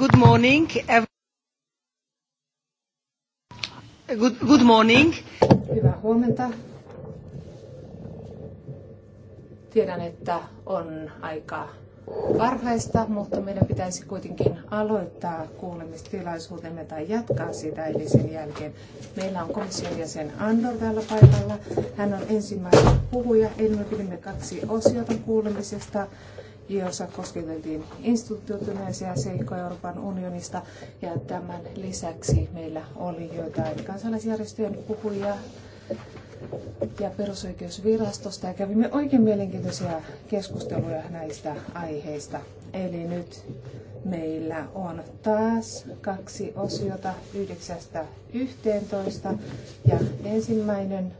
Good morning. Good, good morning. Hyvää huomenta. Tiedän, että on aika varhaista, mutta meidän pitäisi kuitenkin aloittaa kuulemistilaisuutemme tai jatkaa sitä eli sen jälkeen. Meillä on komission jäsen Andor täällä paikalla. Hän on ensimmäinen puhuja. Eli me pidimme kaksi osiota kuulemisesta jossa kosketeltiin institutionaalisia seikkoja Euroopan unionista. Ja tämän lisäksi meillä oli joitain kansalaisjärjestöjen puhujia ja perusoikeusvirastosta ja kävimme oikein mielenkiintoisia keskusteluja näistä aiheista. Eli nyt meillä on taas kaksi osiota 9.11 ja ensimmäinen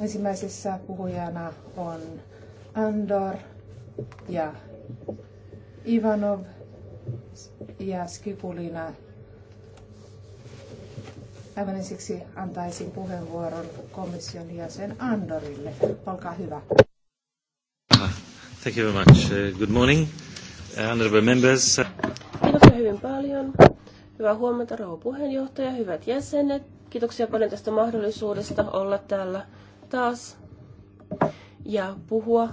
Ensimmäisessä puhujana on Andor ja Ivanov ja Skipulina. Aivan ensiksi antaisin puheenvuoron komission jäsen Andorille. Olkaa hyvä. Thank you very much. Uh, good morning, uh, honorable members. Kiitoksia hyvin paljon. Hyvää huomenta, rouva puheenjohtaja, hyvät jäsenet. Kiitoksia paljon tästä mahdollisuudesta olla täällä taas ja puhua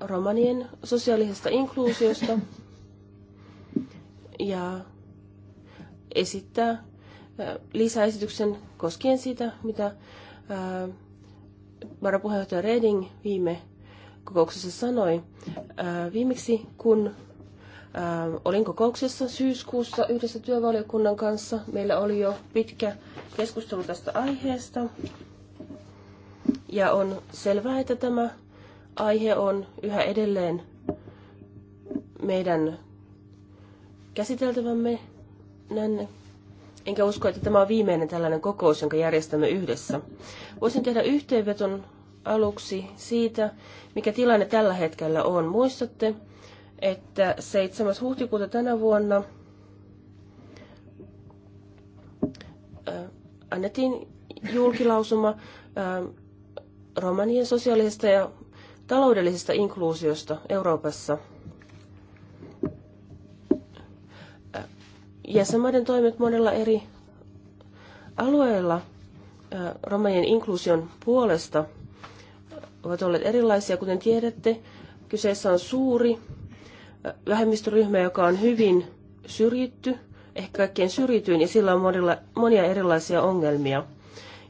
romanien sosiaalisesta inkluusiosta ja esittää lisäesityksen koskien sitä, mitä varapuheenjohtaja Reding viime kokouksessa sanoi. Viimeksi kun olin kokouksessa syyskuussa yhdessä työvaliokunnan kanssa, meillä oli jo pitkä keskustelu tästä aiheesta. Ja on selvää, että tämä aihe on yhä edelleen meidän käsiteltävämme Nänne. Enkä usko, että tämä on viimeinen tällainen kokous, jonka järjestämme yhdessä. Voisin tehdä yhteenveton aluksi siitä, mikä tilanne tällä hetkellä on. Muistatte, että 7. huhtikuuta tänä vuonna äh, annettiin julkilausuma äh, romanien sosiaalisesta ja taloudellisesta inkluusiosta Euroopassa. Jäsenmaiden toimet monella eri alueella romanien inkluusion puolesta ovat olleet erilaisia. Kuten tiedätte, kyseessä on suuri vähemmistöryhmä, joka on hyvin syrjitty, ehkä kaikkein syrjityin, ja sillä on monilla, monia erilaisia ongelmia.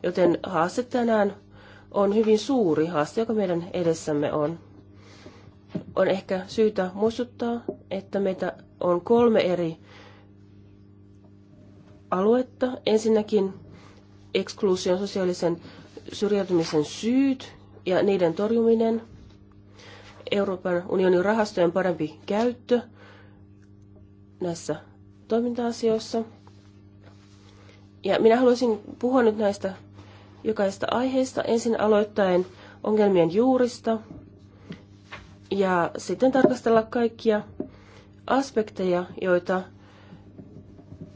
Joten haaste tänään on hyvin suuri haaste, joka meidän edessämme on. On ehkä syytä muistuttaa, että meitä on kolme eri aluetta. Ensinnäkin eksklusion sosiaalisen syrjäytymisen syyt ja niiden torjuminen, Euroopan unionin rahastojen parempi käyttö näissä toiminta-asioissa. Ja minä haluaisin puhua nyt näistä jokaista aiheesta ensin aloittaen ongelmien juurista ja sitten tarkastella kaikkia aspekteja, joita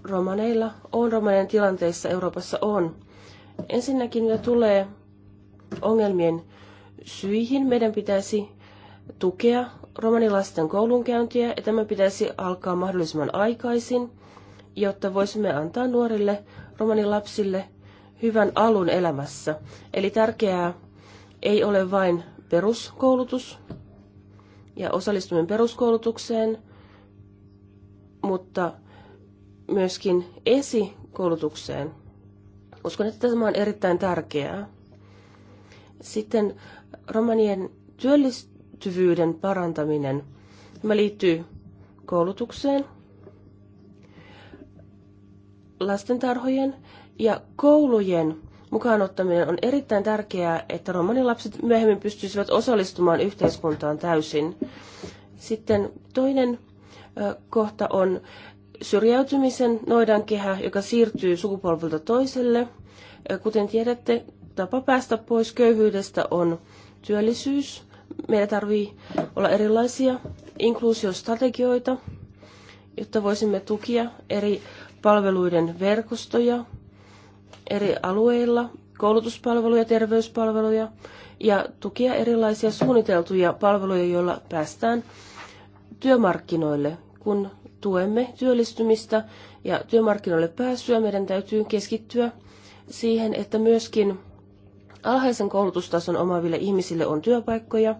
romaneilla on, romanien tilanteissa Euroopassa on. Ensinnäkin mitä tulee ongelmien syihin, meidän pitäisi tukea romanilasten koulunkäyntiä ja tämä pitäisi alkaa mahdollisimman aikaisin, jotta voisimme antaa nuorille romanilapsille hyvän alun elämässä. Eli tärkeää ei ole vain peruskoulutus ja osallistuminen peruskoulutukseen, mutta myöskin esikoulutukseen. Uskon, että tämä on erittäin tärkeää. Sitten romanien työllistyvyyden parantaminen. Tämä liittyy koulutukseen, lastentarhojen ja koulujen mukaan ottaminen on erittäin tärkeää, että romanilapset myöhemmin pystyisivät osallistumaan yhteiskuntaan täysin. Sitten toinen kohta on syrjäytymisen noidankehä, joka siirtyy sukupolvelta toiselle. Kuten tiedätte, tapa päästä pois köyhyydestä on työllisyys. Meillä tarvii olla erilaisia inkluusiostrategioita, jotta voisimme tukia eri palveluiden verkostoja, eri alueilla, koulutuspalveluja, terveyspalveluja ja tukea erilaisia suunniteltuja palveluja, joilla päästään työmarkkinoille. Kun tuemme työllistymistä ja työmarkkinoille pääsyä, meidän täytyy keskittyä siihen, että myöskin alhaisen koulutustason omaaville ihmisille on työpaikkoja.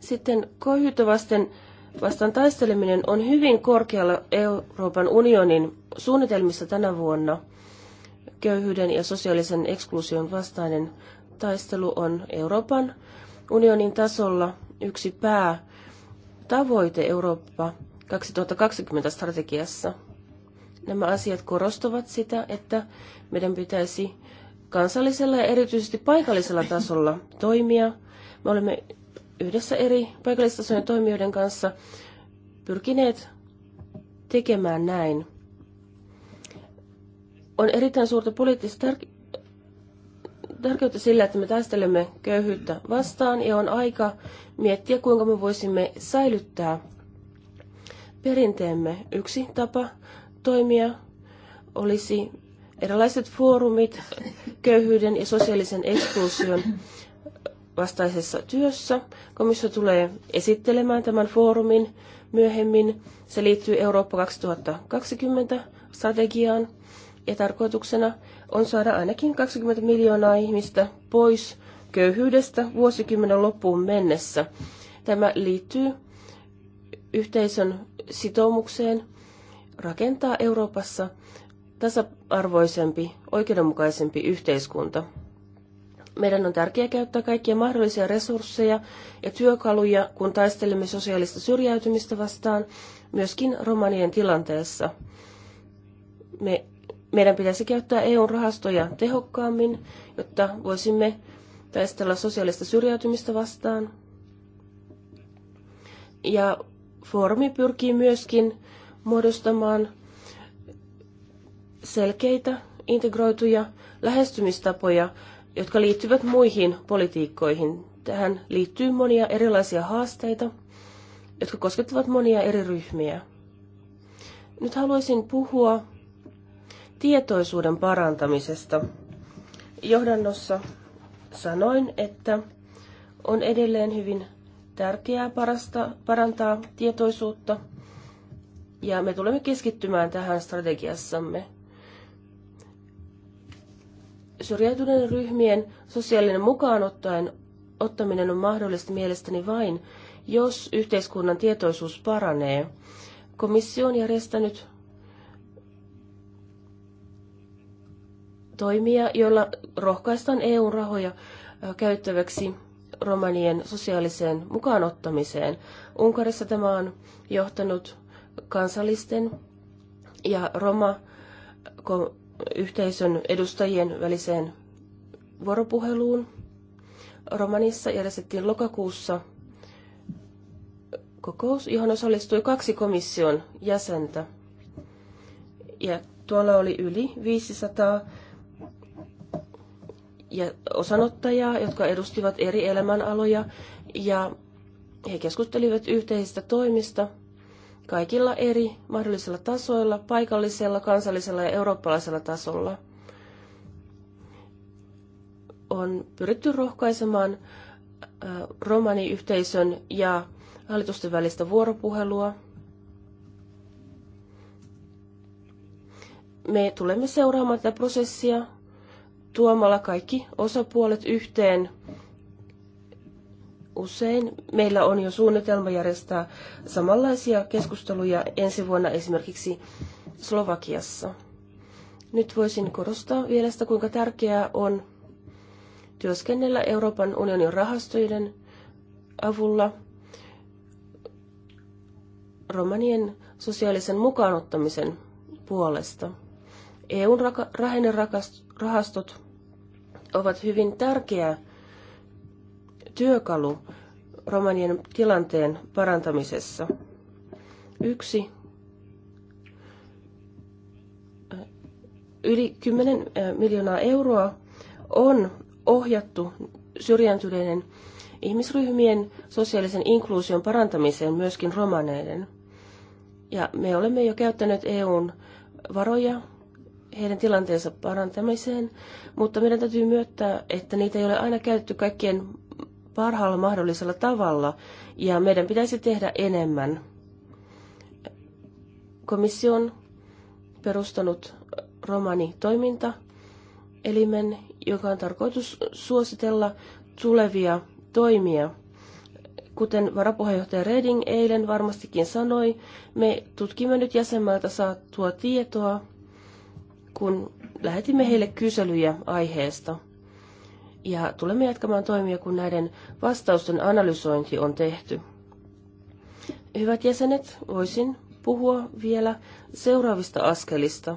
Sitten kohytavasten vastaan taisteleminen on hyvin korkealla Euroopan unionin suunnitelmissa tänä vuonna. Köyhyyden ja sosiaalisen eksklusion vastainen taistelu on Euroopan unionin tasolla yksi päätavoite Eurooppa 2020 strategiassa. Nämä asiat korostavat sitä, että meidän pitäisi kansallisella ja erityisesti paikallisella tasolla toimia. Me olemme yhdessä eri paikallistasojen toimijoiden kanssa pyrkineet tekemään näin. On erittäin suurta poliittista tär- tärkeyttä sillä, että me taistelemme köyhyyttä vastaan ja on aika miettiä, kuinka me voisimme säilyttää perinteemme. Yksi tapa toimia olisi erilaiset foorumit köyhyyden ja sosiaalisen ekskursion vastaisessa työssä. Komissio tulee esittelemään tämän foorumin myöhemmin. Se liittyy Eurooppa 2020 strategiaan ja tarkoituksena on saada ainakin 20 miljoonaa ihmistä pois köyhyydestä vuosikymmenen loppuun mennessä. Tämä liittyy yhteisön sitoumukseen rakentaa Euroopassa tasa-arvoisempi, oikeudenmukaisempi yhteiskunta. Meidän on tärkeää käyttää kaikkia mahdollisia resursseja ja työkaluja, kun taistelemme sosiaalista syrjäytymistä vastaan, myöskin romanien tilanteessa. Me, meidän pitäisi käyttää EUn rahastoja tehokkaammin, jotta voisimme taistella sosiaalista syrjäytymistä vastaan. Ja foorumi pyrkii myöskin muodostamaan selkeitä, integroituja lähestymistapoja jotka liittyvät muihin politiikkoihin. Tähän liittyy monia erilaisia haasteita, jotka koskettavat monia eri ryhmiä. Nyt haluaisin puhua tietoisuuden parantamisesta. Johdannossa sanoin, että on edelleen hyvin tärkeää parasta, parantaa tietoisuutta, ja me tulemme keskittymään tähän strategiassamme – syrjäytyneiden ryhmien sosiaalinen mukaanottojen ottaminen on mahdollista mielestäni vain, jos yhteiskunnan tietoisuus paranee. Komissio on järjestänyt toimia, joilla rohkaistaan EU-rahoja käyttäväksi romanien sosiaaliseen mukaanottamiseen. Unkarissa tämä on johtanut kansallisten ja roma yhteisön edustajien väliseen vuoropuheluun. Romanissa järjestettiin lokakuussa kokous, johon osallistui kaksi komission jäsentä. Ja tuolla oli yli 500 ja osanottajaa, jotka edustivat eri elämänaloja, ja he keskustelivat yhteisistä toimista – kaikilla eri mahdollisilla tasoilla, paikallisella, kansallisella ja eurooppalaisella tasolla. On pyritty rohkaisemaan romaniyhteisön ja hallitusten välistä vuoropuhelua. Me tulemme seuraamaan tätä prosessia tuomalla kaikki osapuolet yhteen usein meillä on jo suunnitelma järjestää samanlaisia keskusteluja ensi vuonna esimerkiksi Slovakiassa. Nyt voisin korostaa vielä sitä, kuinka tärkeää on työskennellä Euroopan unionin rahastojen avulla romanien sosiaalisen mukaanottamisen puolesta. EUn rahastot ovat hyvin tärkeä työkalu romanien tilanteen parantamisessa. Yksi äh, yli 10 äh, miljoonaa euroa on ohjattu syrjäntyneiden ihmisryhmien sosiaalisen inkluusion parantamiseen myöskin romaneiden. Ja me olemme jo käyttäneet EUn varoja heidän tilanteensa parantamiseen, mutta meidän täytyy myöntää, että niitä ei ole aina käytetty kaikkien parhaalla mahdollisella tavalla ja meidän pitäisi tehdä enemmän. Komissio on perustanut romani toimintaelimen, joka on tarkoitus suositella tulevia toimia. Kuten varapuheenjohtaja Reding eilen varmastikin sanoi, me tutkimme nyt jäsenmaalta saatua tietoa, kun lähetimme heille kyselyjä aiheesta ja tulemme jatkamaan toimia, kun näiden vastausten analysointi on tehty. Hyvät jäsenet, voisin puhua vielä seuraavista askelista.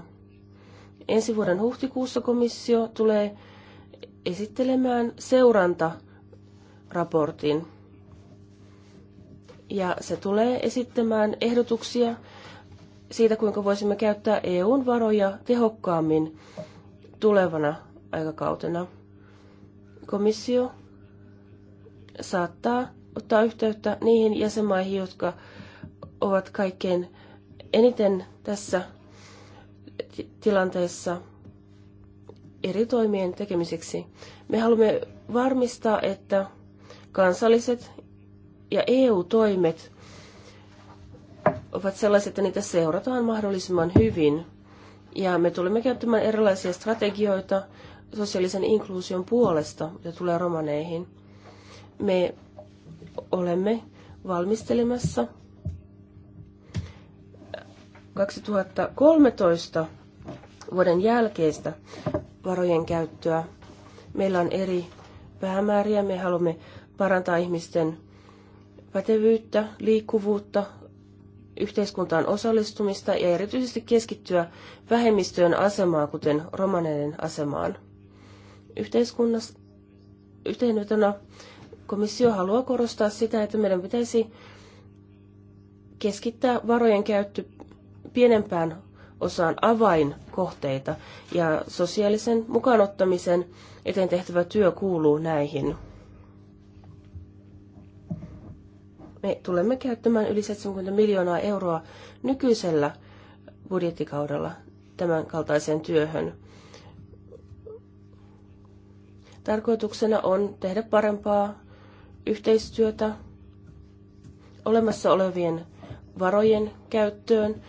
Ensi vuoden huhtikuussa komissio tulee esittelemään seurantaraportin. Ja se tulee esittämään ehdotuksia siitä, kuinka voisimme käyttää EUn varoja tehokkaammin tulevana aikakautena komissio saattaa ottaa yhteyttä niihin jäsenmaihin, jotka ovat kaikkein eniten tässä tilanteessa eri toimien tekemiseksi. Me haluamme varmistaa, että kansalliset ja EU-toimet ovat sellaiset, että niitä seurataan mahdollisimman hyvin. Ja me tulemme käyttämään erilaisia strategioita, sosiaalisen inkluusion puolesta, mitä tulee romaneihin. Me olemme valmistelemassa 2013 vuoden jälkeistä varojen käyttöä. Meillä on eri päämääriä. Me haluamme parantaa ihmisten pätevyyttä, liikkuvuutta, yhteiskuntaan osallistumista ja erityisesti keskittyä vähemmistöjen asemaan, kuten romaneiden asemaan yhteenvetona komissio haluaa korostaa sitä, että meidän pitäisi keskittää varojen käyttö pienempään osaan avainkohteita ja sosiaalisen mukaanottamisen eteen tehtävä työ kuuluu näihin. Me tulemme käyttämään yli 70 miljoonaa euroa nykyisellä budjettikaudella tämän kaltaiseen työhön. Tarkoituksena on tehdä parempaa yhteistyötä olemassa olevien varojen käyttöön,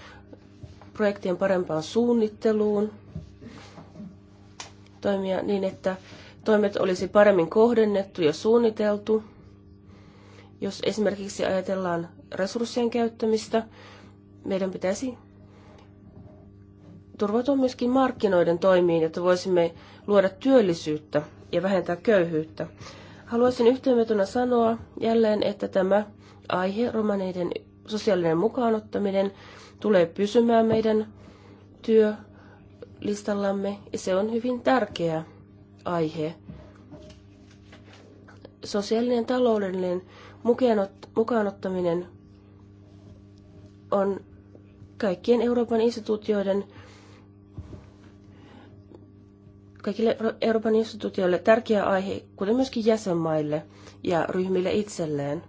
projektien parempaan suunnitteluun, toimia niin, että toimet olisi paremmin kohdennettu ja suunniteltu. Jos esimerkiksi ajatellaan resurssien käyttämistä, meidän pitäisi turvautua myöskin markkinoiden toimiin, jotta voisimme luoda työllisyyttä ja vähentää köyhyyttä. Haluaisin yhteenvetona sanoa jälleen, että tämä aihe, romaneiden sosiaalinen mukaanottaminen, tulee pysymään meidän työlistallamme ja se on hyvin tärkeä aihe. Sosiaalinen taloudellinen mukaanottaminen on kaikkien Euroopan instituutioiden kaikille Euroopan instituutioille tärkeä aihe, kuten myöskin jäsenmaille ja ryhmille itselleen.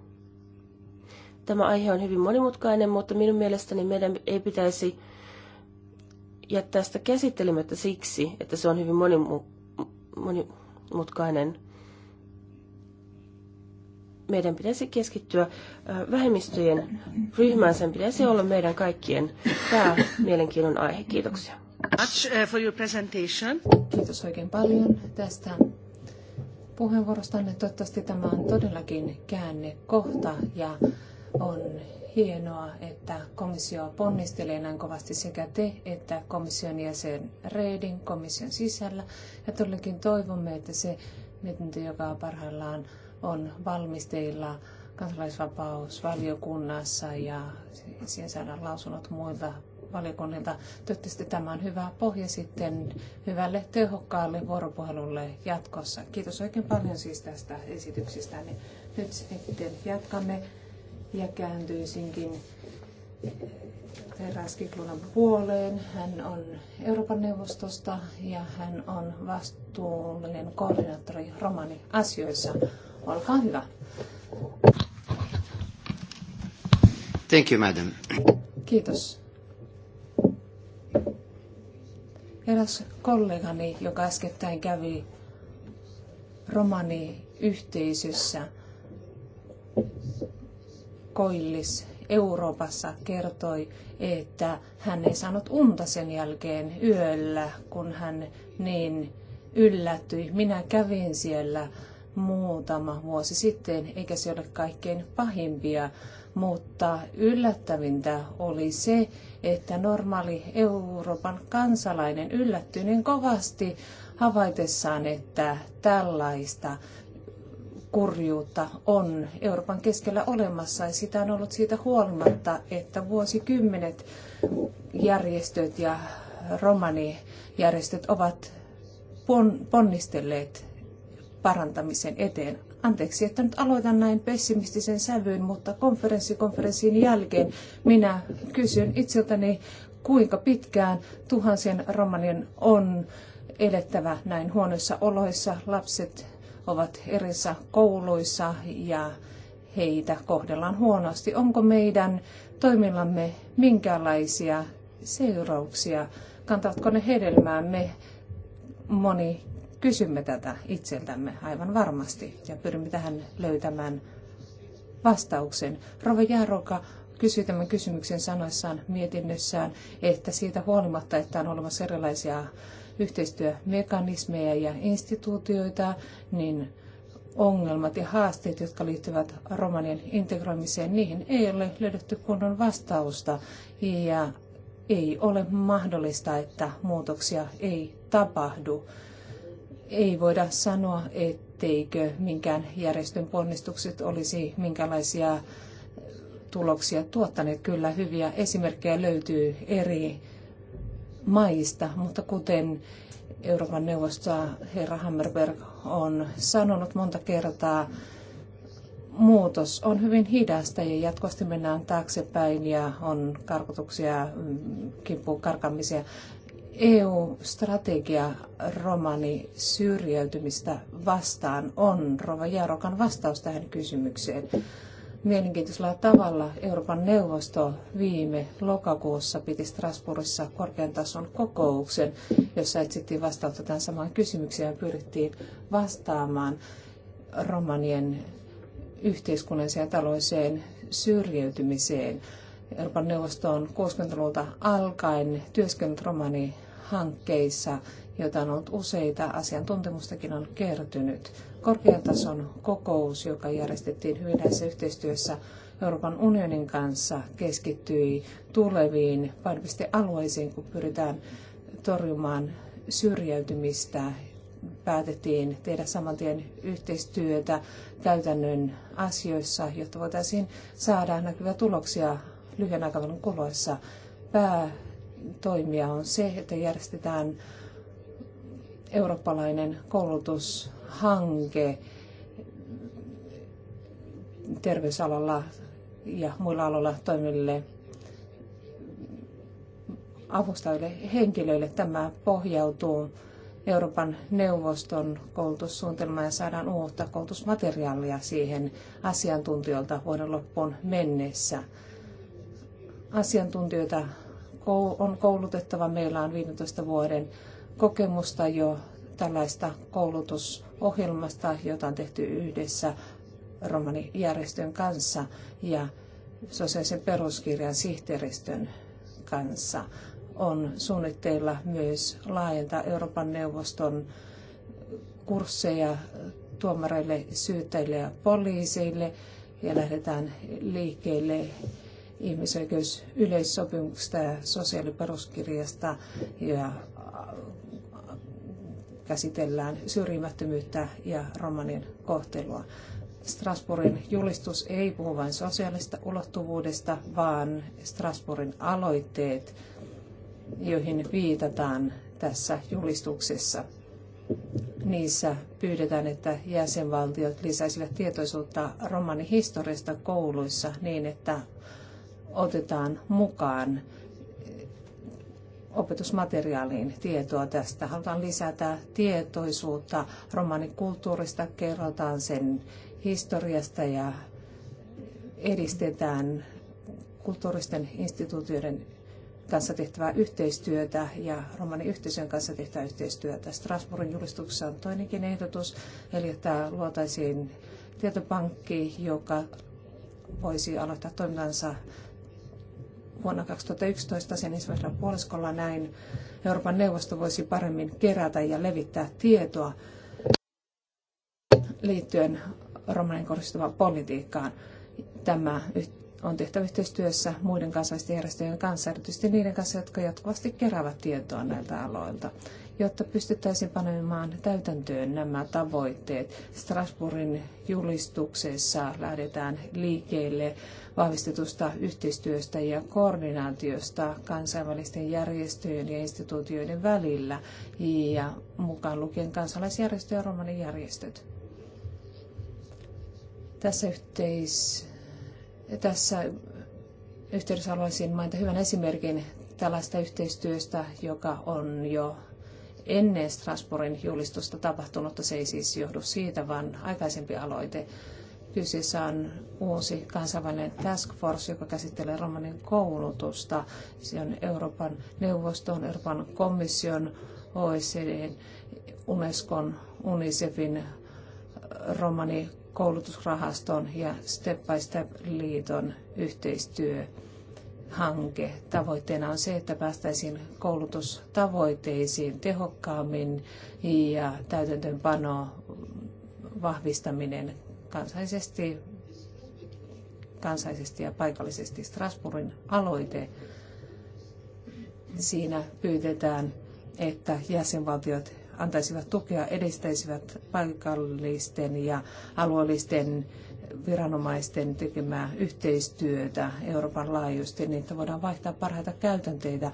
Tämä aihe on hyvin monimutkainen, mutta minun mielestäni meidän ei pitäisi jättää sitä käsittelemättä siksi, että se on hyvin monimu- monimutkainen. Meidän pitäisi keskittyä vähemmistöjen ryhmään, sen pitäisi olla meidän kaikkien päämielenkiinnon aihe. Kiitoksia much uh, for your presentation. Kiitos oikein paljon tästä puheenvuorostanne. Toivottavasti tämä on todellakin käännekohta ja on hienoa, että komissio ponnistelee näin kovasti sekä te että komission jäsen Reedin komission sisällä. Ja todellakin toivomme, että se mietintö, joka parhaillaan on valmisteilla kansalaisvapausvaliokunnassa ja siihen saadaan lausunnot muilta valiokunnilta. Toivottavasti tämä on hyvä pohja sitten hyvälle tehokkaalle vuoropuhelulle jatkossa. Kiitos oikein paljon siis tästä esityksestä. Niin nyt sitten jatkamme ja kääntyisinkin Herra Kiklunan puoleen. Hän on Euroopan neuvostosta ja hän on vastuullinen koordinaattori romani-asioissa. Olkaa hyvä. Thank you, madam. Kiitos Eräs kollegani, joka äskettäin kävi romaniyhteisössä Koillis Euroopassa kertoi, että hän ei saanut unta sen jälkeen yöllä, kun hän niin yllättyi. Minä kävin siellä muutama vuosi sitten, eikä se ole kaikkein pahimpia, mutta yllättävintä oli se, että normaali Euroopan kansalainen yllättyi niin kovasti havaitessaan, että tällaista kurjuutta on Euroopan keskellä olemassa ja sitä on ollut siitä huolimatta, että vuosikymmenet järjestöt ja romanijärjestöt ovat ponnistelleet parantamisen eteen. Anteeksi, että nyt aloitan näin pessimistisen sävyyn, mutta konferenssi jälkeen minä kysyn itseltäni, kuinka pitkään tuhansien romanien on elettävä näin huonoissa oloissa. Lapset ovat erissä kouluissa ja heitä kohdellaan huonosti. Onko meidän toimillamme minkälaisia seurauksia? Kantavatko ne hedelmää me Moni Kysymme tätä itseltämme aivan varmasti ja pyrimme tähän löytämään vastauksen. Rove Jaroka kysyi tämän kysymyksen sanoissaan mietinnössään, että siitä huolimatta, että on olemassa erilaisia yhteistyömekanismeja ja instituutioita, niin ongelmat ja haasteet, jotka liittyvät romanien integroimiseen, niihin ei ole löydetty kunnon vastausta ja ei ole mahdollista, että muutoksia ei tapahdu ei voida sanoa, etteikö minkään järjestön ponnistukset olisi minkälaisia tuloksia tuottaneet. Kyllä hyviä esimerkkejä löytyy eri maista, mutta kuten Euroopan neuvostoa herra Hammerberg on sanonut monta kertaa, muutos on hyvin hidasta ja jatkuvasti mennään taaksepäin ja on karkotuksia, kimppuun karkamisia. EU-strategia romani syrjäytymistä vastaan on Rova Jarokan vastaus tähän kysymykseen. Mielenkiintoisella tavalla Euroopan neuvosto viime lokakuussa piti Strasbourgissa korkean tason kokouksen, jossa etsittiin vastausta tähän samaan kysymykseen ja pyrittiin vastaamaan romanien yhteiskunnalliseen ja taloiseen syrjäytymiseen. Euroopan neuvosto on 60-luvulta alkaen työskennellyt romani hankkeissa, joita on ollut useita, asiantuntemustakin on kertynyt. Korkeatason kokous, joka järjestettiin hyvin yhteistyössä Euroopan unionin kanssa, keskittyi tuleviin painopistealueisiin, kun pyritään torjumaan syrjäytymistä. Päätettiin tehdä saman tien yhteistyötä käytännön asioissa, jotta voitaisiin saada näkyviä tuloksia lyhyen aikavälin kuluessa. Pää toimia on se, että järjestetään eurooppalainen koulutushanke terveysalalla ja muilla aloilla toimille avustajille henkilöille. Tämä pohjautuu Euroopan neuvoston koulutussuunnitelmaan ja saadaan uutta koulutusmateriaalia siihen asiantuntijoilta vuoden loppuun mennessä. Asiantuntijoita on koulutettava. Meillä on 15 vuoden kokemusta jo tällaista koulutusohjelmasta, jota on tehty yhdessä romanijärjestön kanssa ja sosiaalisen peruskirjan sihteeristön kanssa. On suunnitteilla myös laajentaa Euroopan neuvoston kursseja tuomareille, syyttäjille ja poliiseille ja lähdetään liikkeelle ihmisoikeusyleissopimuksesta ja sosiaaliperuskirjasta ja käsitellään syrjimättömyyttä ja romanien kohtelua. Strasbourgin julistus ei puhu vain sosiaalista ulottuvuudesta, vaan Strasbourgin aloitteet, joihin viitataan tässä julistuksessa. Niissä pyydetään, että jäsenvaltiot lisäisivät tietoisuutta romanihistoriasta kouluissa niin, että otetaan mukaan opetusmateriaaliin tietoa tästä. Halutaan lisätä tietoisuutta romanikulttuurista, kerrotaan sen historiasta ja edistetään kulttuuristen instituutioiden kanssa tehtävää yhteistyötä ja romaniyhteisön kanssa tehtävää yhteistyötä. Strasbourgin julistuksessa on toinenkin ehdotus, eli että luotaisiin tietopankki, joka voisi aloittaa toimintansa vuonna 2011 sen ensimmäisellä puoliskolla näin Euroopan neuvosto voisi paremmin kerätä ja levittää tietoa liittyen romanien kohdistuvaan politiikkaan. Tämä on tehtävä yhteistyössä muiden kansainvälisten järjestöjen kanssa, erityisesti niiden kanssa, jotka jatkuvasti keräävät tietoa näiltä aloilta jotta pystyttäisiin panemaan täytäntöön nämä tavoitteet. Strasbourgin julistuksessa lähdetään liikkeelle vahvistetusta yhteistyöstä ja koordinaatiosta kansainvälisten järjestöjen ja instituutioiden välillä ja mukaan lukien kansalaisjärjestö ja romanijärjestöt. Tässä, yhteis, tässä yhteydessä haluaisin mainita hyvän esimerkin tällaista yhteistyöstä, joka on jo ennen Strasbourgin julistusta tapahtunutta. Se ei siis johdu siitä, vaan aikaisempi aloite. Kyseessä on uusi kansainvälinen task force, joka käsittelee romanin koulutusta. Se on Euroopan neuvoston, Euroopan komission, OECD, Unescon, Unicefin äh, koulutusrahaston ja Step by Step liiton yhteistyö hanke. Tavoitteena on se, että päästäisiin koulutustavoitteisiin tehokkaammin ja täytäntöönpano vahvistaminen kansallisesti, kansallisesti ja paikallisesti Strasbourgin aloite. Siinä pyydetään, että jäsenvaltiot antaisivat tukea, edistäisivät paikallisten ja alueellisten viranomaisten tekemää yhteistyötä Euroopan laajuisesti, niin että voidaan vaihtaa parhaita käytänteitä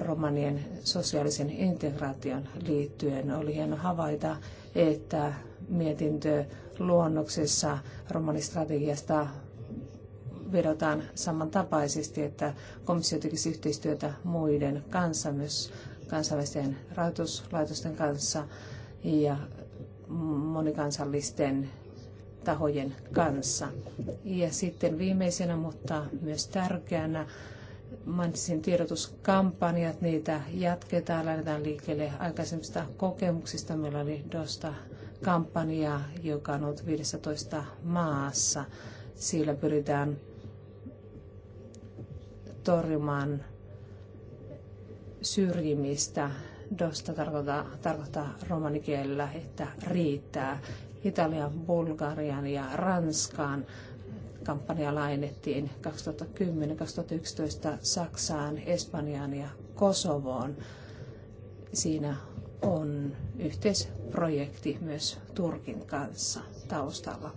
romanien sosiaalisen integraation liittyen. Oli hieno havaita, että mietintö luonnoksessa romanistrategiasta vedotaan samantapaisesti, että komissio tekisi yhteistyötä muiden kanssa, myös kansainvälisten rahoituslaitosten kanssa ja monikansallisten tahojen kanssa. Ja sitten viimeisenä, mutta myös tärkeänä, mainitsin tiedotuskampanjat, niitä jatketaan, lähdetään liikkeelle aikaisemmista kokemuksista. Meillä oli DOSTA kampanja, joka on ollut 15 maassa. siellä pyritään torjumaan syrjimistä. Dosta tarkoittaa, tarkoittaa romanikielellä, että riittää. Italian, Bulgarian ja Ranskaan. Kampanja laajennettiin 2010-2011 Saksaan, Espanjaan ja Kosovoon. Siinä on yhteisprojekti myös Turkin kanssa taustalla,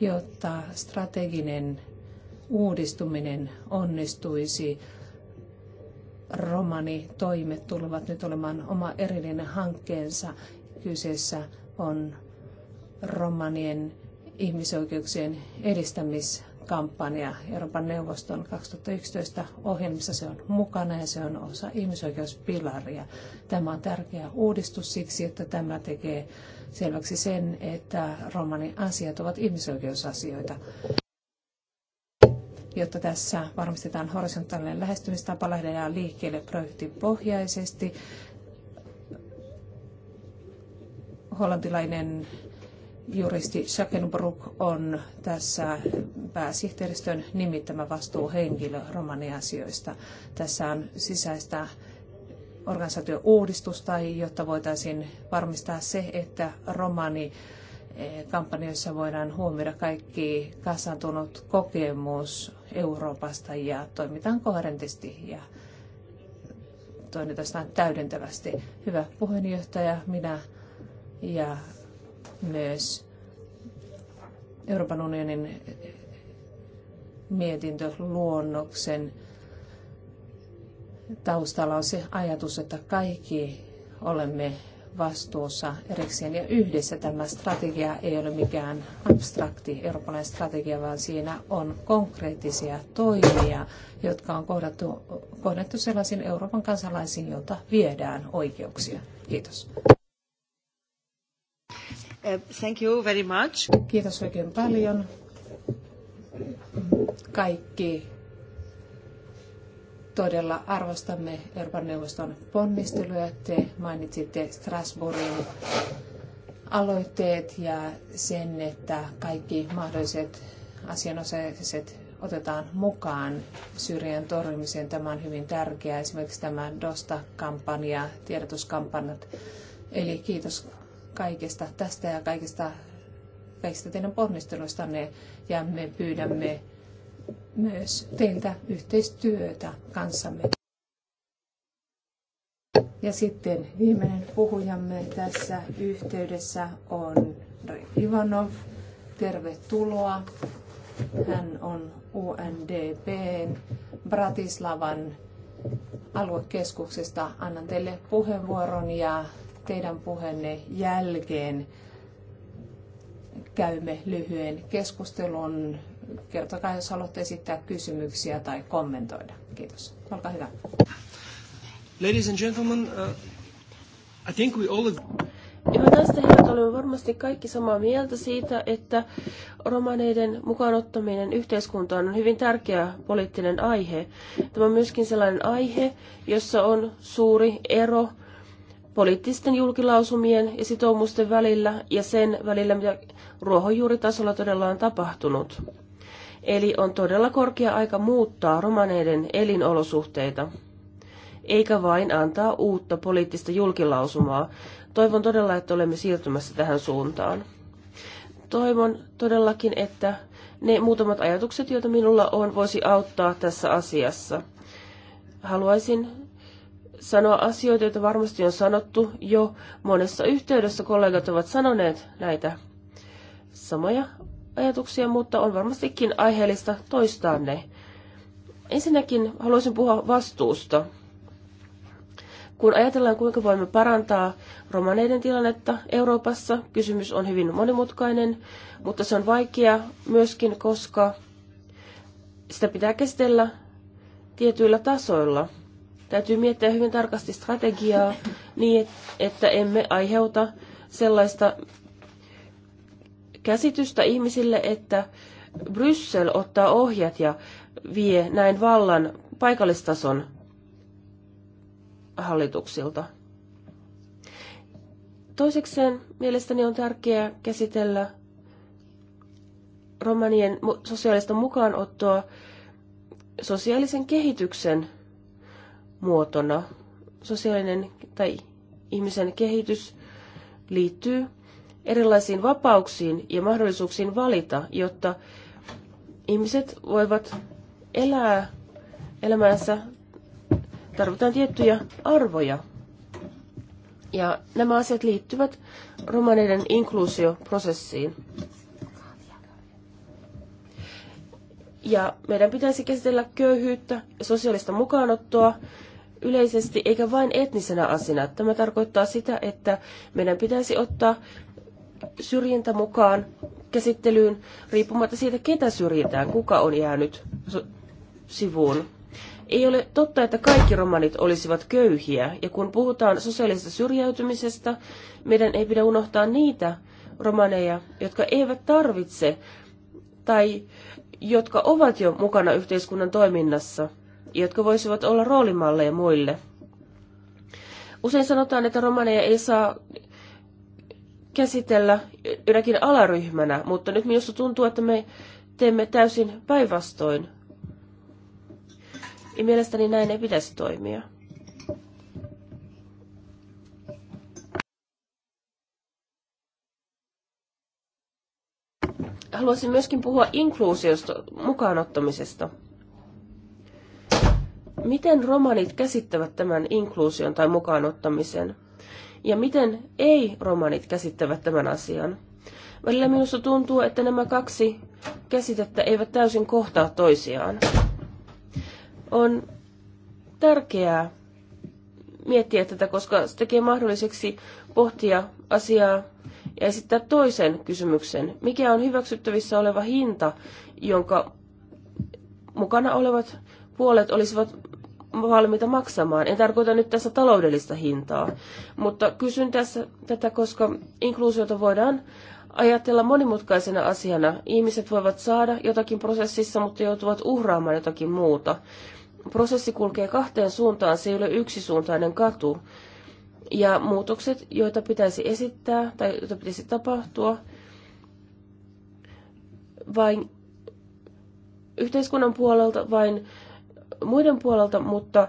jotta strateginen uudistuminen onnistuisi. Romani toimet tulevat nyt olemaan oma erillinen hankkeensa. Kyseessä on romanien ihmisoikeuksien edistämiskampanja Euroopan neuvoston 2011 ohjelmissa. Se on mukana ja se on osa ihmisoikeuspilaria. Tämä on tärkeä uudistus siksi, että tämä tekee selväksi sen, että romanin asiat ovat ihmisoikeusasioita jotta tässä varmistetaan horisontaalinen lähestymistapa, lähdetään liikkeelle projektin pohjaisesti. Hollantilainen juristi Schackenbruck on tässä pääsihteeristön nimittämä vastuuhenkilö romaniasioista. Tässä on sisäistä uudistusta jotta voitaisiin varmistaa se, että romani eh, kampanjoissa voidaan huomioida kaikki kasantunut kokemus Euroopasta ja toimitaan koherentisti ja toimitaan täydentävästi. Hyvä puheenjohtaja, minä ja myös Euroopan unionin mietintöluonnoksen taustalla on se ajatus, että kaikki olemme vastuussa erikseen ja yhdessä. Tämä strategia ei ole mikään abstrakti eurooppalainen strategia, vaan siinä on konkreettisia toimia, jotka on kohdattu, kohdattu sellaisiin Euroopan kansalaisiin, joilta viedään oikeuksia. Kiitos. Eh, thank you very much. Kiitos oikein paljon. Kaikki todella arvostamme Euroopan neuvoston ponnisteluja. Te mainitsitte Strasbourgin aloitteet ja sen, että kaikki mahdolliset asianosaiset otetaan mukaan syrjän torjumiseen. Tämä on hyvin tärkeää, esimerkiksi tämä DOSTA-kampanja, tiedotuskampanjat. Eli kiitos kaikesta tästä ja kaikesta, kaikista teidän ponnisteluistanne ja me pyydämme myös teiltä yhteistyötä kanssamme. Ja sitten viimeinen puhujamme tässä yhteydessä on Ivanov. Tervetuloa. Hän on UNDPn Bratislavan aluekeskuksesta. Annan teille puheenvuoron ja teidän puheenne jälkeen käymme lyhyen keskustelun. Kertokaa, jos haluatte esittää kysymyksiä tai kommentoida. Kiitos. Olkaa hyvä. Ladies and gentlemen, uh, I think we all have... Joo, tästä herrat olemme varmasti kaikki samaa mieltä siitä, että romaneiden mukaan ottaminen yhteiskuntaan on hyvin tärkeä poliittinen aihe. Tämä on myöskin sellainen aihe, jossa on suuri ero poliittisten julkilausumien ja sitoumusten välillä ja sen välillä, mitä ruohonjuuritasolla todella on tapahtunut. Eli on todella korkea aika muuttaa romaneiden elinolosuhteita, eikä vain antaa uutta poliittista julkilausumaa. Toivon todella, että olemme siirtymässä tähän suuntaan. Toivon todellakin, että ne muutamat ajatukset, joita minulla on, voisi auttaa tässä asiassa. Haluaisin sanoa asioita, joita varmasti on sanottu jo monessa yhteydessä. Kollegat ovat sanoneet näitä samoja ajatuksia, mutta on varmastikin aiheellista toistaa ne. Ensinnäkin haluaisin puhua vastuusta. Kun ajatellaan, kuinka voimme parantaa romaneiden tilannetta Euroopassa, kysymys on hyvin monimutkainen, mutta se on vaikea myöskin, koska sitä pitää käsitellä tietyillä tasoilla – Täytyy miettiä hyvin tarkasti strategiaa niin, että emme aiheuta sellaista käsitystä ihmisille, että Bryssel ottaa ohjat ja vie näin vallan paikallistason hallituksilta. Toisekseen mielestäni on tärkeää käsitellä romanien sosiaalista mukaanottoa sosiaalisen kehityksen muotona. Sosiaalinen tai ihmisen kehitys liittyy erilaisiin vapauksiin ja mahdollisuuksiin valita, jotta ihmiset voivat elää elämänsä. Tarvitaan tiettyjä arvoja. Ja nämä asiat liittyvät romaneiden inkluusioprosessiin. Ja meidän pitäisi käsitellä köyhyyttä ja sosiaalista mukaanottoa yleisesti eikä vain etnisenä asiana. Tämä tarkoittaa sitä, että meidän pitäisi ottaa syrjintä mukaan käsittelyyn riippumatta siitä, ketä syrjitään, kuka on jäänyt sivuun. Ei ole totta, että kaikki romanit olisivat köyhiä, ja kun puhutaan sosiaalisesta syrjäytymisestä, meidän ei pidä unohtaa niitä romaneja, jotka eivät tarvitse tai jotka ovat jo mukana yhteiskunnan toiminnassa – jotka voisivat olla roolimalleja muille. Usein sanotaan, että romaneja ei saa käsitellä jonakin alaryhmänä, mutta nyt minusta tuntuu, että me teemme täysin päinvastoin. Ja mielestäni näin ei pitäisi toimia. Haluaisin myöskin puhua inkluusiosta, mukaanottamisesta. Miten romanit käsittävät tämän inkluusion tai mukaanottamisen? Ja miten ei-romanit käsittävät tämän asian? Välillä minusta tuntuu, että nämä kaksi käsitettä eivät täysin kohtaa toisiaan. On tärkeää miettiä tätä, koska se tekee mahdolliseksi pohtia asiaa ja esittää toisen kysymyksen. Mikä on hyväksyttävissä oleva hinta, jonka mukana olevat puolet olisivat valmiita maksamaan. En tarkoita nyt tässä taloudellista hintaa, mutta kysyn tässä tätä, koska inkluusiota voidaan ajatella monimutkaisena asiana. Ihmiset voivat saada jotakin prosessissa, mutta joutuvat uhraamaan jotakin muuta. Prosessi kulkee kahteen suuntaan, se ei ole yksisuuntainen katu. Ja muutokset, joita pitäisi esittää tai joita pitäisi tapahtua, vain yhteiskunnan puolelta vain muiden puolelta, mutta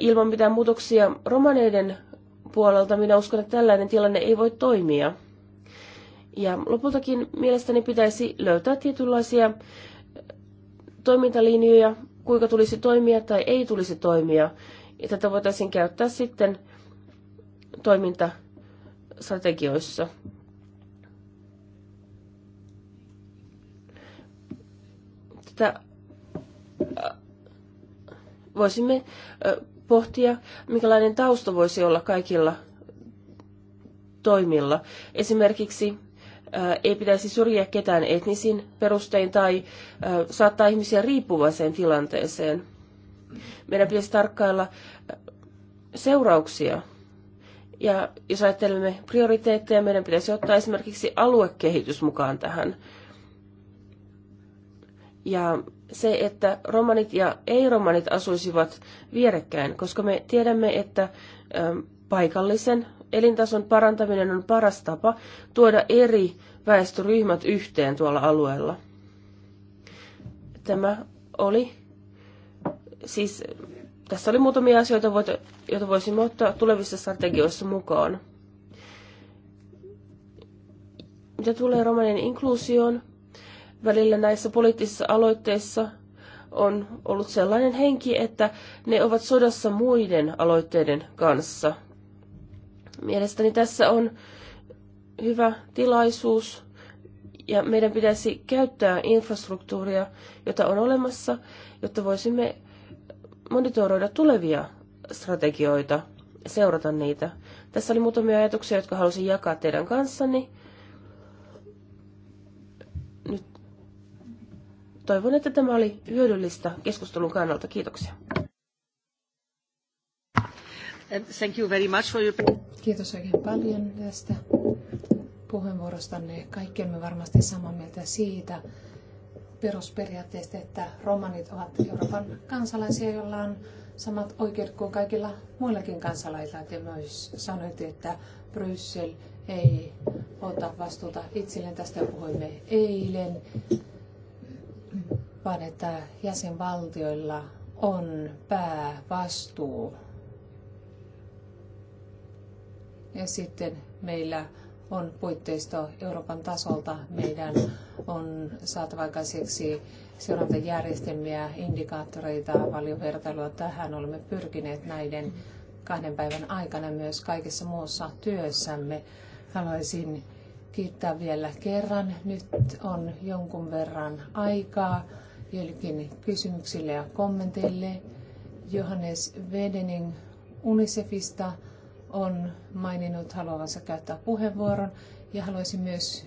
ilman mitään muutoksia romaneiden puolelta minä uskon, että tällainen tilanne ei voi toimia. Ja lopultakin mielestäni pitäisi löytää tietynlaisia toimintalinjoja, kuinka tulisi toimia tai ei tulisi toimia. Ja tätä voitaisiin käyttää sitten toimintastrategioissa. Tätä voisimme pohtia, minkälainen tausta voisi olla kaikilla toimilla. Esimerkiksi ei pitäisi syrjiä ketään etnisin perustein tai saattaa ihmisiä riippuvaiseen tilanteeseen. Meidän pitäisi tarkkailla seurauksia. Ja jos ajattelemme prioriteetteja, meidän pitäisi ottaa esimerkiksi aluekehitys mukaan tähän. Ja se, että romanit ja ei-romanit asuisivat vierekkäin, koska me tiedämme, että paikallisen elintason parantaminen on paras tapa tuoda eri väestöryhmät yhteen tuolla alueella. Tämä oli siis tässä oli muutamia asioita, joita voisimme ottaa tulevissa strategioissa mukaan. Mitä tulee romanien inkluusioon, Välillä näissä poliittisissa aloitteissa on ollut sellainen henki, että ne ovat sodassa muiden aloitteiden kanssa. Mielestäni tässä on hyvä tilaisuus ja meidän pitäisi käyttää infrastruktuuria, jota on olemassa, jotta voisimme monitoroida tulevia strategioita, seurata niitä. Tässä oli muutamia ajatuksia, jotka halusin jakaa teidän kanssani. Toivon, että tämä oli hyödyllistä keskustelun kannalta. Kiitoksia. Thank you very much for your... Kiitos oikein paljon tästä puheenvuorostanne. Kaikki olemme varmasti samaa mieltä siitä perusperiaatteesta, että romanit ovat Euroopan kansalaisia, joilla on samat oikeudet kuin kaikilla muillakin kansalaisilla. Te myös sanoitte, että Bryssel ei ota vastuuta itselleen. Tästä puhuimme eilen vaan että jäsenvaltioilla on päävastuu. Ja sitten meillä on puitteisto Euroopan tasolta. Meidän on saatava aikaiseksi seurantajärjestelmiä, indikaattoreita, paljon vertailua tähän. Olemme pyrkineet näiden kahden päivän aikana myös kaikessa muussa työssämme. Haluaisin kiittää vielä kerran. Nyt on jonkun verran aikaa vieläkin kysymyksille ja kommenteille. Johannes Vedening Unicefista on maininnut haluavansa käyttää puheenvuoron ja haluaisin myös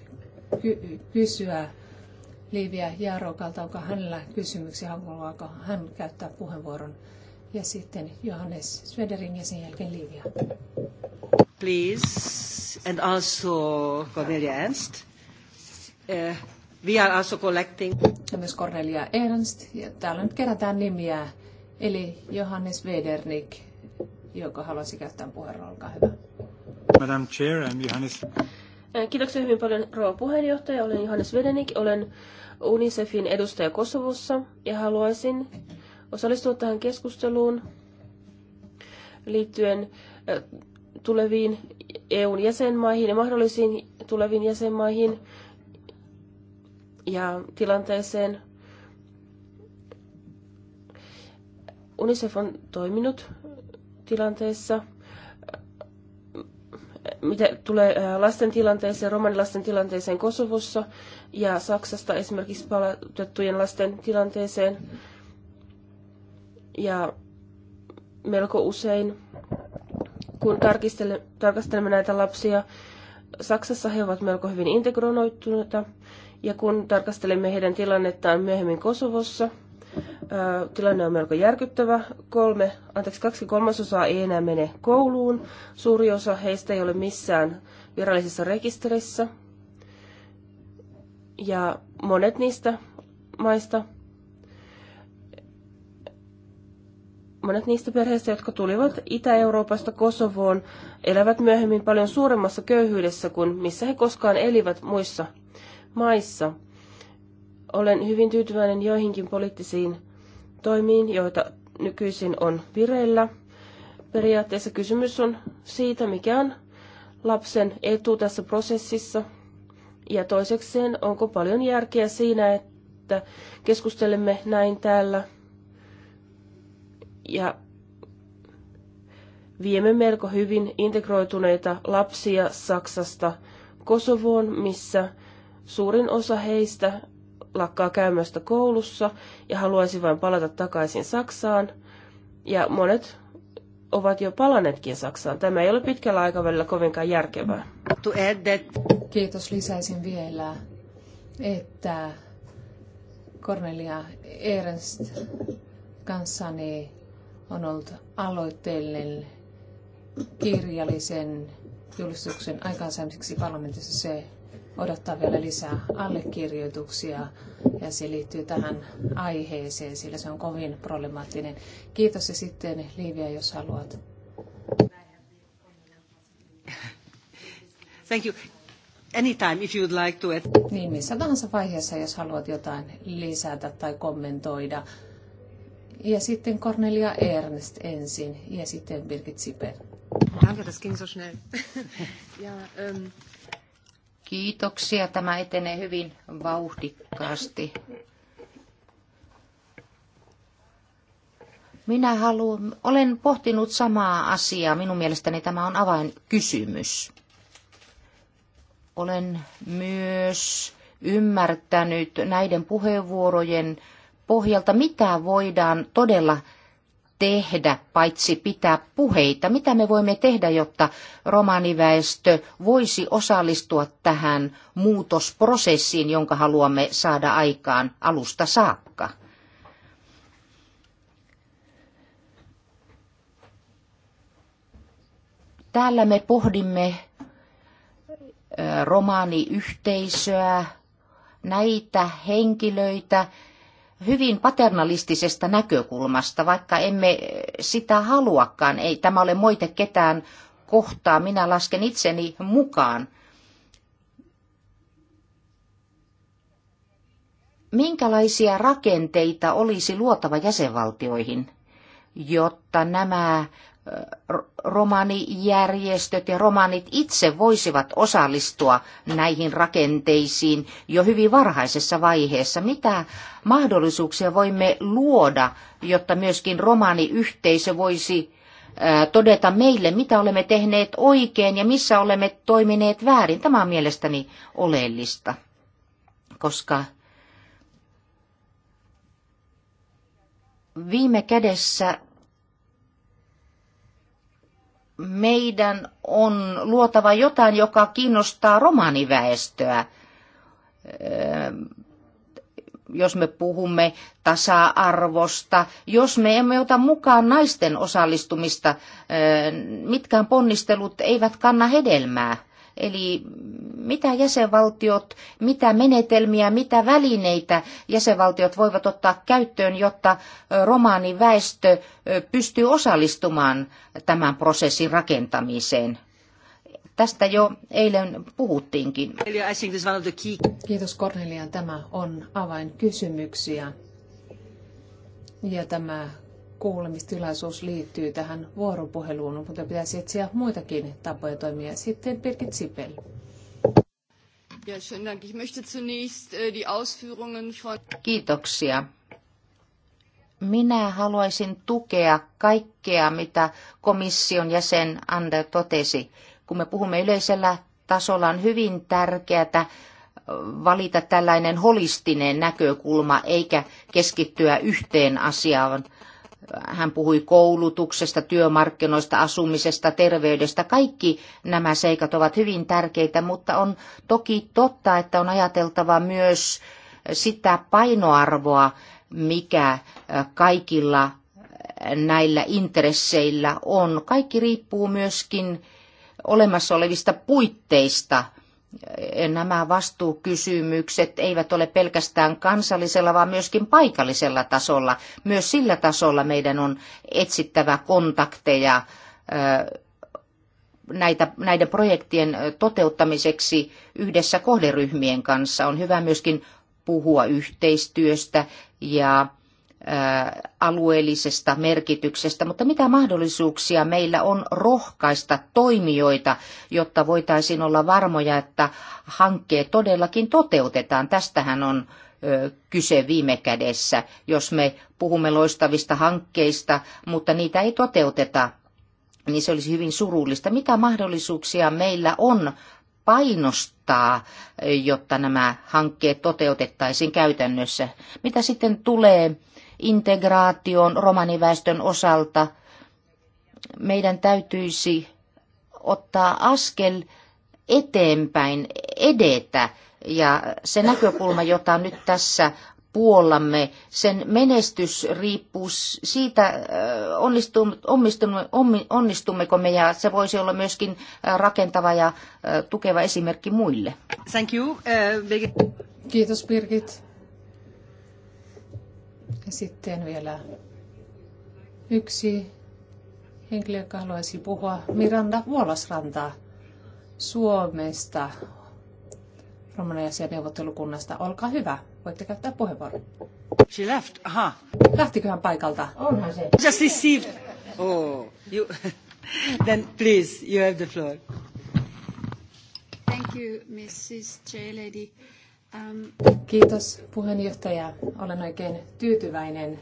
ky- kysyä Liiviä Jaarokalta, onko hänellä kysymyksiä, haluaako hän käyttää puheenvuoron. Ja sitten Johannes Svedering ja sen jälkeen Liivia. Please, and also Cornelia Ernst. Uh, We are also collecting... Ja myös Cornelia Ernst. Ja täällä nyt kerätään nimiä. Eli Johannes Wedernik, joka haluaisi käyttää puheenvuoron. Olkaa hyvä. Madam Chair, I'm Johannes. Äh, kiitoksia hyvin paljon rouva puheenjohtaja. Olen Johannes Vedenik, olen UNICEFin edustaja Kosovossa ja haluaisin osallistua tähän keskusteluun liittyen äh, tuleviin EUn jäsenmaihin ja mahdollisiin tuleviin jäsenmaihin ja tilanteeseen. UNICEF on toiminut tilanteessa, mitä tulee äh, lasten tilanteeseen, romanilasten tilanteeseen Kosovossa ja Saksasta esimerkiksi palautettujen lasten tilanteeseen. Ja melko usein, kun tarkastelemme näitä lapsia, Saksassa he ovat melko hyvin integroituneita ja kun tarkastelemme heidän tilannettaan myöhemmin Kosovossa, tilanne on melko järkyttävä. Kolme, anteeksi, kaksi kolmasosaa ei enää mene kouluun. Suuri osa heistä ei ole missään virallisessa rekisterissä. Ja monet niistä maista, monet niistä perheistä, jotka tulivat Itä-Euroopasta Kosovoon, elävät myöhemmin paljon suuremmassa köyhyydessä kuin missä he koskaan elivät muissa maissa. Olen hyvin tyytyväinen joihinkin poliittisiin toimiin, joita nykyisin on vireillä. Periaatteessa kysymys on siitä, mikä on lapsen etu tässä prosessissa. Ja toisekseen, onko paljon järkeä siinä, että keskustelemme näin täällä ja viemme melko hyvin integroituneita lapsia Saksasta Kosovoon, missä Suurin osa heistä lakkaa käymästä koulussa ja haluaisi vain palata takaisin Saksaan. Ja monet ovat jo palanneetkin Saksaan. Tämä ei ole pitkällä aikavälillä kovinkaan järkevää. Kiitos. Lisäisin vielä, että Cornelia Ernst kanssani on ollut aloitteellinen kirjallisen julistuksen aikaansaamiseksi parlamentissa. Se odottaa vielä lisää allekirjoituksia ja se liittyy tähän aiheeseen, sillä se on kovin problemaattinen. Kiitos ja sitten Liivia, jos haluat. Thank you. Anytime, if you'd like to. Niin, missä tahansa vaiheessa, jos haluat jotain lisätä tai kommentoida. Ja sitten Cornelia Ernst ensin ja sitten Birgit Zipper. Danke, das ging so schnell. ja, ähm, Kiitoksia. Tämä etenee hyvin vauhdikkaasti. Minä haluan, olen pohtinut samaa asiaa. Minun mielestäni tämä on avainkysymys. Olen myös ymmärtänyt näiden puheenvuorojen pohjalta, mitä voidaan todella tehdä, paitsi pitää puheita? Mitä me voimme tehdä, jotta romaniväestö voisi osallistua tähän muutosprosessiin, jonka haluamme saada aikaan alusta saakka? Täällä me pohdimme romaaniyhteisöä, näitä henkilöitä, hyvin paternalistisesta näkökulmasta, vaikka emme sitä haluakaan. Ei tämä ole moite ketään kohtaa, minä lasken itseni mukaan. Minkälaisia rakenteita olisi luotava jäsenvaltioihin, jotta nämä romanijärjestöt ja romanit itse voisivat osallistua näihin rakenteisiin jo hyvin varhaisessa vaiheessa. Mitä mahdollisuuksia voimme luoda, jotta myöskin romaniyhteisö voisi todeta meille, mitä olemme tehneet oikein ja missä olemme toimineet väärin. Tämä on mielestäni oleellista, koska viime kädessä meidän on luotava jotain, joka kiinnostaa romaniväestöä. Jos me puhumme tasa-arvosta, jos me emme ota mukaan naisten osallistumista, mitkään ponnistelut eivät kanna hedelmää. Eli mitä jäsenvaltiot, mitä menetelmiä, mitä välineitä jäsenvaltiot voivat ottaa käyttöön, jotta romaaniväestö pystyy osallistumaan tämän prosessin rakentamiseen? Tästä jo eilen puhuttiinkin. Kiitos Cornelia. Tämä on avainkysymyksiä. Ja tämä kuulemistilaisuus liittyy tähän vuoropuheluun, mutta pitäisi etsiä muitakin tapoja toimia. Sitten Birgit Sipel. Ja, schön Dank. Ich möchte zunächst äh, die Ausführungen von... Kiitoksia. Minä haluaisin tukea kaikkea, mitä komission jäsen Ander totesi. Kun me puhumme yleisellä tasolla, on hyvin tärkeää äh, valita tällainen holistinen näkökulma, eikä keskittyä yhteen asiaan hän puhui koulutuksesta, työmarkkinoista, asumisesta, terveydestä. Kaikki nämä seikat ovat hyvin tärkeitä, mutta on toki totta, että on ajateltava myös sitä painoarvoa, mikä kaikilla näillä intresseillä on. Kaikki riippuu myöskin olemassa olevista puitteista – nämä vastuukysymykset eivät ole pelkästään kansallisella, vaan myöskin paikallisella tasolla. Myös sillä tasolla meidän on etsittävä kontakteja näitä, näiden projektien toteuttamiseksi yhdessä kohderyhmien kanssa. On hyvä myöskin puhua yhteistyöstä ja alueellisesta merkityksestä, mutta mitä mahdollisuuksia meillä on rohkaista toimijoita, jotta voitaisiin olla varmoja, että hankkeet todellakin toteutetaan. Tästähän on kyse viime kädessä, jos me puhumme loistavista hankkeista, mutta niitä ei toteuteta, niin se olisi hyvin surullista. Mitä mahdollisuuksia meillä on painostaa, jotta nämä hankkeet toteutettaisiin käytännössä? Mitä sitten tulee integraation romaniväestön osalta. Meidän täytyisi ottaa askel eteenpäin, edetä. Ja se näkökulma, jota nyt tässä puollamme, sen menestys riippuu siitä, äh, onnistummeko me, ja se voisi olla myöskin äh, rakentava ja äh, tukeva esimerkki muille. Thank you. Kiitos Birgit. Ja sitten vielä yksi henkilö, joka haluaisi puhua Miranda vuolasranta Suomesta, romaniasian neuvottelukunnasta. Olkaa hyvä, voitte käyttää puheenvuoron. She left, aha. Lähtiköhän paikalta? Onhan se. Just received. Oh, you... Then please, you have the floor. Thank you, Mrs. J Lady. Ähm, kiitos puheenjohtaja. Olen oikein tyytyväinen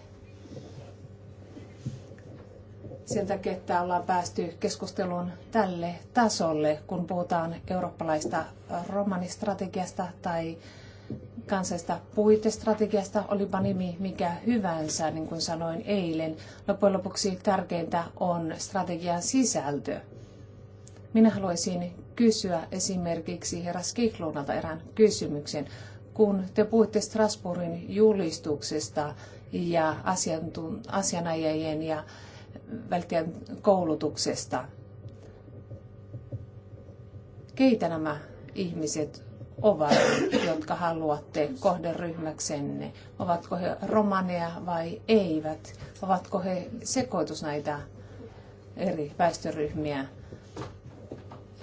sen takia, että ollaan päästy keskustelun tälle tasolle, kun puhutaan eurooppalaista romanistrategiasta tai kansallista puitestrategiasta, olipa nimi mikä hyvänsä, niin kuin sanoin eilen. Loppujen lopuksi tärkeintä on strategian sisältö. Minä haluaisin kysyä esimerkiksi herra Skiklunalta erään kysymyksen. Kun te puhutte Strasbourgin julistuksesta ja asianajajien ja välttäjän koulutuksesta, keitä nämä ihmiset ovat, jotka haluatte kohderyhmäksenne? Ovatko he romaneja vai eivät? Ovatko he sekoitus näitä eri väestöryhmiä?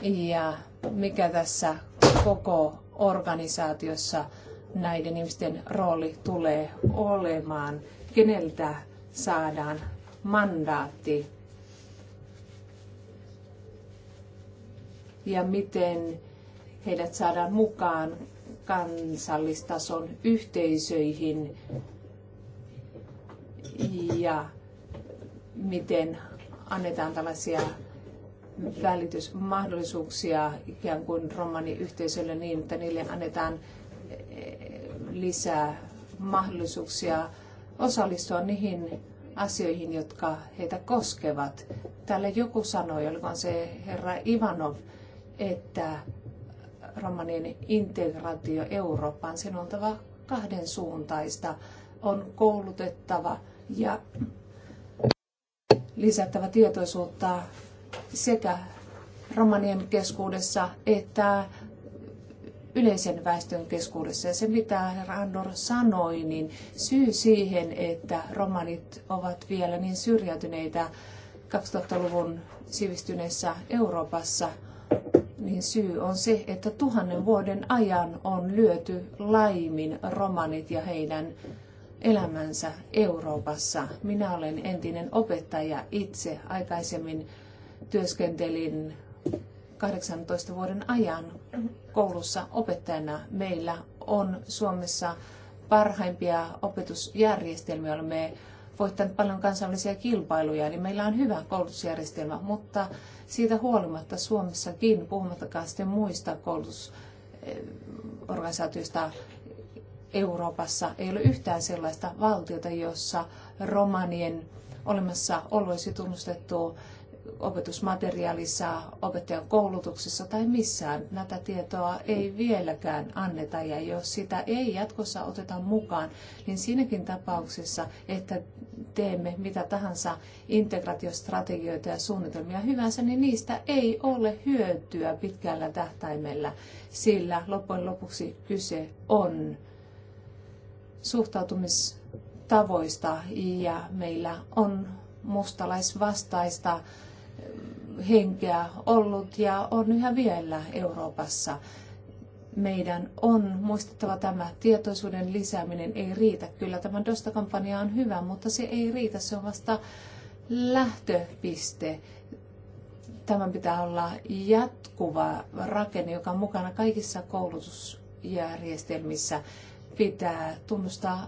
ja mikä tässä koko organisaatiossa näiden ihmisten rooli tulee olemaan, keneltä saadaan mandaatti ja miten heidät saadaan mukaan kansallistason yhteisöihin ja miten annetaan tällaisia välitysmahdollisuuksia ikään kuin romaniyhteisölle niin, että niille annetaan eh, lisää mahdollisuuksia osallistua niihin asioihin, jotka heitä koskevat. Täällä joku sanoi, oliko se herra Ivanov, että romanien integraatio Eurooppaan, sen on oltava kahden suuntaista, on koulutettava ja lisättävä tietoisuutta sekä romanien keskuudessa että yleisen väestön keskuudessa. Ja se mitä herra Andor sanoi, niin syy siihen, että romanit ovat vielä niin syrjäytyneitä 2000-luvun sivistyneessä Euroopassa, niin syy on se, että tuhannen vuoden ajan on lyöty laimin romanit ja heidän elämänsä Euroopassa. Minä olen entinen opettaja itse. Aikaisemmin työskentelin 18 vuoden ajan koulussa opettajana. Meillä on Suomessa parhaimpia opetusjärjestelmiä. Olemme voittaneet paljon kansainvälisiä kilpailuja, niin meillä on hyvä koulutusjärjestelmä, mutta siitä huolimatta Suomessakin, puhumattakaan sitten muista koulutusorganisaatioista Euroopassa, ei ole yhtään sellaista valtiota, jossa romanien olemassa olisi tunnustettu opetusmateriaalissa, opettajan koulutuksessa tai missään. Näitä tietoa ei vieläkään anneta ja jos sitä ei jatkossa oteta mukaan, niin siinäkin tapauksessa, että teemme mitä tahansa integraatiostrategioita ja suunnitelmia hyvänsä, niin niistä ei ole hyötyä pitkällä tähtäimellä, sillä loppujen lopuksi kyse on suhtautumistavoista ja meillä on mustalaisvastaista henkeä ollut ja on yhä vielä Euroopassa. Meidän on muistettava tämä tietoisuuden lisääminen ei riitä. Kyllä tämä Dosta-kampanja on hyvä, mutta se ei riitä. Se on vasta lähtöpiste. Tämän pitää olla jatkuva rakenne, joka on mukana kaikissa koulutusjärjestelmissä. Pitää tunnustaa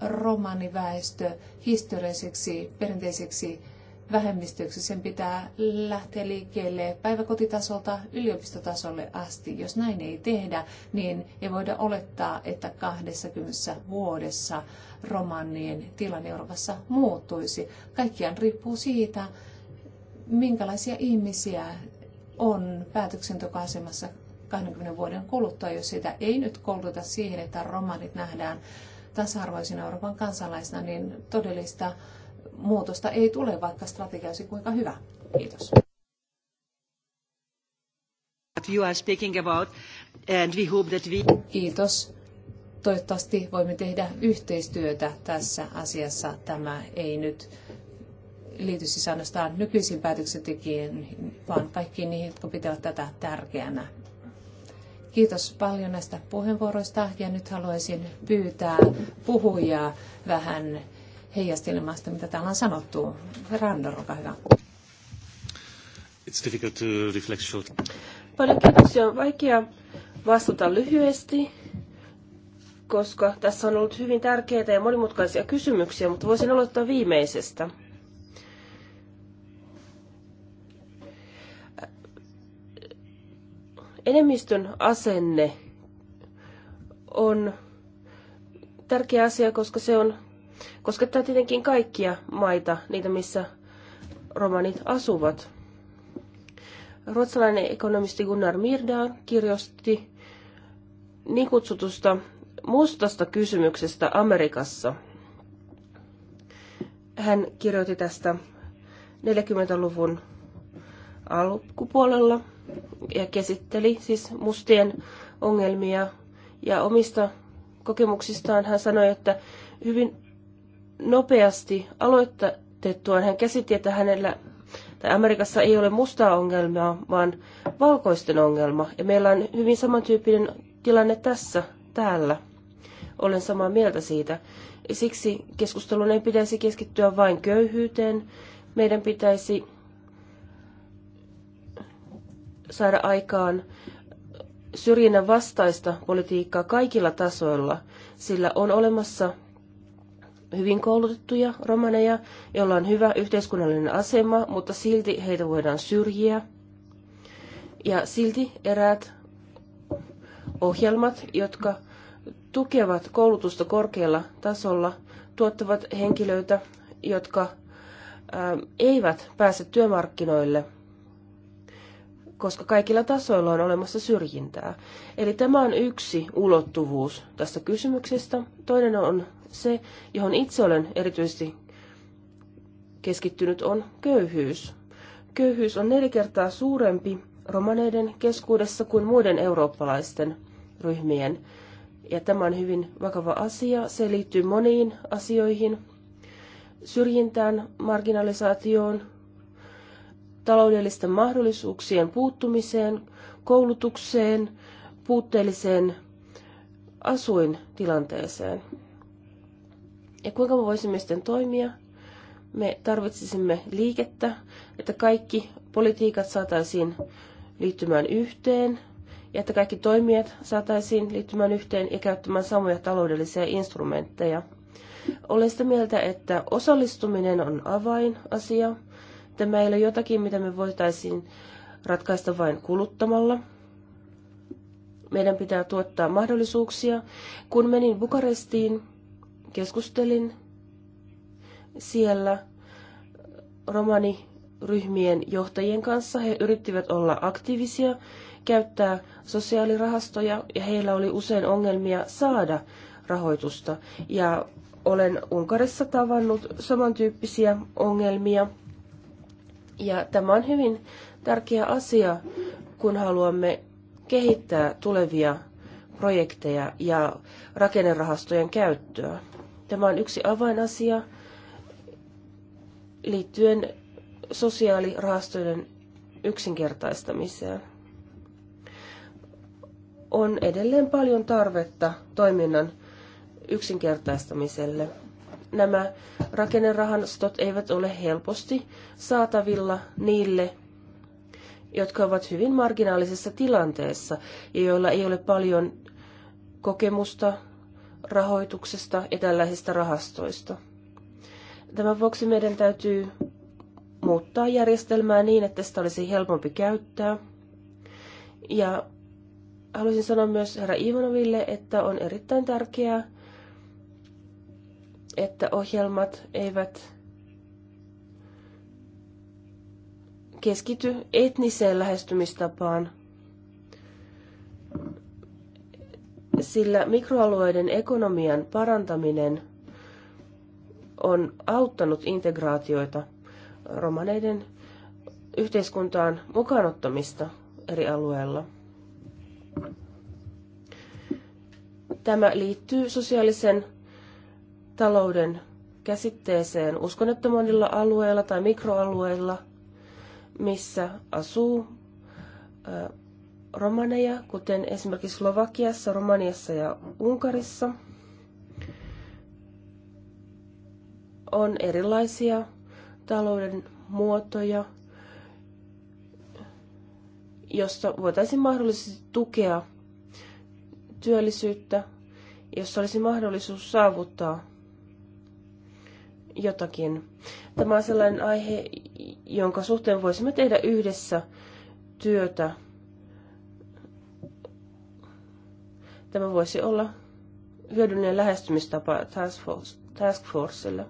romaniväestö historialliseksi, perinteiseksi vähemmistöksi. Sen pitää lähteä liikkeelle päiväkotitasolta yliopistotasolle asti. Jos näin ei tehdä, niin ei voida olettaa, että 20 vuodessa romanien tilanne Euroopassa muuttuisi. Kaikkiaan riippuu siitä, minkälaisia ihmisiä on päätöksentokasemassa 20 vuoden kuluttua, jos sitä ei nyt kouluta siihen, että romanit nähdään tasa-arvoisina Euroopan kansalaisina, niin todellista muutosta ei tule, vaikka strategia olisi kuinka hyvä. Kiitos. You are speaking about, and we hope that we... Kiitos. Toivottavasti voimme tehdä yhteistyötä tässä asiassa. Tämä ei nyt liity siis ainoastaan nykyisiin päätöksentekijöihin, vaan kaikkiin niihin, jotka pitävät tätä tärkeänä. Kiitos paljon näistä puheenvuoroista ja nyt haluaisin pyytää puhujaa vähän heijastelemaan sitä, mitä täällä on sanottu. Rando, olkaa hyvä. It's difficult to reflect short. Paljon kiitoksia. On vaikea vastata lyhyesti, koska tässä on ollut hyvin tärkeitä ja monimutkaisia kysymyksiä, mutta voisin aloittaa viimeisestä. Enemmistön asenne on tärkeä asia, koska se on koskettaa tietenkin kaikkia maita, niitä missä romanit asuvat. Ruotsalainen ekonomisti Gunnar Myrdal kirjoitti niin kutsutusta mustasta kysymyksestä Amerikassa. Hän kirjoitti tästä 40-luvun alkupuolella ja käsitteli siis mustien ongelmia ja omista kokemuksistaan hän sanoi, että hyvin nopeasti aloitettuaan hän käsitti, että hänellä tai Amerikassa ei ole mustaa ongelmaa, vaan valkoisten ongelma. Ja meillä on hyvin samantyyppinen tilanne tässä, täällä. Olen samaa mieltä siitä. Siksi keskustelun ei pitäisi keskittyä vain köyhyyteen. Meidän pitäisi saada aikaan syrjinnän vastaista politiikkaa kaikilla tasoilla, sillä on olemassa hyvin koulutettuja romaneja, joilla on hyvä yhteiskunnallinen asema, mutta silti heitä voidaan syrjiä. Ja silti eräät ohjelmat, jotka tukevat koulutusta korkealla tasolla, tuottavat henkilöitä, jotka äh, eivät pääse työmarkkinoille, koska kaikilla tasoilla on olemassa syrjintää. Eli tämä on yksi ulottuvuus tästä kysymyksestä. Toinen on se, johon itse olen erityisesti keskittynyt, on köyhyys. Köyhyys on neljä kertaa suurempi romaneiden keskuudessa kuin muiden eurooppalaisten ryhmien. Ja tämä on hyvin vakava asia. Se liittyy moniin asioihin, syrjintään, marginalisaatioon, taloudellisten mahdollisuuksien puuttumiseen, koulutukseen, puutteelliseen asuintilanteeseen. Ja kuinka me voisimme sitten toimia? Me tarvitsisimme liikettä, että kaikki politiikat saataisiin liittymään yhteen, ja että kaikki toimijat saataisiin liittymään yhteen ja käyttämään samoja taloudellisia instrumentteja. Olen sitä mieltä, että osallistuminen on avainasia. Tämä ei ole jotakin, mitä me voitaisiin ratkaista vain kuluttamalla. Meidän pitää tuottaa mahdollisuuksia. Kun menin Bukarestiin, keskustelin siellä romaniryhmien johtajien kanssa. He yrittivät olla aktiivisia, käyttää sosiaalirahastoja ja heillä oli usein ongelmia saada rahoitusta. Ja olen Unkarissa tavannut samantyyppisiä ongelmia. Ja tämä on hyvin tärkeä asia, kun haluamme kehittää tulevia projekteja ja rakennerahastojen käyttöä. Tämä on yksi avainasia liittyen sosiaalirahastojen yksinkertaistamiseen. On edelleen paljon tarvetta toiminnan yksinkertaistamiselle. Nämä rakennerahastot eivät ole helposti saatavilla niille, jotka ovat hyvin marginaalisessa tilanteessa ja joilla ei ole paljon kokemusta rahoituksesta ja tällaisista rahastoista. Tämän vuoksi meidän täytyy muuttaa järjestelmää niin, että sitä olisi helpompi käyttää. Ja haluaisin sanoa myös herra Ivanoville, että on erittäin tärkeää, että ohjelmat eivät keskity etniseen lähestymistapaan, sillä mikroalueiden ekonomian parantaminen on auttanut integraatioita romaneiden yhteiskuntaan mukaanottamista eri alueilla. Tämä liittyy sosiaalisen talouden käsitteeseen. Uskon, että monilla alueilla tai mikroalueilla, missä asuu romaneja, kuten esimerkiksi Slovakiassa, Romaniassa ja Unkarissa, on erilaisia talouden muotoja, josta voitaisiin mahdollisesti tukea työllisyyttä, jossa olisi mahdollisuus saavuttaa jotakin. Tämä on sellainen aihe, jonka suhteen voisimme tehdä yhdessä työtä Tämä voisi olla hyödyllinen lähestymistapa Task, Force, task Forcelle.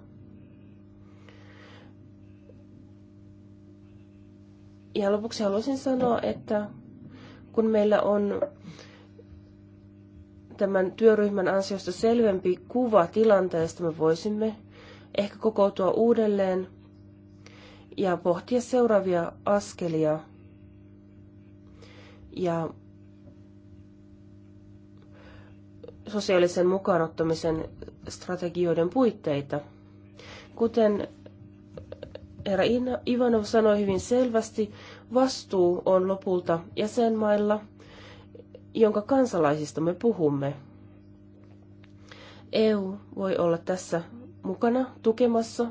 Ja lopuksi haluaisin sanoa, että kun meillä on tämän työryhmän ansiosta selvempi kuva tilanteesta, me voisimme ehkä kokoutua uudelleen ja pohtia seuraavia askelia. Ja sosiaalisen mukaanottamisen strategioiden puitteita. Kuten herra Ivanov sanoi hyvin selvästi, vastuu on lopulta jäsenmailla, jonka kansalaisista me puhumme. EU voi olla tässä mukana tukemassa,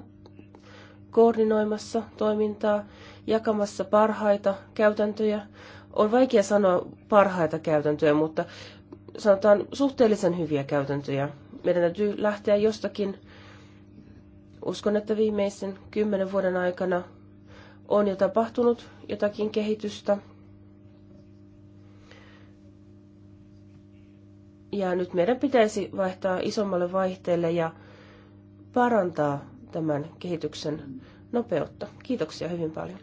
koordinoimassa toimintaa, jakamassa parhaita käytäntöjä. On vaikea sanoa parhaita käytäntöjä, mutta sanotaan suhteellisen hyviä käytäntöjä. Meidän täytyy lähteä jostakin. Uskon, että viimeisen kymmenen vuoden aikana on jo tapahtunut jotakin kehitystä. Ja nyt meidän pitäisi vaihtaa isommalle vaihteelle ja parantaa tämän kehityksen nopeutta. Kiitoksia hyvin paljon.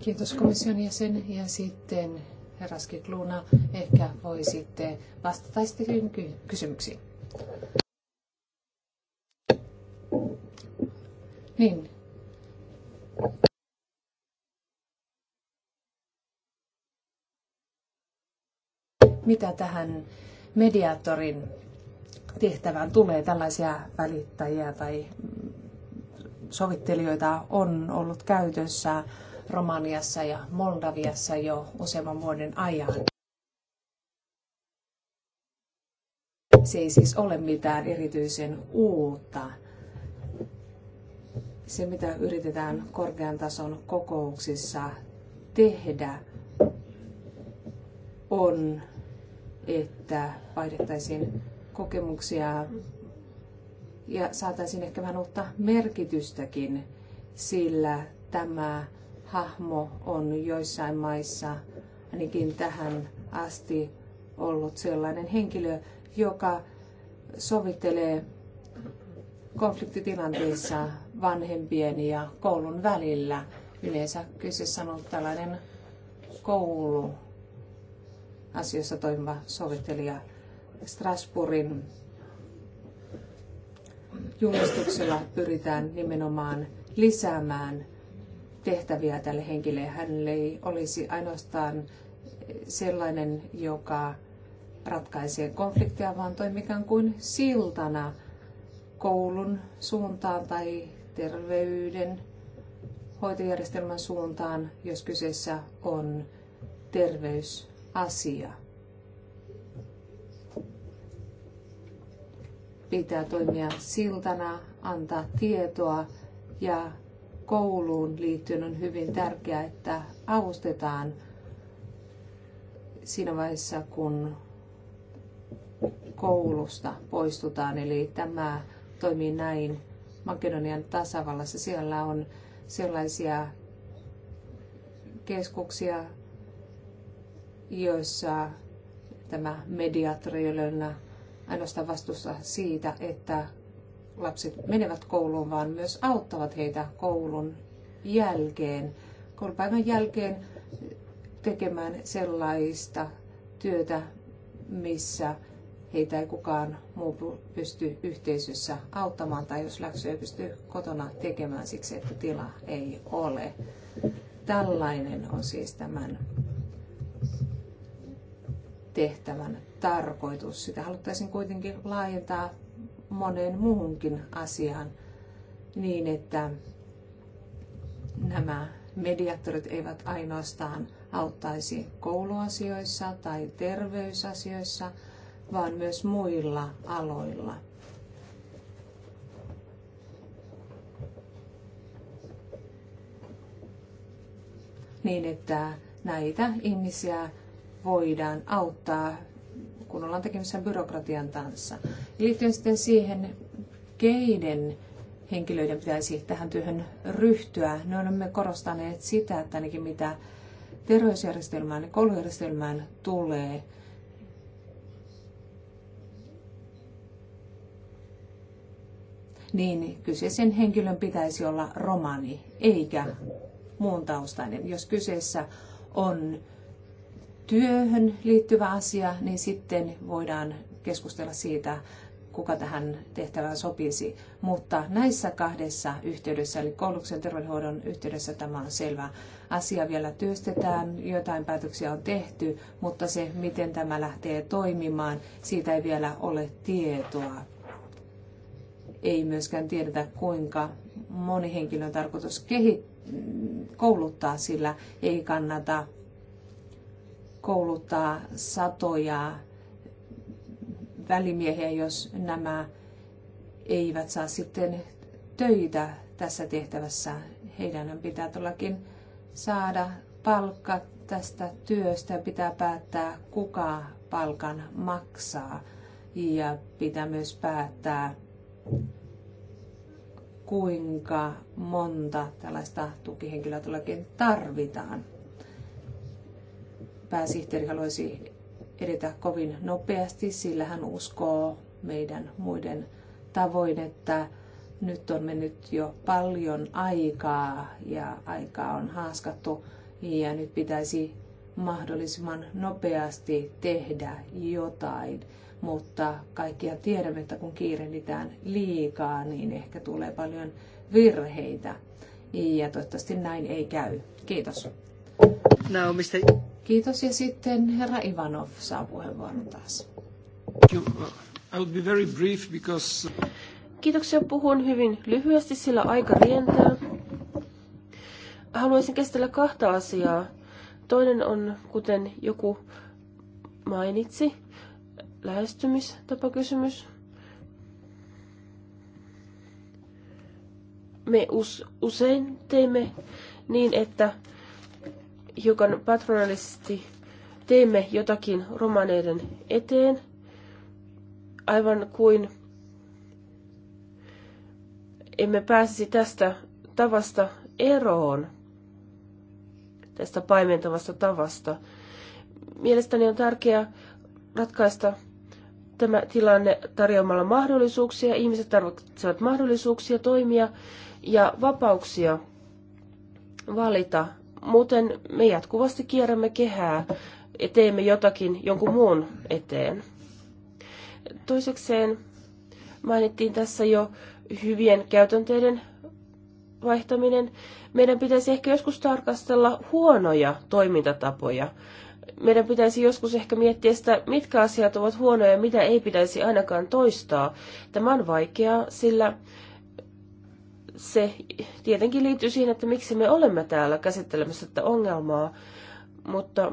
Kiitos komission jäsen ja sitten herra Skikluna, ehkä sitten vastata sitten kysymyksiin. Niin. Mitä tähän mediatorin tehtävään tulee tällaisia välittäjiä tai sovittelijoita on ollut käytössä Romaniassa ja Moldaviassa jo useamman vuoden ajan. Se ei siis ole mitään erityisen uutta. Se, mitä yritetään korkean tason kokouksissa tehdä, on, että vaihdettaisiin kokemuksia ja saataisiin ehkä vähän uutta merkitystäkin, sillä tämä hahmo on joissain maissa ainakin tähän asti ollut sellainen henkilö, joka sovittelee konfliktitilanteissa vanhempien ja koulun välillä. Yleensä kyseessä on ollut tällainen koulu asiassa toimiva sovittelija Strasbourgin julistuksella pyritään nimenomaan lisäämään tehtäviä tälle henkilölle. Hän ei olisi ainoastaan sellainen, joka ratkaisee konflikteja, vaan toimii ikään kuin siltana koulun suuntaan tai terveyden hoitojärjestelmän suuntaan, jos kyseessä on terveysasia. Pitää toimia siltana, antaa tietoa ja kouluun liittyen on hyvin tärkeää, että avustetaan siinä vaiheessa, kun koulusta poistutaan. Eli tämä toimii näin Makedonian tasavallassa. Siellä on sellaisia keskuksia, joissa tämä mediatriölönä ainoastaan vastuussa siitä, että lapset menevät kouluun, vaan myös auttavat heitä koulun jälkeen, koulupäivän jälkeen tekemään sellaista työtä, missä heitä ei kukaan muu pysty yhteisössä auttamaan tai jos läksyä pysty kotona tekemään siksi, että tila ei ole. Tällainen on siis tämän tehtävän tarkoitus. Sitä haluttaisiin kuitenkin laajentaa moneen muuhunkin asiaan niin, että nämä mediatorit eivät ainoastaan auttaisi kouluasioissa tai terveysasioissa, vaan myös muilla aloilla. Niin, että näitä ihmisiä voidaan auttaa kun ollaan tekemisissä byrokratian kanssa. Liittyen sitten siihen, keiden henkilöiden pitäisi tähän työhön ryhtyä, ne olemme korostaneet sitä, että ainakin mitä terveysjärjestelmään ja koulujärjestelmään tulee, niin kyseisen henkilön pitäisi olla romani eikä muun taustainen. Jos kyseessä on työhön liittyvä asia, niin sitten voidaan keskustella siitä, kuka tähän tehtävään sopisi. Mutta näissä kahdessa yhteydessä, eli koulutuksen ja terveydenhoidon yhteydessä tämä on selvä asia. Vielä työstetään, jotain päätöksiä on tehty, mutta se, miten tämä lähtee toimimaan, siitä ei vielä ole tietoa. Ei myöskään tiedetä, kuinka moni henkilö on tarkoitus kehittää kouluttaa, sillä ei kannata kouluttaa satoja välimiehiä, jos nämä eivät saa sitten töitä tässä tehtävässä. Heidän pitää tullakin saada palkka tästä työstä ja pitää päättää, kuka palkan maksaa. Ja pitää myös päättää, kuinka monta tällaista tukihenkilöä todellakin tarvitaan pääsihteeri haluaisi edetä kovin nopeasti, sillä hän uskoo meidän muiden tavoin, että nyt on mennyt jo paljon aikaa ja aikaa on haaskattu ja nyt pitäisi mahdollisimman nopeasti tehdä jotain. Mutta kaikkia tiedämme, että kun kiirehditään liikaa, niin ehkä tulee paljon virheitä. Ja toivottavasti näin ei käy. Kiitos. Now, mistä... Kiitos ja sitten herra Ivanov saa puheenvuoron taas. Uh, uh, Kiitoksia. Puhun hyvin lyhyesti, sillä aika rientää. Haluaisin käsitellä kahta asiaa. Toinen on, kuten joku mainitsi, lähestymistapakysymys. Me usein teemme niin, että hiukan patronallisesti teemme jotakin romaneiden eteen, aivan kuin emme pääsisi tästä tavasta eroon, tästä paimentavasta tavasta. Mielestäni on tärkeää ratkaista tämä tilanne tarjoamalla mahdollisuuksia. Ihmiset tarvitsevat mahdollisuuksia toimia ja vapauksia valita Muuten me jatkuvasti kierrämme kehää ja teemme jotakin jonkun muun eteen. Toisekseen mainittiin tässä jo hyvien käytänteiden vaihtaminen. Meidän pitäisi ehkä joskus tarkastella huonoja toimintatapoja. Meidän pitäisi joskus ehkä miettiä sitä, mitkä asiat ovat huonoja ja mitä ei pitäisi ainakaan toistaa. Tämä on vaikeaa, sillä se tietenkin liittyy siihen, että miksi me olemme täällä käsittelemässä tätä ongelmaa, mutta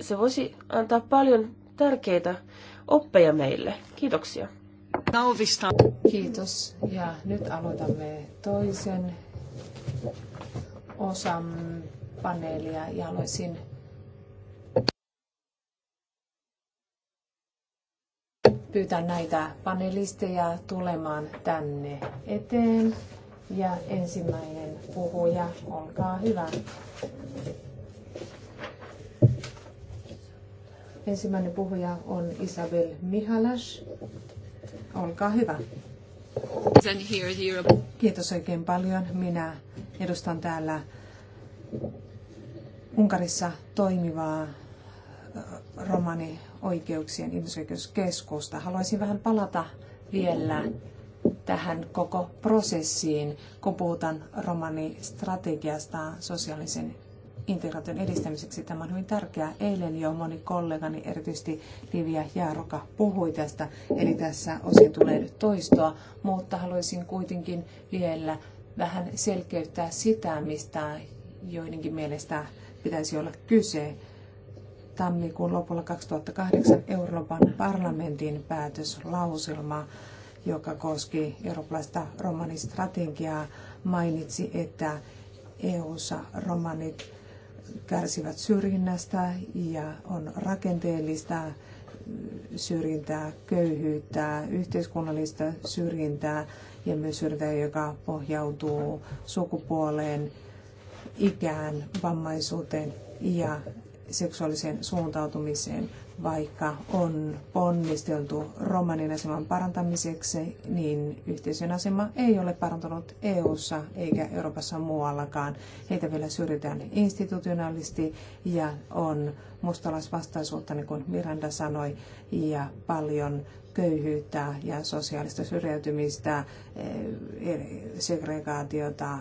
se voisi antaa paljon tärkeitä oppeja meille. Kiitoksia. Kiitos. Ja nyt aloitamme toisen osan paneelia ja aloisin. Pyytän näitä panelisteja tulemaan tänne eteen. Ja ensimmäinen puhuja, olkaa hyvä. Ensimmäinen puhuja on Isabel Mihalas. Olkaa hyvä. Kiitos oikein paljon. Minä edustan täällä Unkarissa toimivaa romani oikeuksien ihmisoikeuskeskusta. Haluaisin vähän palata vielä tähän koko prosessiin, kun puhutaan romanistrategiasta sosiaalisen integraation edistämiseksi. Tämä on hyvin tärkeää. Eilen jo moni kollegani, erityisesti Livia Jaaroka, puhui tästä, eli tässä osin tulee nyt toistoa, mutta haluaisin kuitenkin vielä vähän selkeyttää sitä, mistä joidenkin mielestä pitäisi olla kyse tammikuun lopulla 2008 Euroopan parlamentin päätöslauselma, joka koski eurooppalaista romanistrategiaa, mainitsi, että EU-ssa romanit kärsivät syrjinnästä ja on rakenteellista syrjintää, köyhyyttä, yhteiskunnallista syrjintää ja myös syrjintää, joka pohjautuu sukupuoleen, ikään, vammaisuuteen ja seksuaaliseen suuntautumiseen, vaikka on ponnisteltu romanin aseman parantamiseksi, niin yhteisön asema ei ole parantunut EU:ssa eikä Euroopassa muuallakaan. Heitä vielä syrjitään institutionaalisti ja on mustalaisvastaisuutta, niin kuin Miranda sanoi, ja paljon köyhyyttä ja sosiaalista syrjäytymistä, eh, segregaatiota,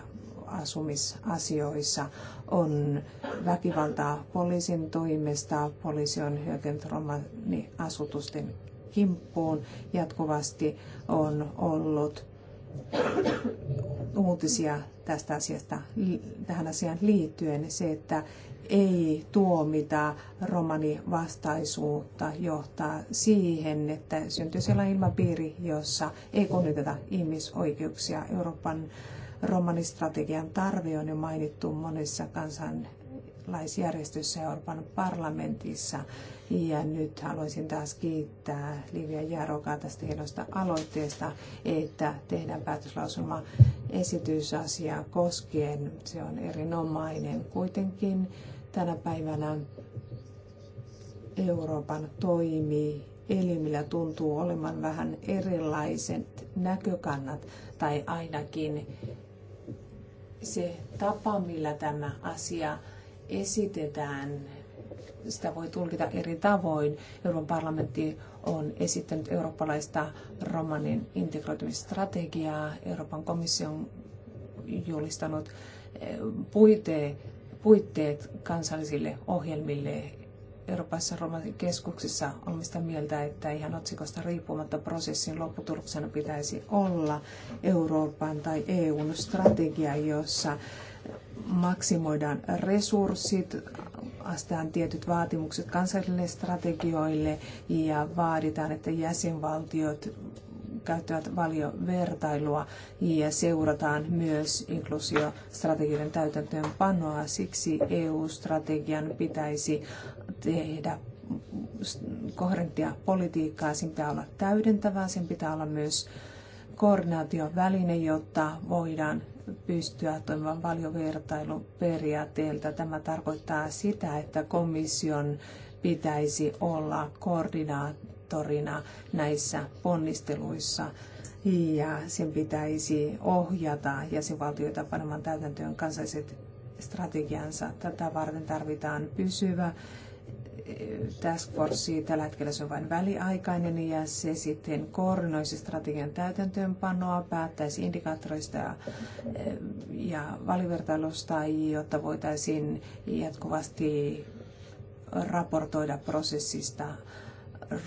asumisasioissa on väkivaltaa poliisin toimesta. Poliisi on hyökännyt romaniasutusten kimppuun. Jatkuvasti on ollut uutisia tästä asiasta, tähän asiaan liittyen. Se, että ei tuomita romanivastaisuutta johtaa siihen, että syntyy sellainen ilmapiiri, jossa ei kunnioiteta ihmisoikeuksia. Euroopan romanistrategian tarve on jo mainittu monissa kansanlaisjärjestöissä Euroopan parlamentissa. Ja nyt haluaisin taas kiittää Livia Jarokaa tästä hienosta aloitteesta, että tehdään päätöslausuma esitysasiaa koskien. Se on erinomainen kuitenkin tänä päivänä Euroopan toimii elimillä tuntuu olevan vähän erilaiset näkökannat tai ainakin se tapa, millä tämä asia esitetään, sitä voi tulkita eri tavoin. Euroopan parlamentti on esittänyt eurooppalaista romanin integroitumisstrategiaa. Euroopan komissio on julistanut eh, puitteet kansallisille ohjelmille Euroopassa keskuksissa on sitä mieltä, että ihan otsikosta riippumatta prosessin lopputuloksena pitäisi olla Euroopan tai EUn strategia, jossa maksimoidaan resurssit, astetaan tietyt vaatimukset kansallisille strategioille ja vaaditaan, että jäsenvaltiot käyttävät valiovertailua ja seurataan myös inklusiostrategioiden täytäntöönpanoa. Siksi EU-strategian pitäisi tehdä kohdentia politiikkaa, sen pitää olla täydentävää, sen pitää olla myös koordinaatioväline, jotta voidaan pystyä toimimaan vertailuperiaatteelta. Tämä tarkoittaa sitä, että komission pitäisi olla koordinaatio mentorina näissä ponnisteluissa ja sen pitäisi ohjata jäsenvaltioita panemaan täytäntöön kansalliset strategiansa. Tätä varten tarvitaan pysyvä eh, task force. Tällä hetkellä se on vain väliaikainen ja se sitten koordinoisi strategian täytäntöönpanoa, päättäisi indikaattoreista eh, ja, ja valivertailusta, jotta voitaisiin jatkuvasti raportoida prosessista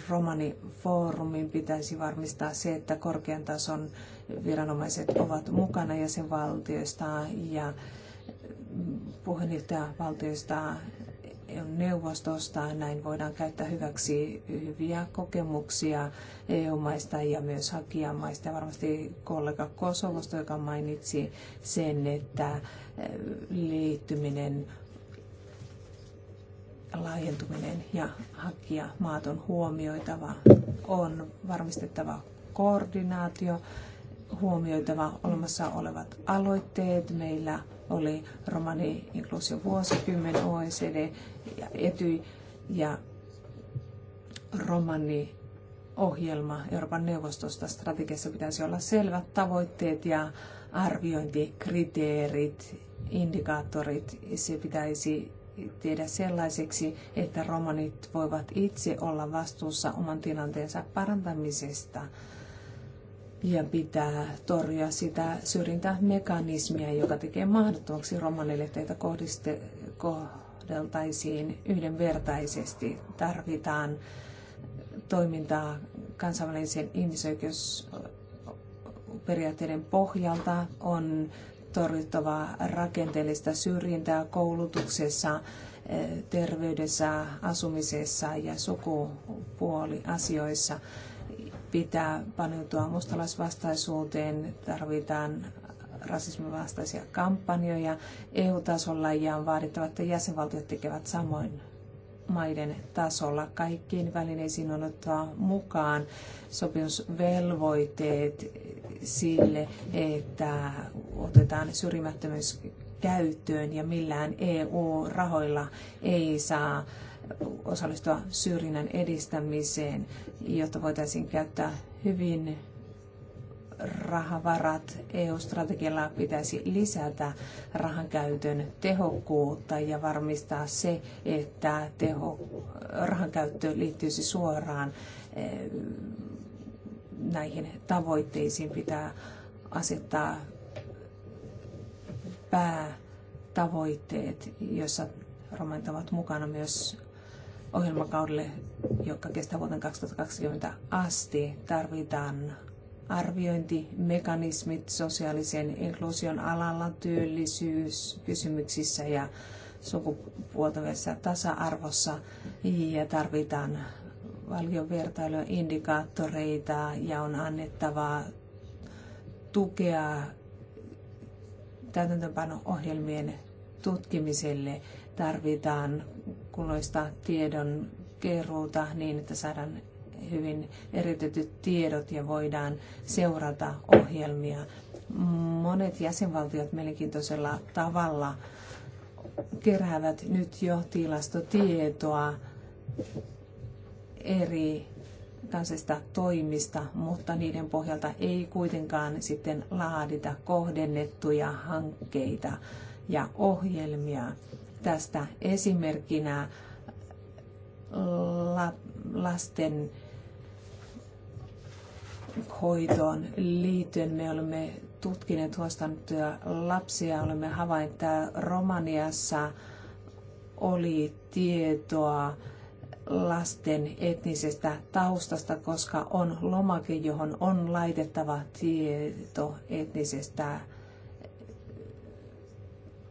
romanifoorumin pitäisi varmistaa se, että korkean tason viranomaiset ovat mukana jäsenvaltioista ja valtioista neuvostosta. Näin voidaan käyttää hyväksi hyviä kokemuksia EU-maista ja myös hakijamaista. varmasti kollega Kosovosta, joka mainitsi sen, että liittyminen laajentuminen ja hakija maat on huomioitava, on varmistettava koordinaatio, huomioitava olemassa olevat aloitteet. Meillä oli romani inkluusio vuosikymmen, OECD ja Ety ja romani ohjelma Euroopan neuvostosta. Strategiassa pitäisi olla selvät tavoitteet ja arviointikriteerit, indikaattorit. Se pitäisi tehdä sellaiseksi, että romanit voivat itse olla vastuussa oman tilanteensa parantamisesta ja pitää torjua sitä syrjintämekanismia, joka tekee mahdottomaksi romanille teitä kohdiste, kohdeltaisiin yhdenvertaisesti. Tarvitaan toimintaa kansainvälisen ihmisoikeusperiaatteiden pohjalta on torjuttavaa rakenteellista syrjintää koulutuksessa, eh, terveydessä, asumisessa ja sukupuoliasioissa. Pitää paneutua mustalaisvastaisuuteen, tarvitaan rasismin vastaisia kampanjoja EU-tasolla ja on vaadittava, että jäsenvaltiot tekevät samoin maiden tasolla. Kaikkiin välineisiin on ottaa mukaan sopimusvelvoitteet sille, että otetaan syrjimättömyys käyttöön ja millään EU-rahoilla ei saa osallistua syrjinnän edistämiseen, jotta voitaisiin käyttää hyvin rahavarat EU-strategialla pitäisi lisätä rahankäytön tehokkuutta ja varmistaa se, että teho, rahankäyttö liittyisi suoraan eh, näihin tavoitteisiin pitää asettaa päätavoitteet, joissa romanit ovat mukana myös ohjelmakaudelle, joka kestää vuoden 2020 asti. Tarvitaan arviointimekanismit sosiaalisen inkluusion alalla, työllisyyskysymyksissä ja sukupuolten tasa-arvossa ja tarvitaan indikaattoreita ja on annettava tukea täytäntöpano-ohjelmien tutkimiselle. Tarvitaan kuloista tiedon keruuta niin, että saadaan hyvin eritetyt tiedot ja voidaan seurata ohjelmia. Monet jäsenvaltiot mielenkiintoisella tavalla keräävät nyt jo tilastotietoa eri kansallisista toimista, mutta niiden pohjalta ei kuitenkaan sitten laadita kohdennettuja hankkeita ja ohjelmia. Tästä esimerkkinä la, lasten hoitoon liittyen me olemme tutkineet huostanuttuja lapsia. Olemme havainneet, että Romaniassa oli tietoa lasten etnisestä taustasta, koska on lomake, johon on laitettava tieto etnisestä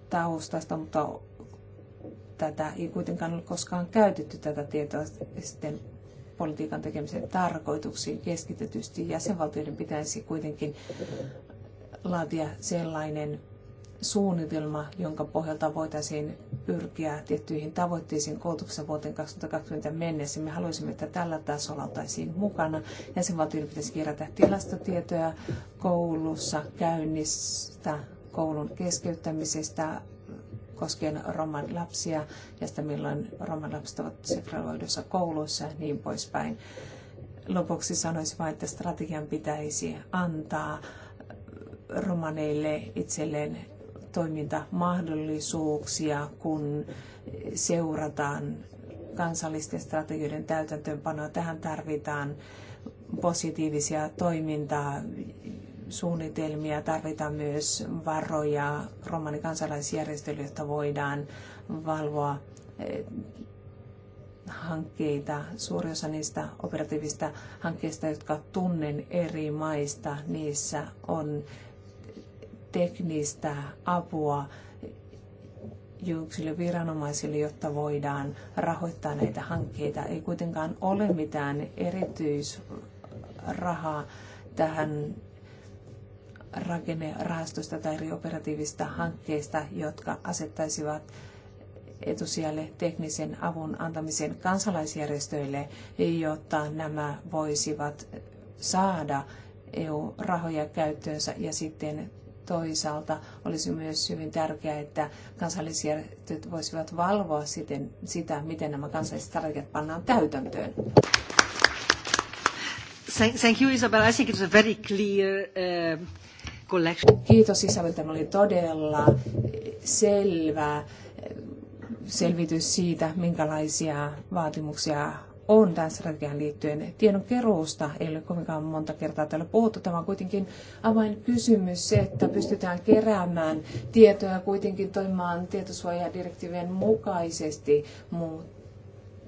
taustasta, mutta tätä ei kuitenkaan ole koskaan käytetty tätä tietoa sitten politiikan tekemisen tarkoituksiin keskitetysti. Jäsenvaltioiden pitäisi kuitenkin laatia sellainen suunnitelma, jonka pohjalta voitaisiin pyrkiä tiettyihin tavoitteisiin koulutuksen vuoteen 2020 mennessä. Me haluaisimme, että tällä tasolla oltaisiin mukana. Jäsenvaltioiden pitäisi kerätä tilastotietoja koulussa käynnistä, koulun keskeyttämisestä, koskien roman lapsia ja sitä, milloin roman lapset ovat segregoidussa kouluissa ja niin poispäin. Lopuksi sanoisin vain, että strategian pitäisi antaa romaneille itselleen toimintamahdollisuuksia, kun seurataan kansallisten strategioiden täytäntöönpanoa. Tähän tarvitaan positiivisia toimintaa, suunnitelmia, tarvitaan myös varoja romanikansalaisjärjestöille, jotta voidaan valvoa eh, hankkeita, suuri osa niistä operatiivista hankkeista, jotka tunnen eri maista, niissä on teknistä apua julkisille viranomaisille, jotta voidaan rahoittaa näitä hankkeita. Ei kuitenkaan ole mitään erityisrahaa tähän rakennerahastosta tai eri operatiivista hankkeista, jotka asettaisivat etusijalle teknisen avun antamisen kansalaisjärjestöille, jotta nämä voisivat saada EU-rahoja käyttöönsä ja sitten toisaalta olisi myös hyvin tärkeää, että kansallisjärjestöt voisivat valvoa siten, sitä, miten nämä kansalliset strategiat pannaan täytäntöön. Thank you, Isabel. I think it's a very clear uh, collection. Kiitos Isabel, tämä oli todella selvä selvitys siitä, minkälaisia vaatimuksia on tämän strategian liittyen. Tiedon keruusta ei ole kovinkaan monta kertaa täällä puhuttu. Tämä on kuitenkin avainkysymys se, että pystytään keräämään tietoja kuitenkin toimimaan tietosuojadirektiivien mukaisesti. Muut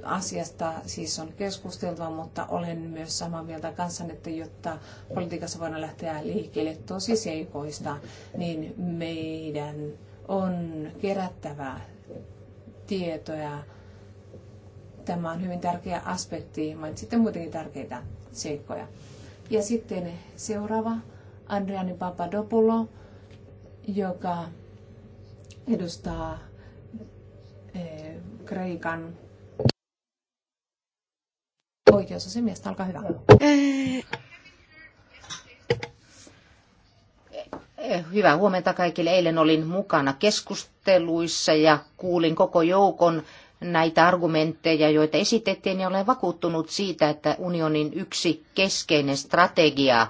asiasta siis on keskusteltava, mutta olen myös samaa mieltä kanssanne, että jotta politiikassa voidaan lähteä liikkeelle seikoista, niin meidän on kerättävä tietoja Tämä on hyvin tärkeä aspekti, mainitsitte muutenkin tärkeitä seikkoja. Ja sitten seuraava, Andriani Papadopoulo, joka edustaa eh, Kreikan oikeusasemiestä. Olkaa hyvä. Eh, eh, hyvää huomenta kaikille. Eilen olin mukana keskusteluissa ja kuulin koko joukon näitä argumentteja, joita esitettiin, ja olen vakuuttunut siitä, että unionin yksi keskeinen strategia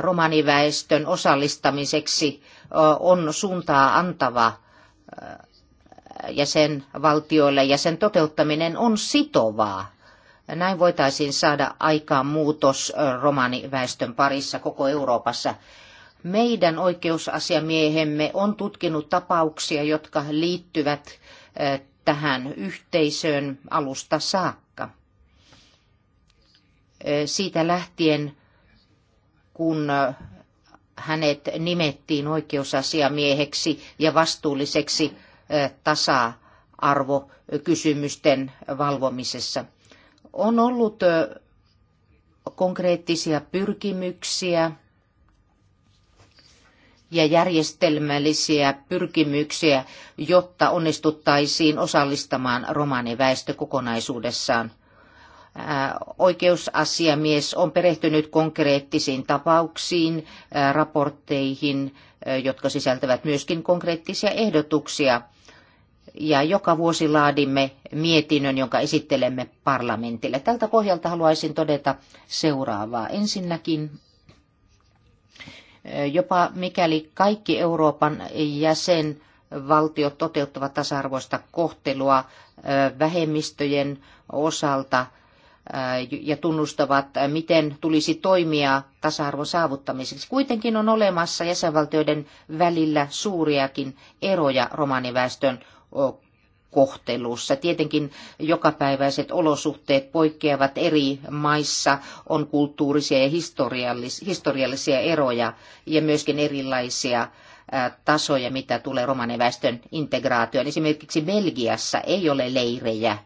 romaniväestön osallistamiseksi on suuntaa antava jäsenvaltioille ja sen toteuttaminen on sitovaa. Näin voitaisiin saada aikaan muutos romaniväestön parissa koko Euroopassa. Meidän oikeusasiamiehemme on tutkinut tapauksia, jotka liittyvät tähän yhteisöön alusta saakka. Siitä lähtien, kun hänet nimettiin oikeusasiamieheksi ja vastuulliseksi tasa-arvokysymysten valvomisessa. On ollut konkreettisia pyrkimyksiä ja järjestelmällisiä pyrkimyksiä, jotta onnistuttaisiin osallistamaan romaaniväestö kokonaisuudessaan. Oikeusasiamies on perehtynyt konkreettisiin tapauksiin, raportteihin, jotka sisältävät myöskin konkreettisia ehdotuksia. Ja joka vuosi laadimme mietinnön, jonka esittelemme parlamentille. Tältä pohjalta haluaisin todeta seuraavaa. Ensinnäkin jopa mikäli kaikki Euroopan jäsenvaltiot toteuttavat tasa-arvoista kohtelua vähemmistöjen osalta ja tunnustavat, miten tulisi toimia tasa-arvon saavuttamiseksi. Kuitenkin on olemassa jäsenvaltioiden välillä suuriakin eroja romaniväestön kohtelussa. Tietenkin jokapäiväiset olosuhteet poikkeavat eri maissa, on kulttuurisia ja historiallis- historiallisia eroja ja myöskin erilaisia tasoja, mitä tulee romaniväestön integraatioon. Esimerkiksi Belgiassa ei ole leirejä.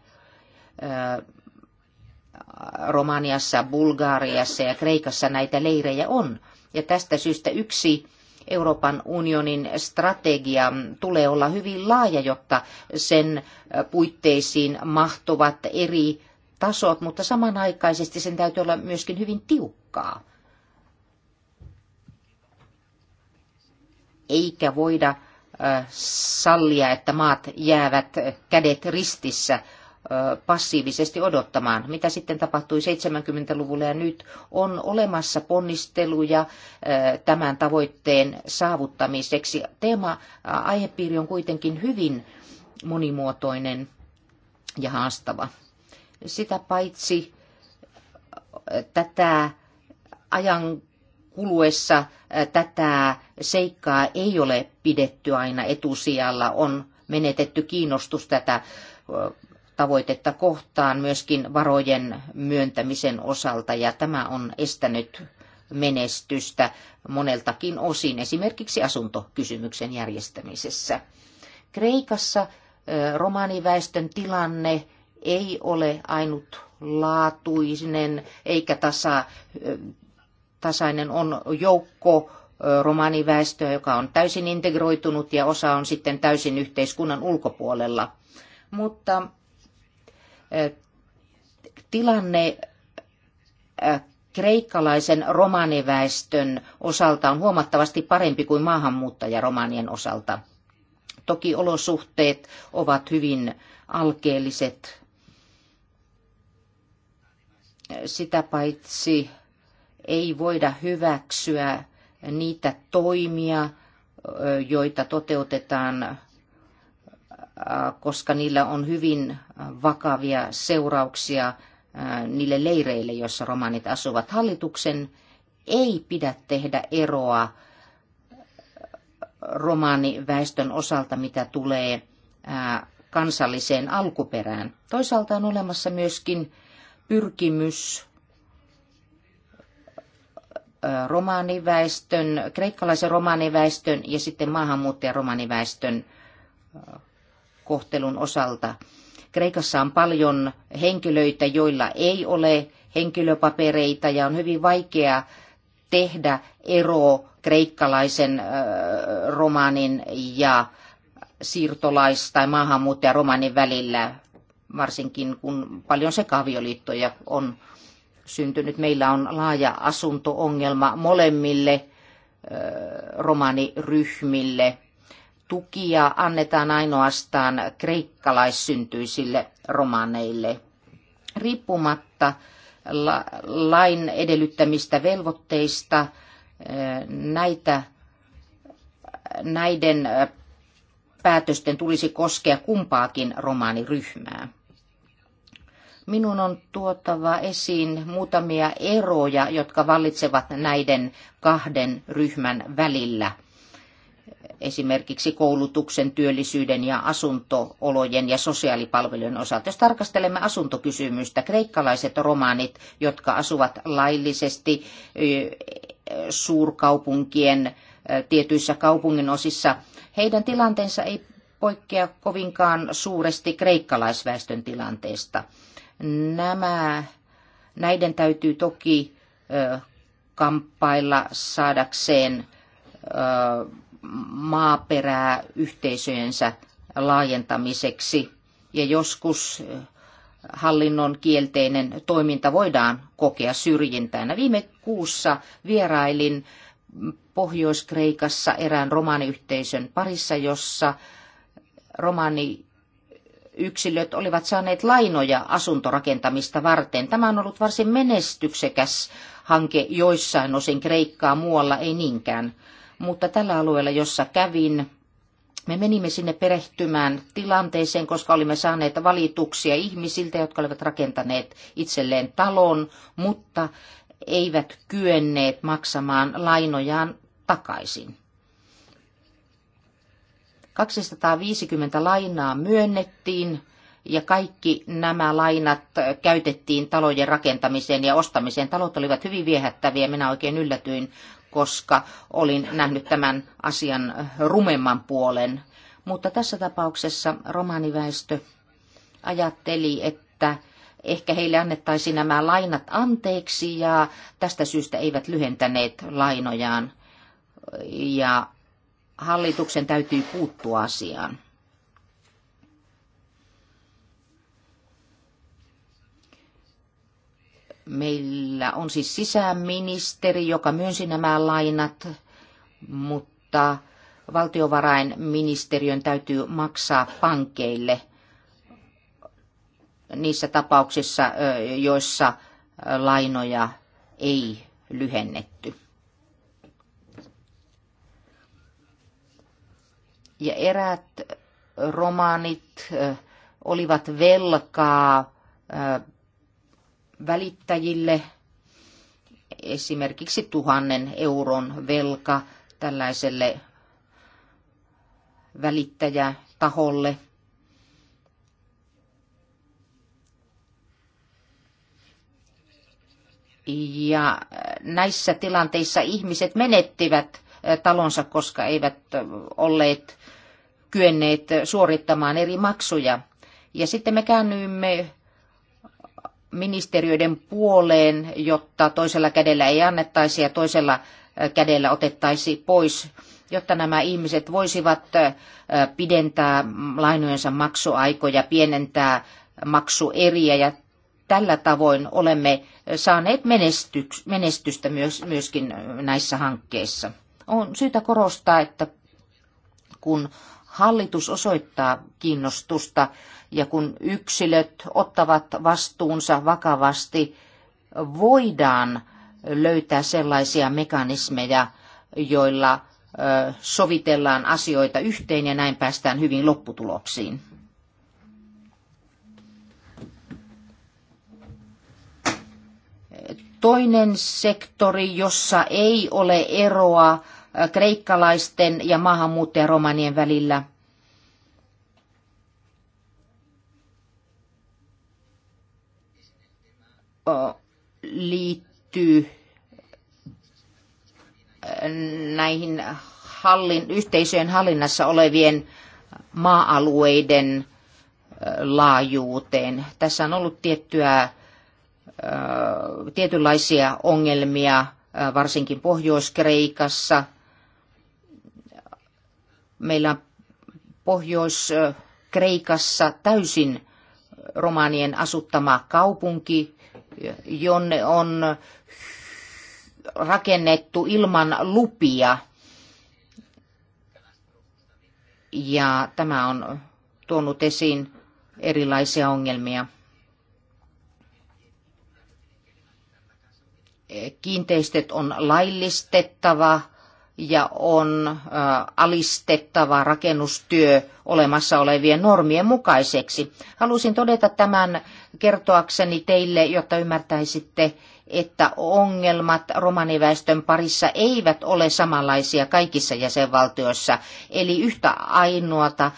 Romaniassa, Bulgaariassa ja Kreikassa näitä leirejä on. Ja tästä syystä yksi Euroopan unionin strategian tulee olla hyvin laaja, jotta sen puitteisiin mahtuvat eri tasot, mutta samanaikaisesti sen täytyy olla myöskin hyvin tiukkaa. Eikä voida sallia, että maat jäävät kädet ristissä passiivisesti odottamaan. Mitä sitten tapahtui 70-luvulla ja nyt on olemassa ponnisteluja tämän tavoitteen saavuttamiseksi. Teema aihepiiri on kuitenkin hyvin monimuotoinen ja haastava. Sitä paitsi tätä ajan kuluessa tätä seikkaa ei ole pidetty aina etusijalla, on menetetty kiinnostus tätä tavoitetta kohtaan myöskin varojen myöntämisen osalta ja tämä on estänyt menestystä moneltakin osin, esimerkiksi asuntokysymyksen järjestämisessä. Kreikassa romaniväestön tilanne ei ole ainutlaatuinen eikä tasa, tasainen on joukko romaniväestöä, joka on täysin integroitunut ja osa on sitten täysin yhteiskunnan ulkopuolella. Mutta tilanne kreikkalaisen romaniväestön osalta on huomattavasti parempi kuin maahanmuuttajaromanien osalta. Toki olosuhteet ovat hyvin alkeelliset. Sitä paitsi ei voida hyväksyä niitä toimia, joita toteutetaan koska niillä on hyvin vakavia seurauksia niille leireille, joissa romanit asuvat. Hallituksen ei pidä tehdä eroa romaaniväestön osalta, mitä tulee kansalliseen alkuperään. Toisaalta on olemassa myöskin pyrkimys romaaniväestön, kreikkalaisen romaaniväestön ja sitten maahanmuuttajan romaaniväestön kohtelun osalta. Kreikassa on paljon henkilöitä, joilla ei ole henkilöpapereita ja on hyvin vaikea tehdä ero kreikkalaisen romaanin ja siirtolais- tai maahanmuuttajaromanin välillä, varsinkin kun paljon sekaavioliittoja on syntynyt. Meillä on laaja asuntoongelma molemmille romaaniryhmille tukia annetaan ainoastaan kreikkalaissyntyisille romaneille. Riippumatta lain edellyttämistä velvoitteista eh, näitä, näiden eh, päätösten tulisi koskea kumpaakin romaaniryhmää. Minun on tuotava esiin muutamia eroja, jotka vallitsevat näiden kahden ryhmän välillä – esimerkiksi koulutuksen, työllisyyden ja asuntoolojen ja sosiaalipalvelujen osalta. Jos tarkastelemme asuntokysymystä, kreikkalaiset romaanit, jotka asuvat laillisesti suurkaupunkien tietyissä kaupungin osissa, heidän tilanteensa ei poikkea kovinkaan suuresti kreikkalaisväestön tilanteesta. Nämä, näiden täytyy toki kamppailla saadakseen maaperää yhteisöjensä laajentamiseksi. Ja joskus eh, hallinnon kielteinen toiminta voidaan kokea syrjintänä. Viime kuussa vierailin Pohjois-Kreikassa erään romaaniyhteisön parissa, jossa romaani yksilöt olivat saaneet lainoja asuntorakentamista varten. Tämä on ollut varsin menestyksekäs hanke joissain osin Kreikkaa, muualla ei niinkään mutta tällä alueella, jossa kävin, me menimme sinne perehtymään tilanteeseen, koska olimme saaneet valituksia ihmisiltä, jotka olivat rakentaneet itselleen talon, mutta eivät kyenneet maksamaan lainojaan takaisin. 250 lainaa myönnettiin ja kaikki nämä lainat käytettiin talojen rakentamiseen ja ostamiseen. Talot olivat hyvin viehättäviä, minä oikein yllätyin, koska olin nähnyt tämän asian rumemman puolen. Mutta tässä tapauksessa romaniväestö ajatteli, että ehkä heille annettaisiin nämä lainat anteeksi ja tästä syystä eivät lyhentäneet lainojaan. Ja hallituksen täytyy puuttua asiaan. Meillä on siis sisäministeri, joka myönsi nämä lainat, mutta valtiovarainministeriön täytyy maksaa pankeille niissä tapauksissa, joissa lainoja ei lyhennetty. Ja eräät romaanit olivat velkaa välittäjille esimerkiksi tuhannen euron velka tällaiselle välittäjätaholle. Ja näissä tilanteissa ihmiset menettivät talonsa, koska eivät olleet kyenneet suorittamaan eri maksuja. Ja sitten me käännyimme ministeriöiden puoleen, jotta toisella kädellä ei annettaisi ja toisella äh, kädellä otettaisi pois, jotta nämä ihmiset voisivat äh, pidentää lainojensa maksuaikoja, pienentää maksueriä ja tällä tavoin olemme saaneet menestystä myöskin näissä hankkeissa. On syytä korostaa, että kun hallitus osoittaa kiinnostusta ja kun yksilöt ottavat vastuunsa vakavasti, voidaan löytää sellaisia mekanismeja, joilla sovitellaan asioita yhteen ja näin päästään hyvin lopputuloksiin. Toinen sektori, jossa ei ole eroa kreikkalaisten ja maahanmuuttajaromanien välillä – liittyy näihin hallin, yhteisöjen hallinnassa olevien maa-alueiden laajuuteen. Tässä on ollut tiettyä, tietynlaisia ongelmia, varsinkin Pohjois-Kreikassa. Meillä on Pohjois-Kreikassa täysin romaanien asuttama kaupunki, jonne on rakennettu ilman lupia. Ja tämä on tuonut esiin erilaisia ongelmia. Kiinteistöt on laillistettava ja on alistettava rakennustyö olemassa olevien normien mukaiseksi. Halusin todeta tämän kertoakseni teille, jotta ymmärtäisitte, että ongelmat romaniväestön parissa eivät ole samanlaisia kaikissa jäsenvaltioissa. Eli yhtä ainoata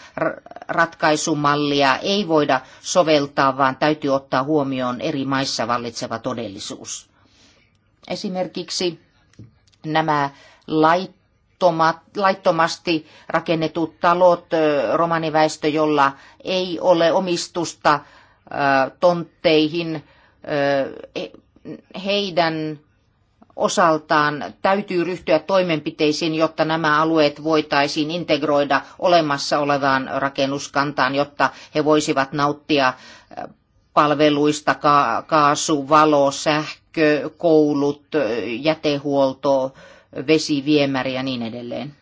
ratkaisumallia ei voida soveltaa, vaan täytyy ottaa huomioon eri maissa vallitseva todellisuus. Esimerkiksi nämä laittomasti rakennetut talot romaniväestö, jolla ei ole omistusta, tontteihin, e, heidän osaltaan täytyy ryhtyä toimenpiteisiin, jotta nämä alueet voitaisiin integroida olemassa olevaan rakennuskantaan, jotta he voisivat nauttia palveluista, ka- kaasu, valo, sähkö, koulut, jätehuolto, vesiviemäri ja niin edelleen.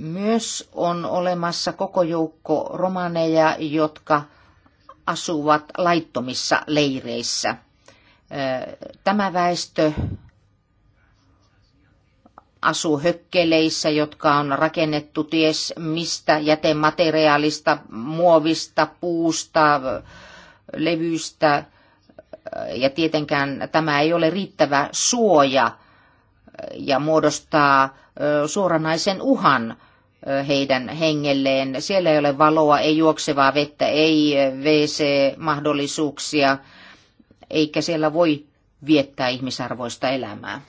Myös on olemassa koko joukko romaneja, jotka asuvat laittomissa leireissä. Tämä väestö asuu hökkeleissä, jotka on rakennettu ties mistä jätemateriaalista, muovista, puusta, levyistä Ja tietenkään tämä ei ole riittävä suoja ja muodostaa suoranaisen uhan heidän hengelleen. Siellä ei ole valoa, ei juoksevaa vettä, ei WC-mahdollisuuksia, eikä siellä voi viettää ihmisarvoista elämää.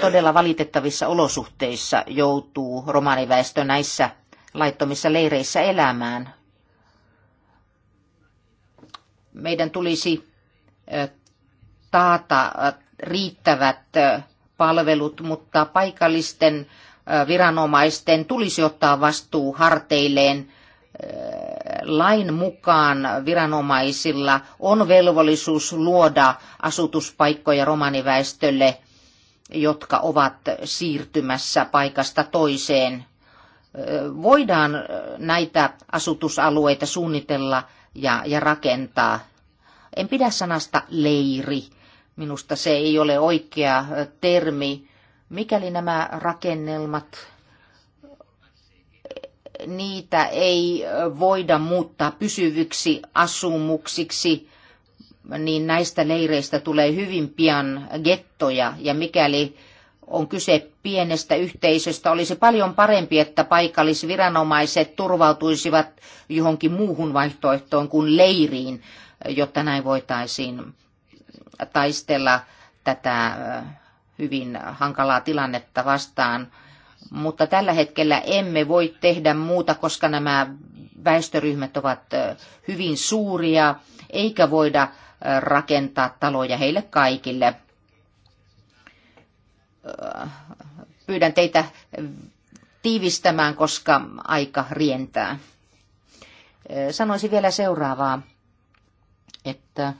Todella valitettavissa olosuhteissa joutuu romaniväestö näissä laittomissa leireissä elämään. Meidän tulisi taata riittävät palvelut, mutta paikallisten viranomaisten tulisi ottaa vastuu harteilleen. Lain mukaan viranomaisilla on velvollisuus luoda asutuspaikkoja romaniväestölle, jotka ovat siirtymässä paikasta toiseen. Voidaan näitä asutusalueita suunnitella ja, ja rakentaa. En pidä sanasta leiri Minusta se ei ole oikea termi. Mikäli nämä rakennelmat, niitä ei voida muuttaa pysyviksi asumuksiksi, niin näistä leireistä tulee hyvin pian gettoja. Ja mikäli on kyse pienestä yhteisöstä, olisi paljon parempi, että paikallisviranomaiset turvautuisivat johonkin muuhun vaihtoehtoon kuin leiriin, jotta näin voitaisiin taistella tätä hyvin hankalaa tilannetta vastaan. Mutta tällä hetkellä emme voi tehdä muuta, koska nämä väestöryhmät ovat hyvin suuria, eikä voida rakentaa taloja heille kaikille. Pyydän teitä tiivistämään, koska aika rientää. Sanoisin vielä seuraavaa, että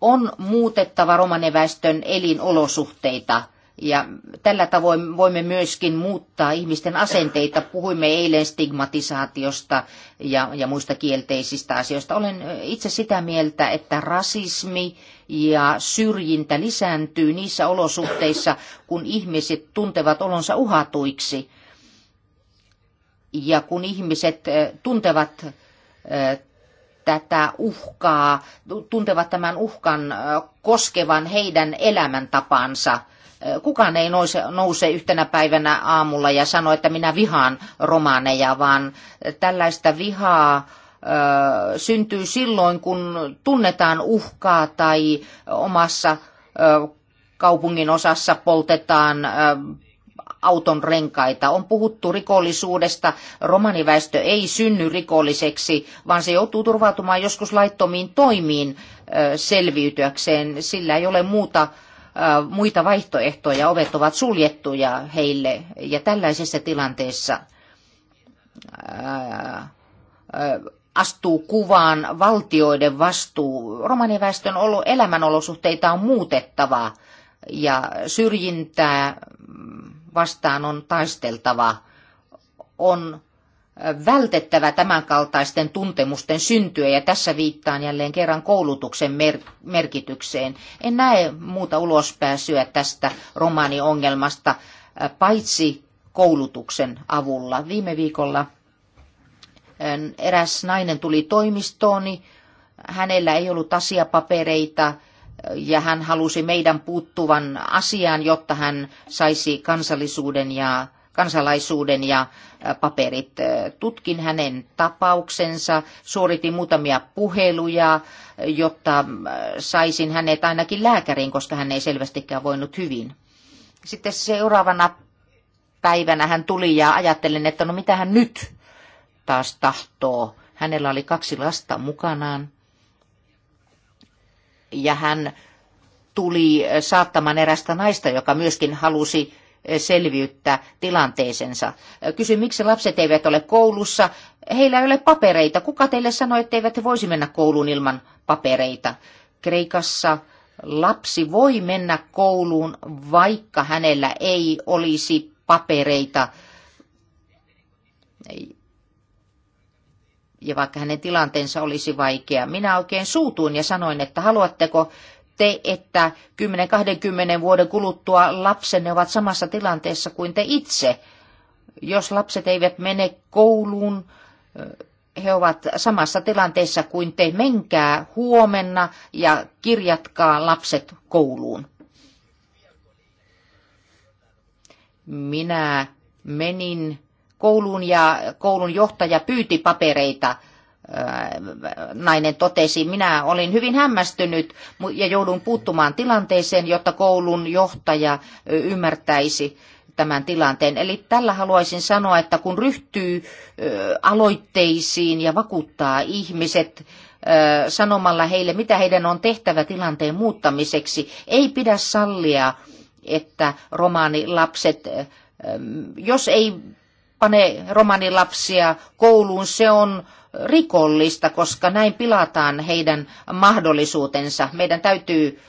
on muutettava romaneväestön elinolosuhteita ja tällä tavoin voimme myöskin muuttaa ihmisten asenteita. Puhuimme eilen stigmatisaatiosta ja, ja muista kielteisistä asioista. Olen itse sitä mieltä, että rasismi ja syrjintä lisääntyy niissä olosuhteissa, kun ihmiset tuntevat olonsa uhatuiksi. Ja kun ihmiset eh, tuntevat eh, tätä uhkaa, tuntevat tämän uhkan koskevan heidän elämäntapansa. Kukaan ei nouse, nouse yhtenä päivänä aamulla ja sano, että minä vihaan romaaneja, vaan tällaista vihaa syntyy silloin, kun tunnetaan uhkaa tai omassa kaupungin osassa poltetaan auton renkaita. On puhuttu rikollisuudesta. Romaniväestö ei synny rikolliseksi, vaan se joutuu turvautumaan joskus laittomiin toimiin selviytyäkseen. Sillä ei ole muuta muita vaihtoehtoja, ovet ovat suljettuja heille ja tällaisessa tilanteessa astuu kuvaan valtioiden vastuu. Romaniväestön elämänolosuhteita on muutettava ja syrjintää mm, vastaan on taisteltava, on vältettävä tämänkaltaisten tuntemusten syntyä, ja tässä viittaan jälleen kerran koulutuksen merkitykseen. En näe muuta ulospääsyä tästä romaaniongelmasta, paitsi koulutuksen avulla. Viime viikolla eräs nainen tuli toimistooni, hänellä ei ollut asiapapereita, ja hän halusi meidän puuttuvan asiaan, jotta hän saisi kansallisuuden ja kansalaisuuden ja paperit. Tutkin hänen tapauksensa, suoritin muutamia puheluja, jotta saisin hänet ainakin lääkäriin, koska hän ei selvästikään voinut hyvin. Sitten seuraavana päivänä hän tuli ja ajattelin, että no mitä hän nyt taas tahtoo. Hänellä oli kaksi lasta mukanaan ja hän tuli saattamaan erästä naista, joka myöskin halusi selviyttää tilanteisensa. Kysyin, miksi lapset eivät ole koulussa. Heillä ei ole papereita. Kuka teille sanoi, että eivät he voisi mennä kouluun ilman papereita? Kreikassa lapsi voi mennä kouluun, vaikka hänellä ei olisi papereita ja vaikka hänen tilanteensa olisi vaikea. Minä oikein suutuin ja sanoin, että haluatteko te, että 10-20 vuoden kuluttua lapsenne ovat samassa tilanteessa kuin te itse. Jos lapset eivät mene kouluun, he ovat samassa tilanteessa kuin te. Menkää huomenna ja kirjatkaa lapset kouluun. Minä menin kouluun ja koulun johtaja pyyti papereita nainen totesi, minä olin hyvin hämmästynyt ja joudun puuttumaan tilanteeseen, jotta koulun johtaja ymmärtäisi tämän tilanteen. Eli tällä haluaisin sanoa, että kun ryhtyy aloitteisiin ja vakuuttaa ihmiset sanomalla heille, mitä heidän on tehtävä tilanteen muuttamiseksi, ei pidä sallia, että romaanilapset, jos ei pane romanilapsia kouluun, se on rikollista, koska näin pilataan heidän mahdollisuutensa. Meidän täytyy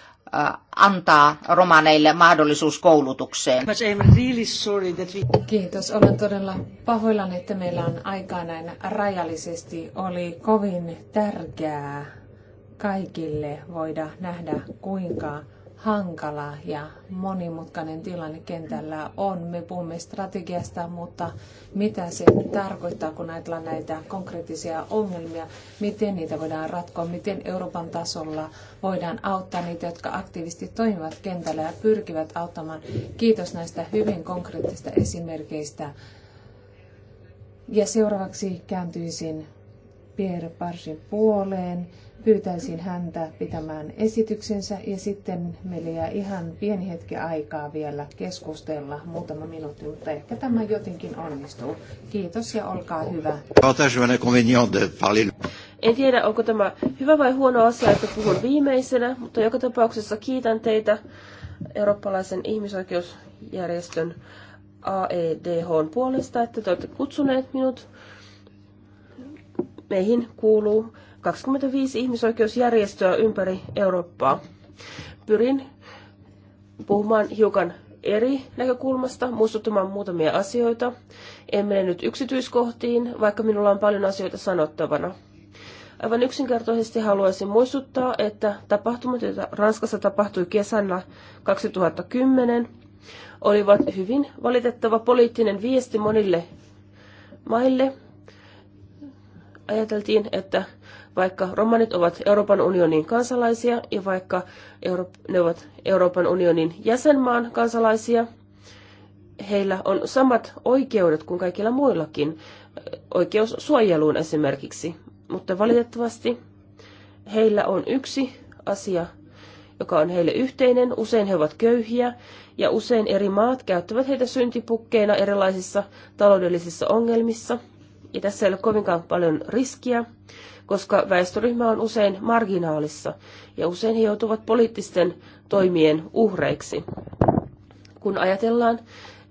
antaa romaneille mahdollisuus koulutukseen. Kiitos. Olen todella pahoillani, että meillä on aikaa näin rajallisesti. Oli kovin tärkeää kaikille voida nähdä, kuinka hankala ja monimutkainen tilanne kentällä on. Me puhumme strategiasta, mutta mitä se tarkoittaa, kun ajatellaan näitä konkreettisia ongelmia, miten niitä voidaan ratkoa, miten Euroopan tasolla voidaan auttaa niitä, jotka aktiivisesti toimivat kentällä ja pyrkivät auttamaan. Kiitos näistä hyvin konkreettista esimerkkeistä. Ja seuraavaksi kääntyisin Pierre Parsin puoleen pyytäisin häntä pitämään esityksensä ja sitten meillä jää ihan pieni hetki aikaa vielä keskustella, muutama minuutti, mutta ehkä tämä jotenkin onnistuu. Kiitos ja olkaa hyvä. En tiedä, onko tämä hyvä vai huono asia, että puhun viimeisenä, mutta joka tapauksessa kiitän teitä eurooppalaisen ihmisoikeusjärjestön AEDH puolesta, että te olette kutsuneet minut. Meihin kuuluu 25 ihmisoikeusjärjestöä ympäri Eurooppaa. Pyrin puhumaan hiukan eri näkökulmasta, muistuttamaan muutamia asioita. En mene nyt yksityiskohtiin, vaikka minulla on paljon asioita sanottavana. Aivan yksinkertaisesti haluaisin muistuttaa, että tapahtumat, joita Ranskassa tapahtui kesänä 2010, olivat hyvin valitettava poliittinen viesti monille maille. Ajateltiin, että vaikka romanit ovat Euroopan unionin kansalaisia ja vaikka Euro- ne ovat Euroopan unionin jäsenmaan kansalaisia, heillä on samat oikeudet kuin kaikilla muillakin, oikeus suojeluun esimerkiksi. Mutta valitettavasti heillä on yksi asia, joka on heille yhteinen. Usein he ovat köyhiä ja usein eri maat käyttävät heitä syntipukkeina erilaisissa taloudellisissa ongelmissa. Ja tässä ei ole kovinkaan paljon riskiä koska väestöryhmä on usein marginaalissa ja usein he joutuvat poliittisten toimien uhreiksi. Kun ajatellaan,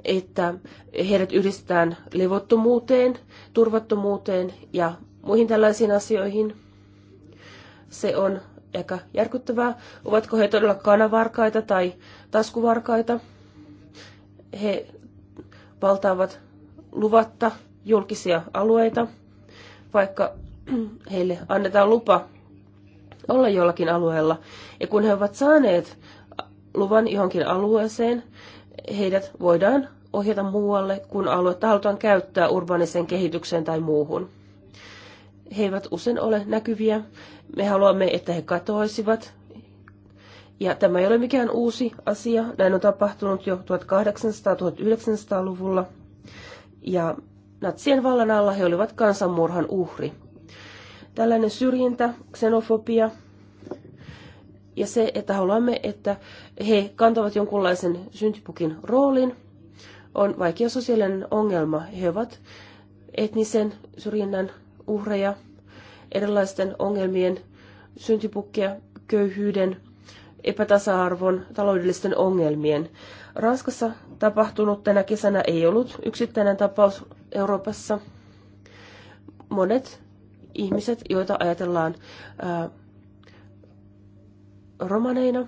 että heidät yhdistetään levottomuuteen, turvattomuuteen ja muihin tällaisiin asioihin, se on aika järkyttävää. Ovatko he todella kanavarkaita tai taskuvarkaita? He valtaavat luvatta julkisia alueita, vaikka heille annetaan lupa olla jollakin alueella. Ja kun he ovat saaneet luvan johonkin alueeseen, heidät voidaan ohjata muualle, kun aluetta halutaan käyttää urbaaniseen kehitykseen tai muuhun. He eivät usein ole näkyviä. Me haluamme, että he katoisivat. Ja tämä ei ole mikään uusi asia. Näin on tapahtunut jo 1800-1900-luvulla. Ja natsien vallan alla he olivat kansanmurhan uhri. Tällainen syrjintä, xenofobia ja se, että haluamme, että he kantavat jonkunlaisen syntipukin roolin, on vaikea sosiaalinen ongelma. He ovat etnisen syrjinnän uhreja, erilaisten ongelmien syntipukkia, köyhyyden, epätasa-arvon, taloudellisten ongelmien. Ranskassa tapahtunut tänä kesänä ei ollut yksittäinen tapaus Euroopassa. Monet ihmiset, joita ajatellaan ää, romaneina,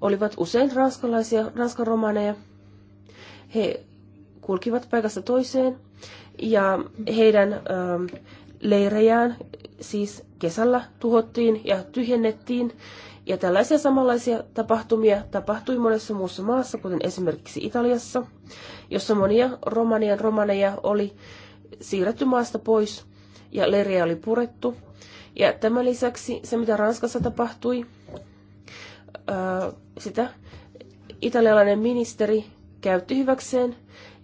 olivat usein ranskalaisia, ranskan romaneja. He kulkivat paikasta toiseen ja heidän ää, leirejään siis kesällä tuhottiin ja tyhjennettiin. Ja tällaisia samanlaisia tapahtumia tapahtui monessa muussa maassa, kuten esimerkiksi Italiassa, jossa monia romanian romaneja oli siirretty maasta pois ja leiriä oli purettu. Ja tämän lisäksi se, mitä Ranskassa tapahtui, sitä italialainen ministeri käytti hyväkseen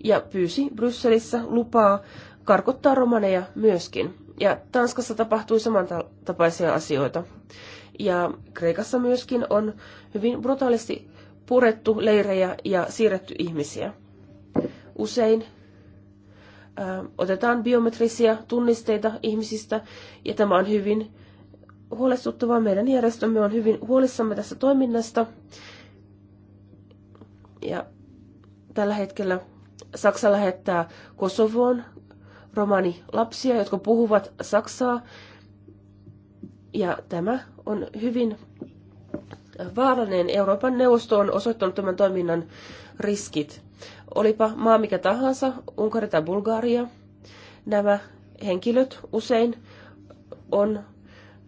ja pyysi Brysselissä lupaa karkottaa romaneja myöskin. Ja Tanskassa tapahtui samantapaisia asioita. Ja Kreikassa myöskin on hyvin brutaalisti purettu leirejä ja siirretty ihmisiä. Usein otetaan biometrisiä tunnisteita ihmisistä, ja tämä on hyvin huolestuttavaa. Meidän järjestömme on hyvin huolissamme tässä toiminnasta, ja tällä hetkellä Saksa lähettää Kosovoon romani lapsia, jotka puhuvat saksaa, ja tämä on hyvin vaarallinen. Euroopan neuvosto on osoittanut tämän toiminnan riskit. Olipa maa mikä tahansa, Unkari tai Bulgaria, nämä henkilöt usein on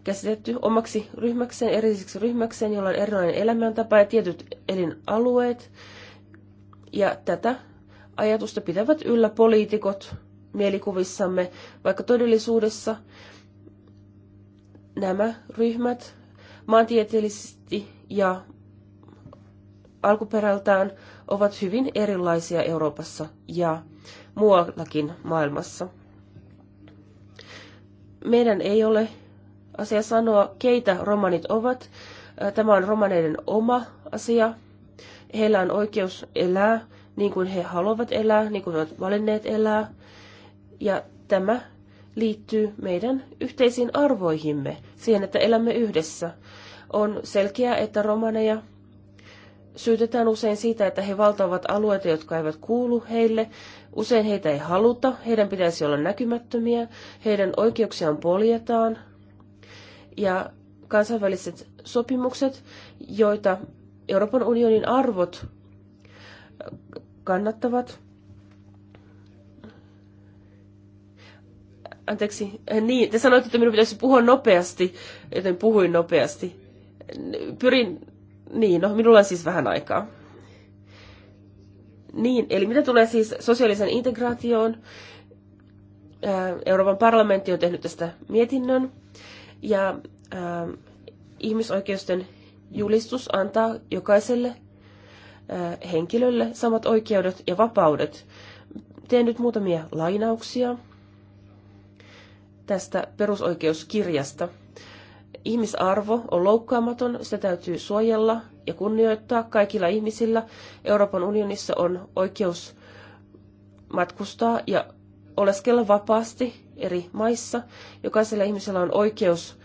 käsitetty omaksi ryhmäkseen, erilliseksi ryhmäkseen, jolla on erilainen elämäntapa ja tietyt elinalueet. Ja tätä ajatusta pitävät yllä poliitikot mielikuvissamme, vaikka todellisuudessa nämä ryhmät maantieteellisesti ja alkuperältään ovat hyvin erilaisia Euroopassa ja muuallakin maailmassa. Meidän ei ole asia sanoa, keitä romanit ovat. Tämä on romaneiden oma asia. Heillä on oikeus elää niin kuin he haluavat elää, niin kuin ovat valinneet elää. Ja tämä liittyy meidän yhteisiin arvoihimme, siihen, että elämme yhdessä. On selkeää, että romaneja syytetään usein siitä, että he valtaavat alueita, jotka eivät kuulu heille. Usein heitä ei haluta, heidän pitäisi olla näkymättömiä, heidän oikeuksiaan poljetaan. Ja kansainväliset sopimukset, joita Euroopan unionin arvot kannattavat, Anteeksi, niin, te sanoitte, että minun pitäisi puhua nopeasti, joten puhuin nopeasti. Pyrin niin, no minulla on siis vähän aikaa. Niin, eli mitä tulee siis sosiaalisen integraatioon? Euroopan parlamentti on tehnyt tästä mietinnön ja äh, ihmisoikeusten julistus antaa jokaiselle äh, henkilölle samat oikeudet ja vapaudet. Teen nyt muutamia lainauksia tästä perusoikeuskirjasta. Ihmisarvo on loukkaamaton, sitä täytyy suojella ja kunnioittaa kaikilla ihmisillä. Euroopan unionissa on oikeus matkustaa ja oleskella vapaasti eri maissa. Jokaisella ihmisellä on oikeus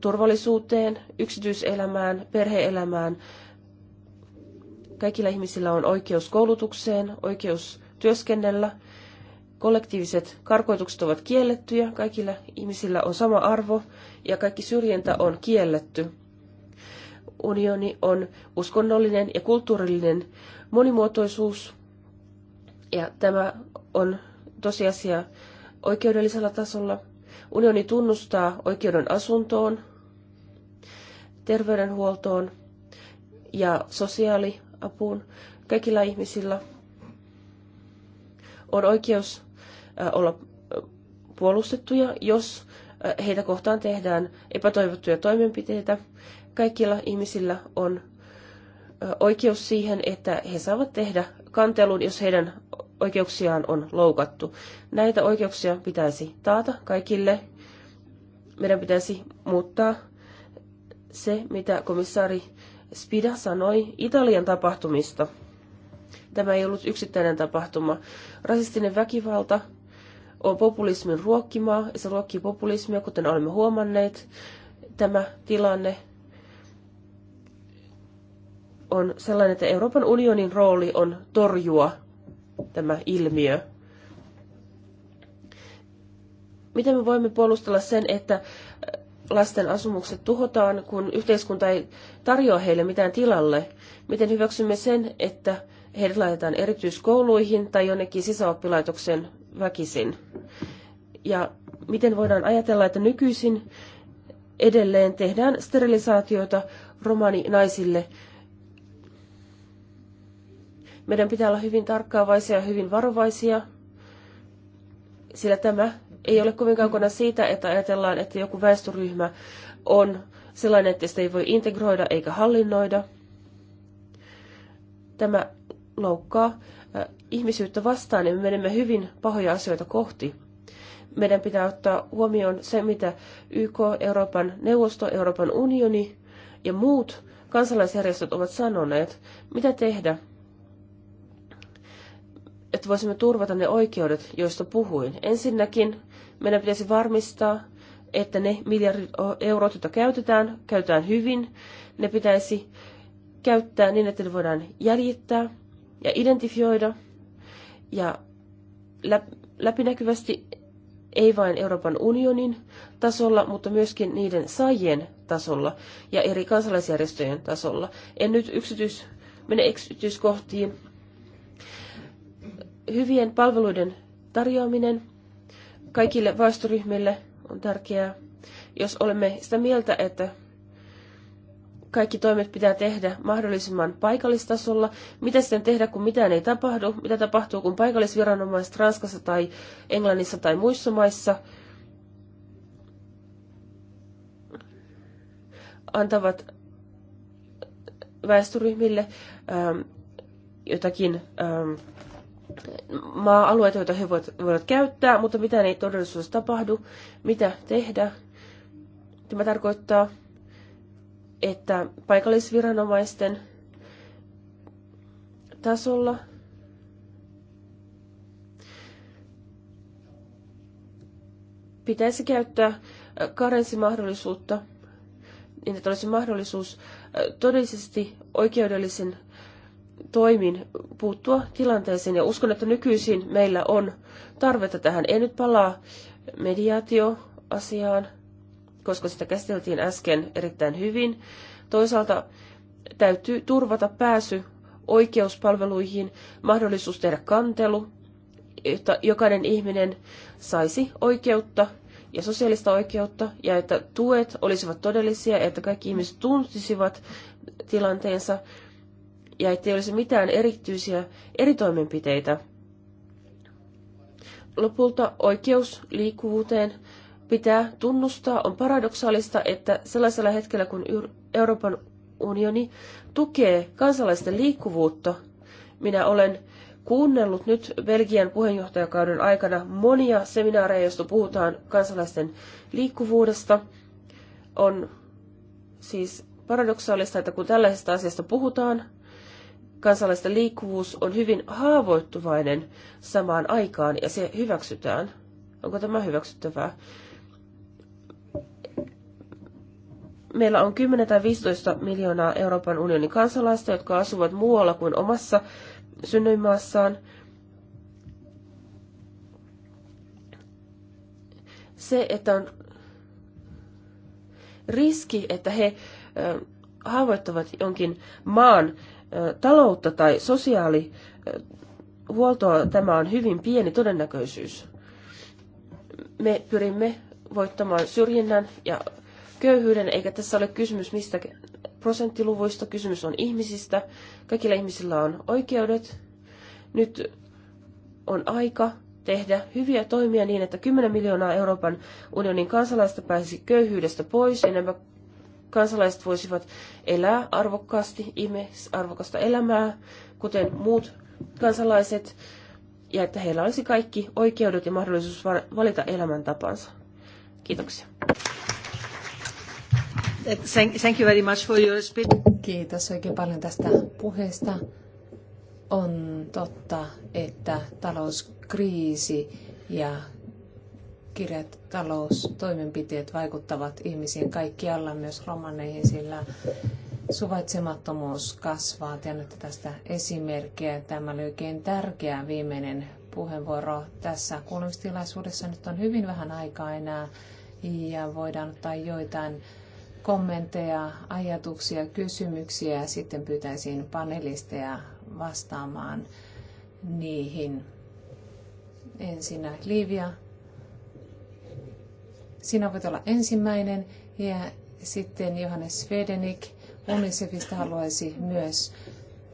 turvallisuuteen, yksityiselämään, perheelämään. Kaikilla ihmisillä on oikeus koulutukseen, oikeus työskennellä. Kollektiiviset karkoitukset ovat kiellettyjä, kaikilla ihmisillä on sama arvo ja kaikki syrjintä on kielletty. Unioni on uskonnollinen ja kulttuurillinen monimuotoisuus ja tämä on tosiasia oikeudellisella tasolla. Unioni tunnustaa oikeuden asuntoon, terveydenhuoltoon ja sosiaaliapuun. Kaikilla ihmisillä on oikeus äh, olla puolustettuja, jos heitä kohtaan tehdään epätoivottuja toimenpiteitä. Kaikilla ihmisillä on oikeus siihen, että he saavat tehdä kantelun, jos heidän oikeuksiaan on loukattu. Näitä oikeuksia pitäisi taata kaikille. Meidän pitäisi muuttaa se, mitä komissaari Spida sanoi Italian tapahtumista. Tämä ei ollut yksittäinen tapahtuma. Rasistinen väkivalta – on populismin ruokkimaa, ja se ruokkii populismia, kuten olemme huomanneet. Tämä tilanne on sellainen, että Euroopan unionin rooli on torjua tämä ilmiö. Miten me voimme puolustella sen, että lasten asumukset tuhotaan, kun yhteiskunta ei tarjoa heille mitään tilalle? Miten hyväksymme sen, että Heidät laitetaan erityiskouluihin tai jonnekin sisäoppilaitoksen väkisin. Ja miten voidaan ajatella, että nykyisin edelleen tehdään sterilisaatioita romaninaisille. Meidän pitää olla hyvin tarkkaavaisia ja hyvin varovaisia, sillä tämä ei ole kovin kaukana siitä, että ajatellaan, että joku väestöryhmä on sellainen, että sitä ei voi integroida eikä hallinnoida. Tämä loukkaa ihmisyyttä vastaan niin me menemme hyvin pahoja asioita kohti. Meidän pitää ottaa huomioon se, mitä YK, Euroopan neuvosto, Euroopan unioni ja muut kansalaisjärjestöt ovat sanoneet. Mitä tehdä, että voisimme turvata ne oikeudet, joista puhuin? Ensinnäkin meidän pitäisi varmistaa, että ne miljardit eurot, joita käytetään, käytetään hyvin. Ne pitäisi käyttää niin, että ne voidaan jäljittää ja identifioida ja läpinäkyvästi ei vain Euroopan unionin tasolla, mutta myöskin niiden saajien tasolla ja eri kansalaisjärjestöjen tasolla. En nyt yksityis, mene yksityiskohtiin. Hyvien palveluiden tarjoaminen kaikille väestöryhmille on tärkeää. Jos olemme sitä mieltä, että kaikki toimet pitää tehdä mahdollisimman paikallistasolla. Mitä sitten tehdä, kun mitään ei tapahdu? Mitä tapahtuu, kun paikallisviranomaiset Ranskassa tai Englannissa tai muissa maissa antavat väestöryhmille ähm, jotakin ähm, maa-alueita, joita he voivat, voivat käyttää, mutta mitään ei todellisuudessa tapahdu. Mitä tehdä? Tämä tarkoittaa että paikallisviranomaisten tasolla pitäisi käyttää karenssimahdollisuutta, niin että olisi mahdollisuus todellisesti oikeudellisen toimin puuttua tilanteeseen. Ja uskon, että nykyisin meillä on tarvetta tähän. En nyt palaa mediaatioasiaan, koska sitä käsiteltiin äsken erittäin hyvin. Toisaalta täytyy turvata pääsy oikeuspalveluihin, mahdollisuus tehdä kantelu, että jokainen ihminen saisi oikeutta ja sosiaalista oikeutta, ja että tuet olisivat todellisia, että kaikki ihmiset tuntisivat tilanteensa, ja ettei olisi mitään erityisiä eri toimenpiteitä. Lopulta oikeus liikkuvuuteen pitää tunnustaa, on paradoksaalista, että sellaisella hetkellä kun Euroopan unioni tukee kansalaisten liikkuvuutta, minä olen kuunnellut nyt Belgian puheenjohtajakauden aikana monia seminaareja, joista puhutaan kansalaisten liikkuvuudesta. On siis paradoksaalista, että kun tällaisesta asiasta puhutaan, kansalaisten liikkuvuus on hyvin haavoittuvainen samaan aikaan ja se hyväksytään. Onko tämä hyväksyttävää? meillä on 10 tai 15 miljoonaa Euroopan unionin kansalaista, jotka asuvat muualla kuin omassa synnyinmaassaan. Se, että on riski, että he haavoittavat jonkin maan taloutta tai sosiaalihuoltoa, tämä on hyvin pieni todennäköisyys. Me pyrimme voittamaan syrjinnän ja köyhyyden, eikä tässä ole kysymys mistä prosenttiluvuista, kysymys on ihmisistä. Kaikilla ihmisillä on oikeudet. Nyt on aika tehdä hyviä toimia niin, että 10 miljoonaa Euroopan unionin kansalaista pääsisi köyhyydestä pois ja nämä kansalaiset voisivat elää arvokkaasti, ihmisarvokasta elämää, kuten muut kansalaiset, ja että heillä olisi kaikki oikeudet ja mahdollisuus valita elämäntapansa. Kiitoksia. Uh, thank, you very much for your Kiitos oikein paljon tästä puheesta. On totta, että talouskriisi ja kirjat taloustoimenpiteet vaikuttavat ihmisiin kaikkialla, myös romaneihin, sillä suvaitsemattomuus kasvaa. Tiedän, että tästä esimerkkejä. Tämä oli oikein tärkeä viimeinen puheenvuoro tässä kuulemistilaisuudessa. Nyt on hyvin vähän aikaa enää ja voidaan ottaa joitain kommentteja, ajatuksia, kysymyksiä ja sitten pyytäisin panelisteja vastaamaan niihin. Ensinnä Livia. Sinä voit olla ensimmäinen ja sitten Johannes Svedenik Unicefista haluaisi myös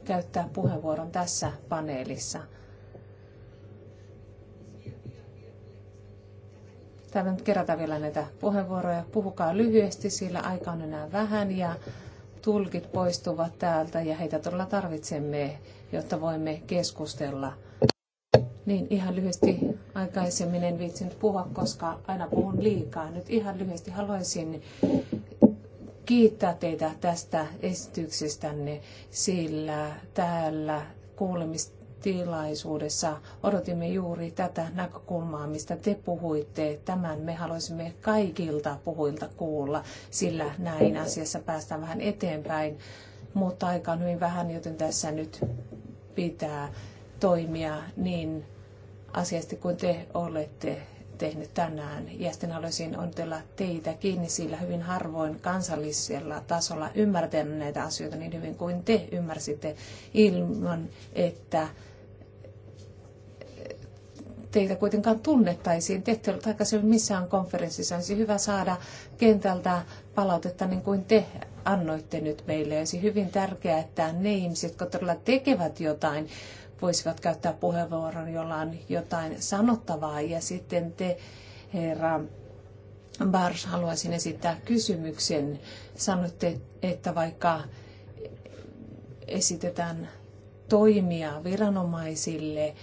käyttää puheenvuoron tässä paneelissa. Täällä nyt kerätään vielä näitä puheenvuoroja. Puhukaa lyhyesti, sillä aika on enää vähän ja tulkit poistuvat täältä ja heitä todella tarvitsemme, jotta voimme keskustella. Niin, ihan lyhyesti aikaisemmin en viitsinyt puhua, koska aina puhun liikaa. Nyt ihan lyhyesti haluaisin kiittää teitä tästä esityksestänne, sillä täällä kuulemista tilaisuudessa odotimme juuri tätä näkökulmaa, mistä te puhuitte. Tämän me haluaisimme kaikilta puhuilta kuulla, sillä näin asiassa päästään vähän eteenpäin. Mutta aika on hyvin vähän, joten tässä nyt pitää toimia niin asiasti kuin te olette tehnyt tänään. Ja sitten haluaisin onnitella teitä kiinni, sillä hyvin harvoin kansallisella tasolla ymmärtänyt näitä asioita niin hyvin kuin te ymmärsitte ilman, että teitä kuitenkaan tunnettaisiin. Te ette ollut aikaisemmin missään konferenssissa. Olisi hyvä saada kentältä palautetta niin kuin te annoitte nyt meille. Olisi hyvin tärkeää, että ne ihmiset, jotka todella tekevät jotain, voisivat käyttää puheenvuoron, jolla on jotain sanottavaa. Ja sitten te, herra Bars, haluaisin esittää kysymyksen. Sanoitte, että vaikka esitetään toimia viranomaisille,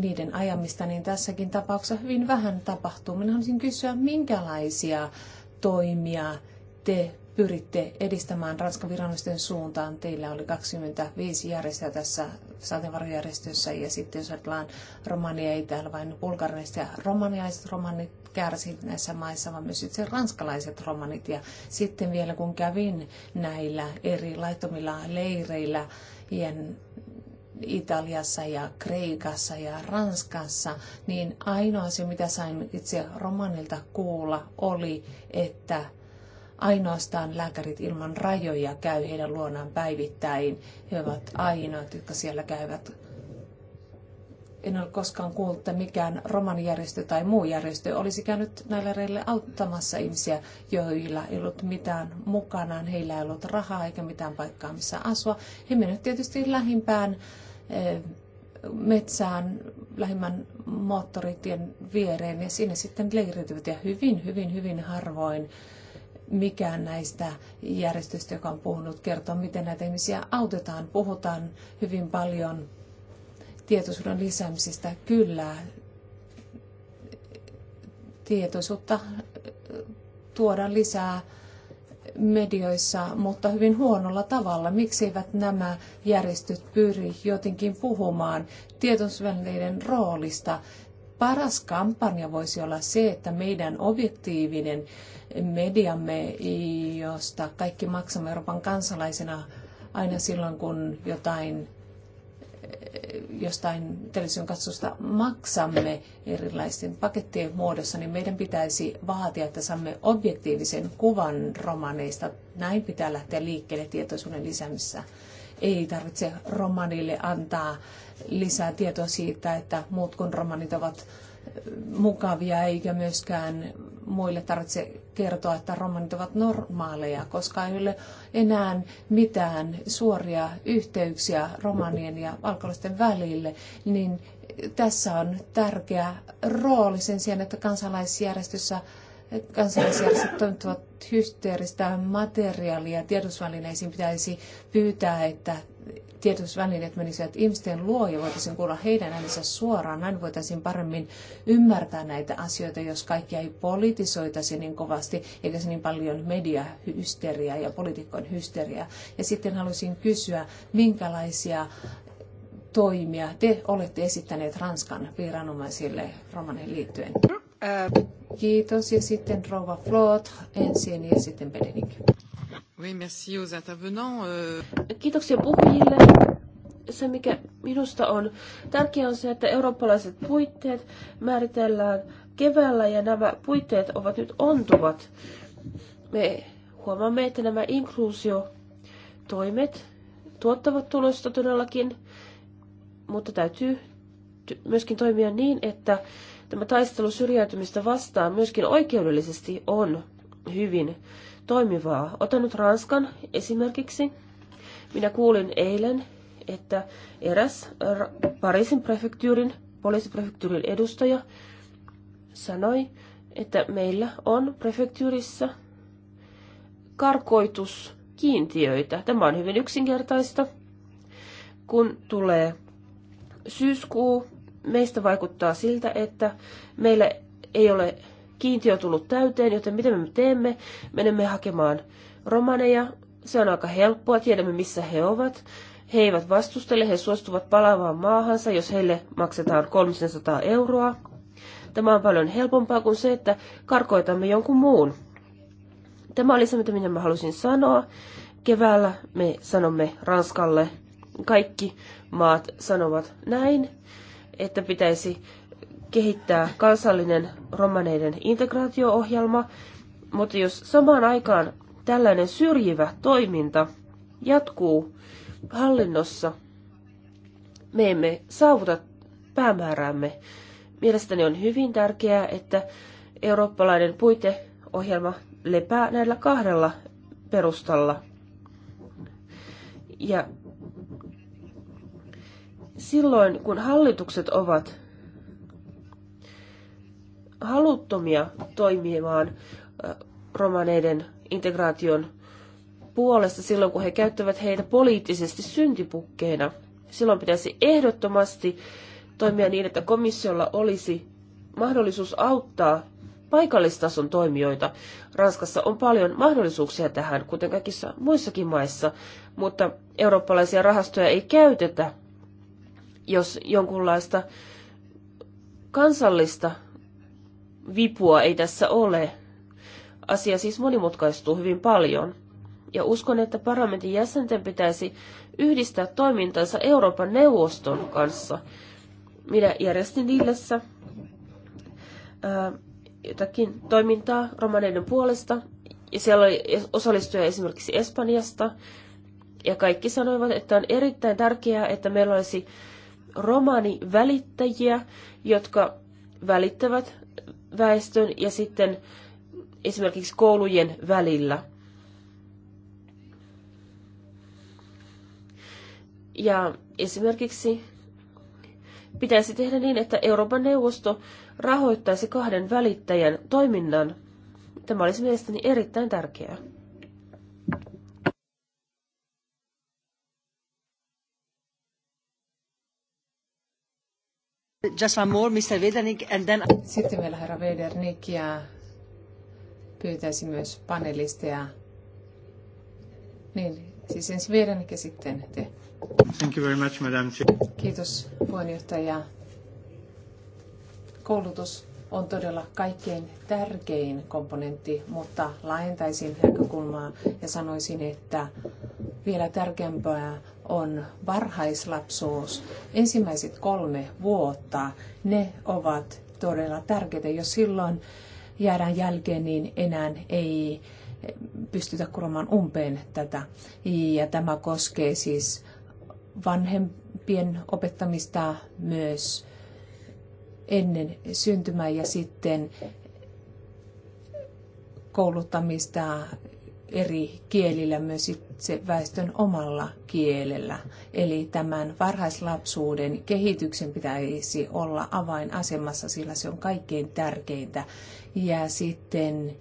niiden ajamista, niin tässäkin tapauksessa hyvin vähän tapahtuu. Minä haluaisin kysyä, minkälaisia toimia te pyritte edistämään Ranskan viranomaisten suuntaan. Teillä oli 25 järjestöä tässä sateenvarjojärjestössä ja sitten jos ajatellaan romania, ei täällä vain bulgarinaiset ja romaniaiset romanit kärsi näissä maissa, vaan myös itse ranskalaiset romanit. Ja sitten vielä kun kävin näillä eri laittomilla leireillä Italiassa ja Kreikassa ja Ranskassa, niin ainoa asia, mitä sain itse romanilta kuulla, oli, että ainoastaan lääkärit ilman rajoja käy heidän luonaan päivittäin. He ovat ainoat, jotka siellä käyvät. En ole koskaan kuullut, että mikään romanijärjestö tai muu järjestö olisi käynyt näillä reille auttamassa ihmisiä, joilla ei ollut mitään mukanaan. Heillä ei ollut rahaa eikä mitään paikkaa, missä asua. He menivät tietysti lähimpään Eh, metsään lähimmän moottoritien viereen ja sinne sitten leiriytyvät. Ja hyvin, hyvin, hyvin harvoin mikään näistä järjestöistä, joka on puhunut, kertoo, miten näitä ihmisiä autetaan. Puhutaan hyvin paljon tietoisuuden lisäämisestä. Kyllä, tietoisuutta tuodaan lisää medioissa, mutta hyvin huonolla tavalla. Miksi eivät nämä järjestöt pyri jotenkin puhumaan tietosvälineiden roolista? Paras kampanja voisi olla se, että meidän objektiivinen mediamme, josta kaikki maksamme Euroopan kansalaisena aina silloin, kun jotain Eh, jostain television katsosta maksamme erilaisten pakettien muodossa, niin meidän pitäisi vaatia, että saamme objektiivisen kuvan romaneista. Näin pitää lähteä liikkeelle tietoisuuden lisäämisessä. Ei tarvitse romanille antaa lisää tietoa siitä, että muut kuin romanit ovat mukavia, eikä myöskään muille tarvitse kertoa, että romanit ovat normaaleja, koska ei ole enää mitään suoria yhteyksiä romanien ja alkoholisten välille, niin tässä on tärkeä rooli sen sijaan, että kansalaisjärjestössä kansalaisjärjestöt toimittavat hysteeristä materiaalia. Tiedotusvälineisiin pitäisi pyytää, että tiedotusvälineet menisivät ihmisten luo ja voitaisiin kuulla heidän äänensä suoraan. Näin voitaisiin paremmin ymmärtää näitä asioita, jos kaikki ei politisoitaisi niin kovasti, eikä se niin paljon mediahysteriaa ja poliitikkojen hysteriaa. Ja sitten haluaisin kysyä, minkälaisia toimia te olette esittäneet Ranskan viranomaisille romaneihin liittyen? Mm, äh. Kiitos ja sitten Rova Flot ensin ja sitten Bedenik. Oui, merci aux intervenants. Euh. Kiitoksia puhujille. Se, mikä minusta on tärkeää, on se, että eurooppalaiset puitteet määritellään keväällä ja nämä puitteet ovat nyt ontuvat. Me huomaamme, että nämä inkluusiotoimet tuottavat tulosta todellakin, mutta täytyy myöskin toimia niin, että tämä taistelu syrjäytymistä vastaan myöskin oikeudellisesti on hyvin toimivaa. Otan nyt Ranskan esimerkiksi. Minä kuulin eilen, että eräs Pariisin prefektyyrin, poliisiprefektyyrin edustaja sanoi, että meillä on prefektyyrissä karkoituskiintiöitä. Tämä on hyvin yksinkertaista. Kun tulee syyskuu, meistä vaikuttaa siltä, että meillä ei ole kiintiö on tullut täyteen, joten mitä me teemme? Menemme hakemaan romaneja. Se on aika helppoa, tiedämme missä he ovat. He eivät vastustele, he suostuvat palaamaan maahansa, jos heille maksetaan 300 euroa. Tämä on paljon helpompaa kuin se, että karkoitamme jonkun muun. Tämä oli se, mitä minä mä halusin sanoa. Keväällä me sanomme Ranskalle, kaikki maat sanovat näin, että pitäisi kehittää kansallinen romaneiden integraatio-ohjelma, mutta jos samaan aikaan tällainen syrjivä toiminta jatkuu hallinnossa, me emme saavuta päämääräämme. Mielestäni on hyvin tärkeää, että eurooppalainen puiteohjelma lepää näillä kahdella perustalla. Ja silloin, kun hallitukset ovat haluttomia toimimaan romaneiden integraation puolesta silloin, kun he käyttävät heitä poliittisesti syntipukkeina. Silloin pitäisi ehdottomasti toimia niin, että komissiolla olisi mahdollisuus auttaa paikallistason toimijoita. Ranskassa on paljon mahdollisuuksia tähän, kuten kaikissa muissakin maissa, mutta eurooppalaisia rahastoja ei käytetä, jos jonkunlaista kansallista vipua ei tässä ole. Asia siis monimutkaistuu hyvin paljon. Ja uskon, että parlamentin jäsenten pitäisi yhdistää toimintansa Euroopan neuvoston kanssa. Minä järjestin Lillessä ää, äh, jotakin toimintaa romaneiden puolesta. Ja siellä oli osallistuja esimerkiksi Espanjasta. Ja kaikki sanoivat, että on erittäin tärkeää, että meillä olisi romani-välittäjiä, jotka välittävät väestön ja sitten esimerkiksi koulujen välillä. Ja esimerkiksi pitäisi tehdä niin, että Euroopan neuvosto rahoittaisi kahden välittäjän toiminnan. Tämä olisi mielestäni erittäin tärkeää. Just one more, Mr. Vedernik, and then... Sitten vielä herra Vedernik ja pyytäisin myös panelisteja. Niin, siis ensin Vedernik ja sitten te. Thank you very much, Madam Kiitos puheenjohtaja. Koulutus on todella kaikkein tärkein komponentti, mutta laajentaisin näkökulmaa ja sanoisin, että vielä tärkeämpää on varhaislapsuus. Ensimmäiset kolme vuotta, ne ovat todella tärkeitä. Jos silloin jäädään jälkeen, niin enää ei pystytä kuromaan umpeen tätä. Ja tämä koskee siis vanhempien opettamista myös ennen syntymää ja sitten kouluttamista eri kielillä, myös itse väestön omalla kielellä. Eli tämän varhaislapsuuden kehityksen pitäisi olla avainasemassa, sillä se on kaikkein tärkeintä. Ja sitten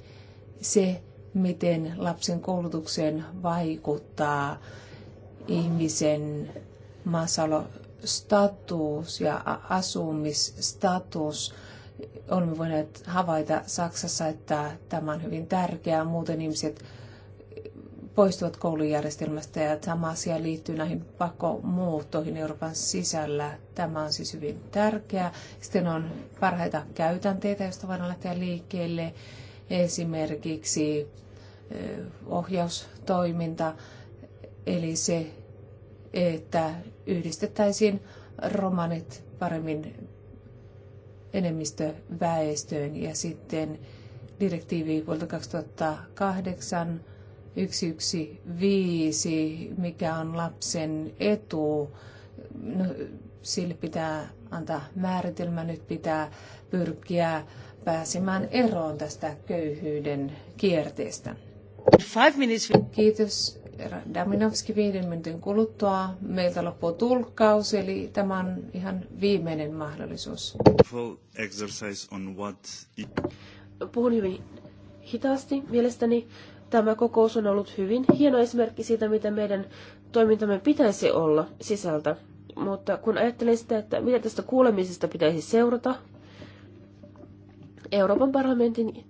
se, miten lapsen koulutukseen vaikuttaa ihmisen maassaolostatus ja asumisstatus, olemme voineet havaita Saksassa, että tämä on hyvin tärkeää. Muuten ihmiset poistuvat koulujärjestelmästä ja tämä asia liittyy näihin pakomuuttoihin Euroopan sisällä. Tämä on siis hyvin tärkeää. Sitten on parhaita käytänteitä, joista voidaan lähteä liikkeelle. Esimerkiksi ohjaustoiminta, eli se, että yhdistettäisiin romanit paremmin enemmistöväestöön ja sitten direktiivi vuodelta 2008 115, mikä on lapsen etu. No, sille pitää antaa määritelmä, nyt pitää pyrkiä pääsemään eroon tästä köyhyyden kierteestä. Kiitos. Daminovski viiden minuutin kuluttua. Meiltä loppuu tulkkaus, eli tämä on ihan viimeinen mahdollisuus. Puhun hyvin hitaasti mielestäni Tämä kokous on ollut hyvin hieno esimerkki siitä, mitä meidän toimintamme pitäisi olla sisältä. Mutta kun ajattelen sitä, että mitä tästä kuulemisesta pitäisi seurata, Euroopan parlamentin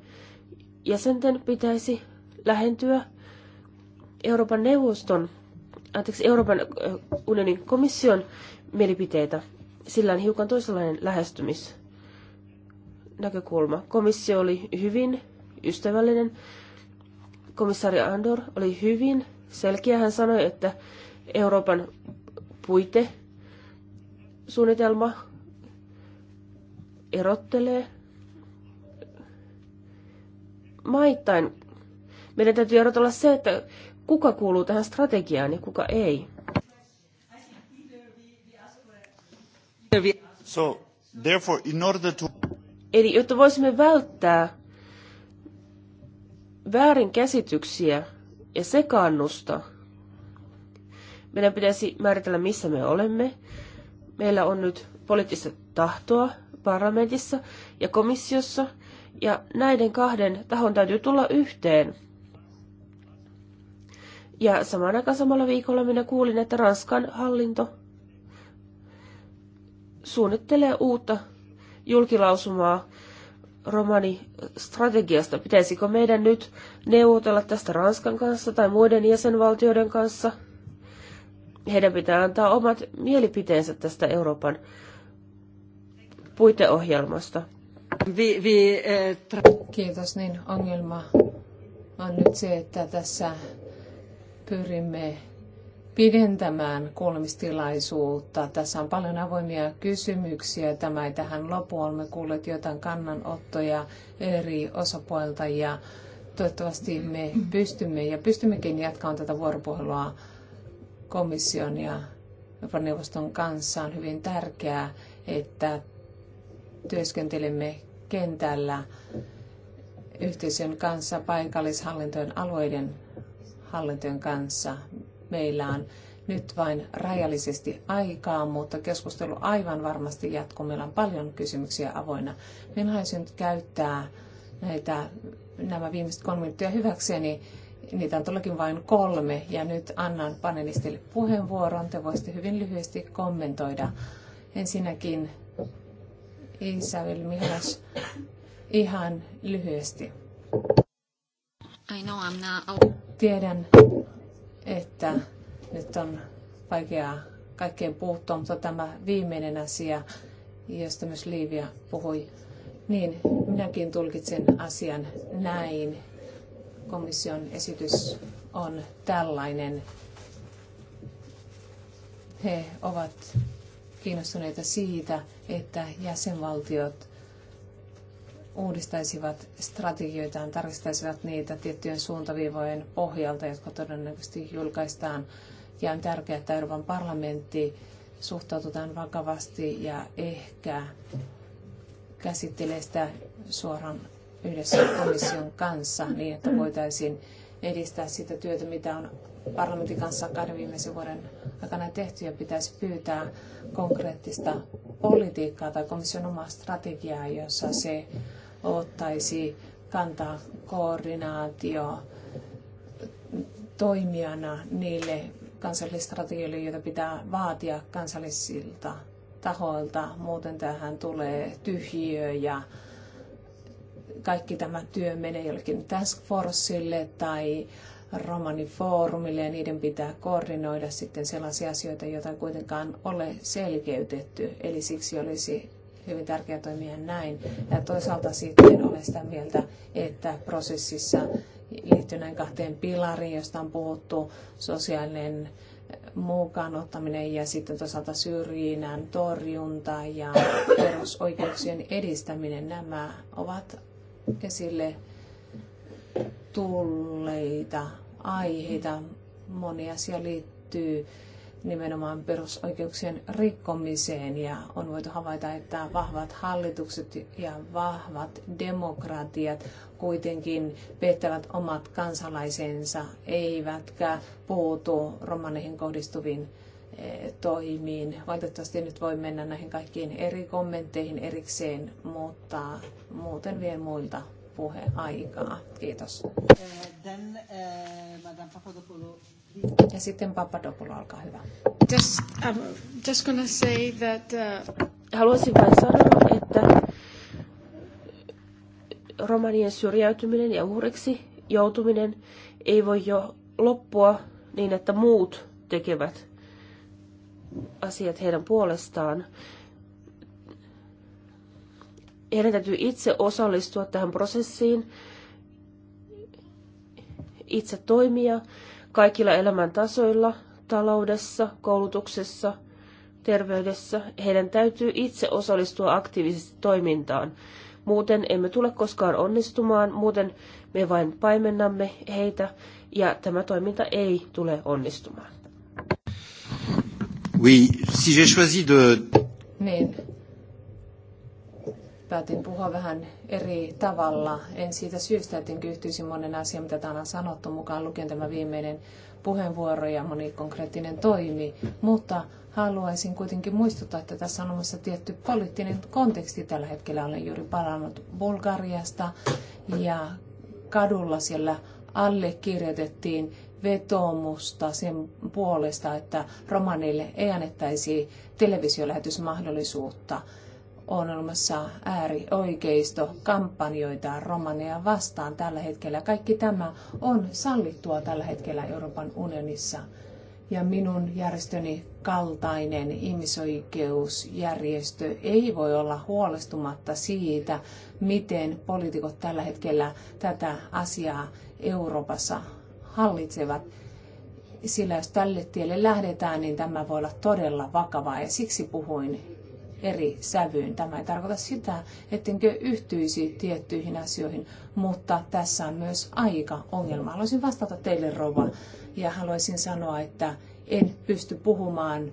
jäsenten pitäisi lähentyä Euroopan neuvoston, anteeksi, Euroopan unionin komission mielipiteitä. Sillä on hiukan toisenlainen lähestymisnäkökulma. Komissio oli hyvin ystävällinen komissaari Andor oli hyvin selkeä. Hän sanoi, että Euroopan puite suunnitelma erottelee maittain. Meidän täytyy erotella se, että kuka kuuluu tähän strategiaan ja kuka ei. So, therefore, in order to... Eli jotta voisimme välttää väärinkäsityksiä ja sekaannusta. Meidän pitäisi määritellä, missä me olemme. Meillä on nyt poliittista tahtoa parlamentissa ja komissiossa, ja näiden kahden tahon täytyy tulla yhteen. Ja samaan aikaan samalla viikolla minä kuulin, että Ranskan hallinto suunnittelee uutta julkilausumaa romanistrategiasta. Pitäisikö meidän nyt neuvotella tästä Ranskan kanssa tai muiden jäsenvaltioiden kanssa? Heidän pitää antaa omat mielipiteensä tästä Euroopan puiteohjelmasta. Vi, vi, eh, Kiitos, niin ongelma on nyt se, että tässä pyrimme pidentämään kuulemistilaisuutta. Tässä on paljon avoimia kysymyksiä. Tämä ei tähän lopu. Olemme kuulleet jotain kannanottoja eri osapuolta ja toivottavasti me pystymme ja pystymmekin jatkamaan tätä vuoropuhelua komission ja Euroopan neuvoston kanssa. On hyvin tärkeää, että työskentelemme kentällä yhteisön kanssa, paikallishallintojen alueiden hallintojen kanssa. Meillä on nyt vain rajallisesti aikaa, mutta keskustelu aivan varmasti jatkuu. Meillä on paljon kysymyksiä avoinna. Minä haluaisin nyt käyttää näitä, nämä viimeiset kolme minuuttia hyväkseni. Niitä on todellakin vain kolme ja nyt annan panelistille puheenvuoron. Te voisitte hyvin lyhyesti kommentoida. Ensinnäkin Isabel Mihas ihan lyhyesti. I know I'm not... Tiedän, että nyt on vaikeaa kaikkeen puuttua, mutta tämä viimeinen asia, josta myös Liivia puhui, niin minäkin tulkitsen asian näin. Komission esitys on tällainen. He ovat kiinnostuneita siitä, että jäsenvaltiot uudistaisivat strategioitaan, tarkistaisivat niitä tiettyjen suuntaviivojen pohjalta, jotka todennäköisesti julkaistaan. Ja on tärkeää, että Euroopan parlamentti suhtaututaan vakavasti ja ehkä käsittelee sitä suoraan yhdessä komission kanssa niin, että voitaisiin edistää sitä työtä, mitä on parlamentin kanssa kahden viimeisen vuoden aikana tehty ja pitäisi pyytää konkreettista politiikkaa tai komission omaa strategiaa, jossa se ottaisi kantaa koordinaatio toimijana niille kansallisstrategioille, joita pitää vaatia kansallisilta tahoilta. Muuten tähän tulee tyhjiö ja kaikki tämä työ menee jollekin task forceille tai romanifoorumille ja niiden pitää koordinoida sitten sellaisia asioita, joita ei kuitenkaan ole selkeytetty. Eli siksi olisi hyvin tärkeää toimia näin. Ja toisaalta sitten olen sitä mieltä, että prosessissa liittyy näin kahteen pilariin, josta on puhuttu, sosiaalinen mukaan ottaminen ja sitten toisaalta syrjinnän torjunta ja perusoikeuksien edistäminen. Nämä ovat esille tulleita aiheita. Moni asia liittyy nimenomaan perusoikeuksien rikkomiseen ja on voitu havaita, että vahvat hallitukset ja vahvat demokratiat kuitenkin pettävät omat kansalaisensa, eivätkä puutu romaneihin kohdistuviin eh, toimiin. Valitettavasti nyt voi mennä näihin kaikkiin eri kommentteihin erikseen, mutta muuten vien muilta puheaikaa. Kiitos. Eh, then, uh, ja sitten Papadopoulou, olkaa hyvä. Just, I'm um, just gonna say that, uh... Haluaisin vain sanoa, että romanien syrjäytyminen ja uhriksi joutuminen ei voi jo loppua niin, että muut tekevät asiat heidän puolestaan. Heidän täytyy itse osallistua tähän prosessiin, itse toimia kaikilla elämäntasoilla, taloudessa, koulutuksessa, terveydessä. Heidän täytyy itse osallistua aktiivisesti toimintaan. Muuten emme tule koskaan onnistumaan, muuten me vain paimennamme heitä ja tämä toiminta ei tule onnistumaan. Oui, si j'ai choisi de... Niin, päätin puhua vähän eri tavalla. En siitä syystä, että yhtyisi monen asian, mitä täällä on sanottu, mukaan lukien tämä viimeinen puheenvuoro ja moni konkreettinen toimi, mutta haluaisin kuitenkin muistuttaa, että tässä on olemassa tietty poliittinen konteksti tällä hetkellä. Olen juuri palannut Bulgariasta ja kadulla siellä allekirjoitettiin vetoomusta sen puolesta, että romanille ei annettaisi televisiolähetysmahdollisuutta on olemassa äärioikeisto kampanjoita romaneja vastaan tällä hetkellä. Kaikki tämä on sallittua tällä hetkellä Euroopan unionissa. Ja minun järjestöni kaltainen ihmisoikeusjärjestö ei voi olla huolestumatta siitä, miten poliitikot tällä hetkellä tätä asiaa Euroopassa hallitsevat sillä jos tälle tielle lähdetään, niin tämä voi olla todella vakavaa ja siksi puhuin eri sävyyn. Tämä ei tarkoita sitä, ettenkö yhtyisi tiettyihin asioihin, mutta tässä on myös aika ongelma. Haluaisin vastata teille, Rova, ja haluaisin sanoa, että en pysty puhumaan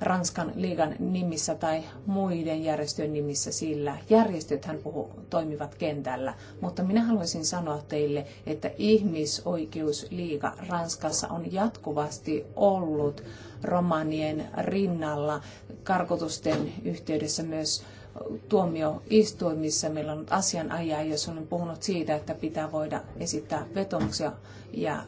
Ranskan liigan nimissä tai muiden järjestöjen nimissä, sillä järjestöthän puhu, toimivat kentällä. Mutta minä haluaisin sanoa teille, että ihmisoikeusliiga Ranskassa on jatkuvasti ollut romanien rinnalla karkotusten yhteydessä myös tuomioistuimissa. Meillä on asianajaja, jos on puhunut siitä, että pitää voida esittää vetomuksia ja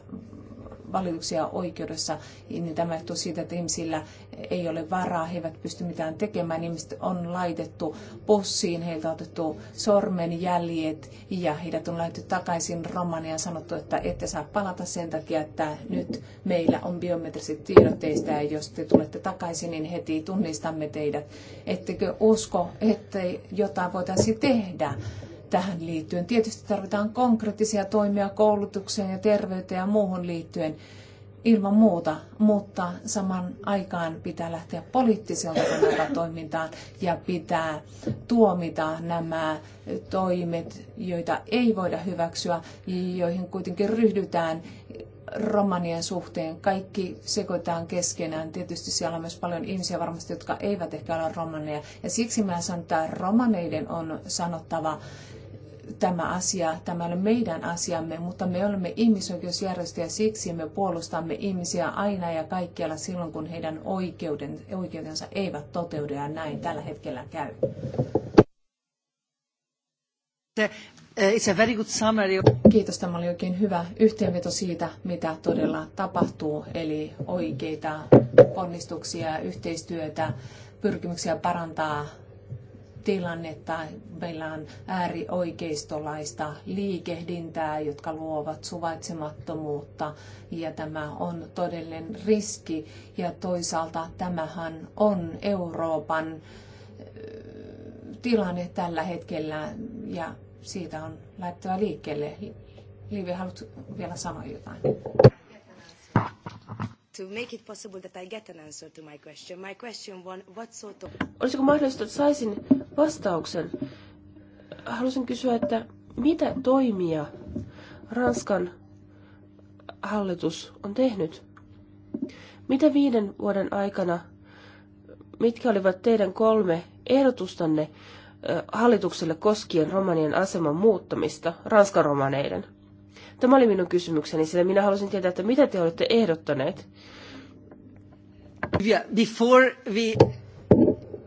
valituksia oikeudessa, niin tämä johtuu siitä, että ihmisillä ei ole varaa, he eivät pysty mitään tekemään. Ihmiset on laitettu possiin, heiltä on otettu sormenjäljet ja heidät on laitettu takaisin Romania ja sanottu, että ette saa palata sen takia, että nyt meillä on biometriset tiedot teistä ja jos te tulette takaisin, niin heti tunnistamme teidät. Ettekö usko, että jotain voitaisiin tehdä? tähän liittyen. Tietysti tarvitaan konkreettisia toimia koulutukseen ja terveyteen ja muuhun liittyen ilman muuta, mutta saman aikaan pitää lähteä poliittiselta kannalta toimintaan ja pitää tuomita nämä toimet, joita ei voida hyväksyä, joihin kuitenkin ryhdytään romanien suhteen. Kaikki sekoitetaan keskenään. Tietysti siellä on myös paljon ihmisiä varmasti, jotka eivät ehkä ole romaneja. Ja siksi mä sanon, että romaneiden on sanottava tämä asia, tämä on meidän asiamme, mutta me olemme ihmisoikeusjärjestö ja siksi me puolustamme ihmisiä aina ja kaikkialla silloin, kun heidän oikeuden, oikeutensa eivät toteudu ja näin tällä hetkellä käy. Eh, Kiitos, tämä oli oikein hyvä yhteenveto siitä, mitä todella tapahtuu, eli oikeita ponnistuksia, yhteistyötä, pyrkimyksiä parantaa tilannetta. Meillä on äärioikeistolaista liikehdintää, jotka luovat suvaitsemattomuutta ja tämä on todellinen riski. Ja toisaalta tämähän on Euroopan eh, tilanne tällä hetkellä ja siitä on lähtöä liikkeelle. Liivi, haluatko vielä sanoa jotain? To make it possible that I get an answer to my question. My question one, what sort of... Olisiko mahdollista, että saisin vastauksen? Halusin kysyä, että mitä toimia Ranskan hallitus on tehnyt? Mitä viiden vuoden aikana, mitkä olivat teidän kolme ehdotustanne, hallitukselle koskien romanien aseman muuttamista ranskaromaneiden. Tämä oli minun kysymykseni, sillä minä halusin tietää, että mitä te olette ehdottaneet. before we...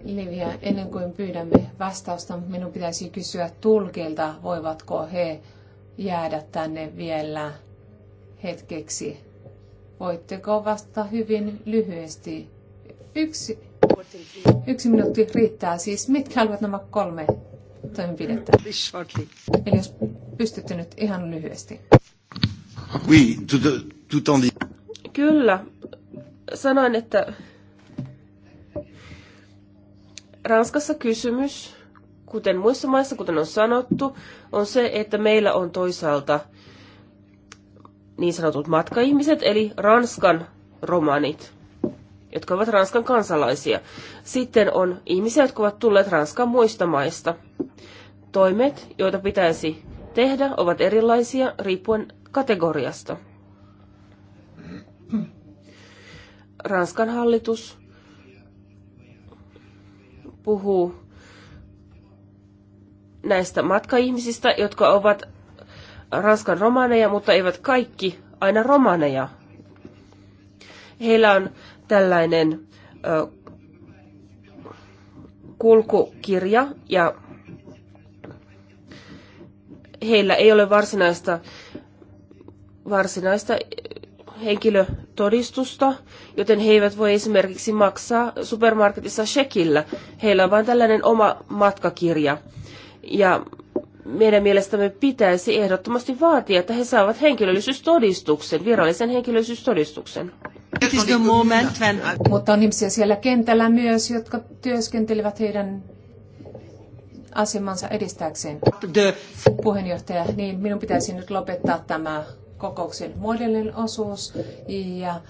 Livia, ennen kuin pyydämme vastausta, minun pitäisi kysyä tulkilta, voivatko he jäädä tänne vielä hetkeksi. Voitteko vastata hyvin lyhyesti? Yksi Yksi minuutti riittää siis. Mitkä ovat nämä kolme toimenpidettä? Eli jos pystytte nyt ihan lyhyesti. Oui, tout, tout en dit. Kyllä. Sanoin, että Ranskassa kysymys, kuten muissa maissa, kuten on sanottu, on se, että meillä on toisaalta niin sanotut matkaihmiset, eli Ranskan romanit jotka ovat Ranskan kansalaisia. Sitten on ihmisiä, jotka ovat tulleet Ranskan muista maista. Toimet, joita pitäisi tehdä, ovat erilaisia riippuen kategoriasta. Ranskan hallitus puhuu näistä matkaihmisistä, jotka ovat Ranskan romaneja, mutta eivät kaikki aina romaneja. Heillä on tällainen kulkukirja ja heillä ei ole varsinaista, varsinaista henkilötodistusta, joten he eivät voi esimerkiksi maksaa supermarketissa shekillä. Heillä on vain tällainen oma matkakirja. Ja meidän mielestämme pitäisi ehdottomasti vaatia, että he saavat henkilöllisyystodistuksen, virallisen henkilöllisyystodistuksen. Mutta on ihmisiä siellä kentällä myös, jotka työskentelevät heidän asemansa edistääkseen. Puheenjohtaja, niin minun pitäisi nyt lopettaa tämä kokouksen muodollinen osuus ja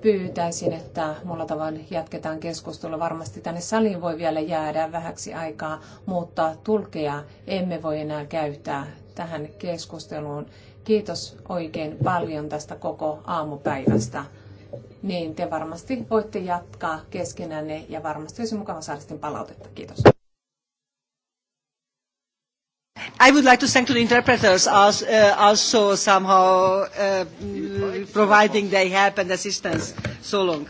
pyytäisin, että mulla tavoin jatketaan keskustelua. Varmasti tänne saliin voi vielä jäädä vähäksi aikaa, mutta tulkeja emme voi enää käyttää tähän keskusteluun. Kiitos oikein paljon tästä koko aamupäivästä niin te varmasti voitte jatkaa keskenänne ja varmasti olisi mukava saada sitten palautetta. Kiitos. I would like to thank to the interpreters as, uh, eh, also somehow uh, providing they help and assistance so long.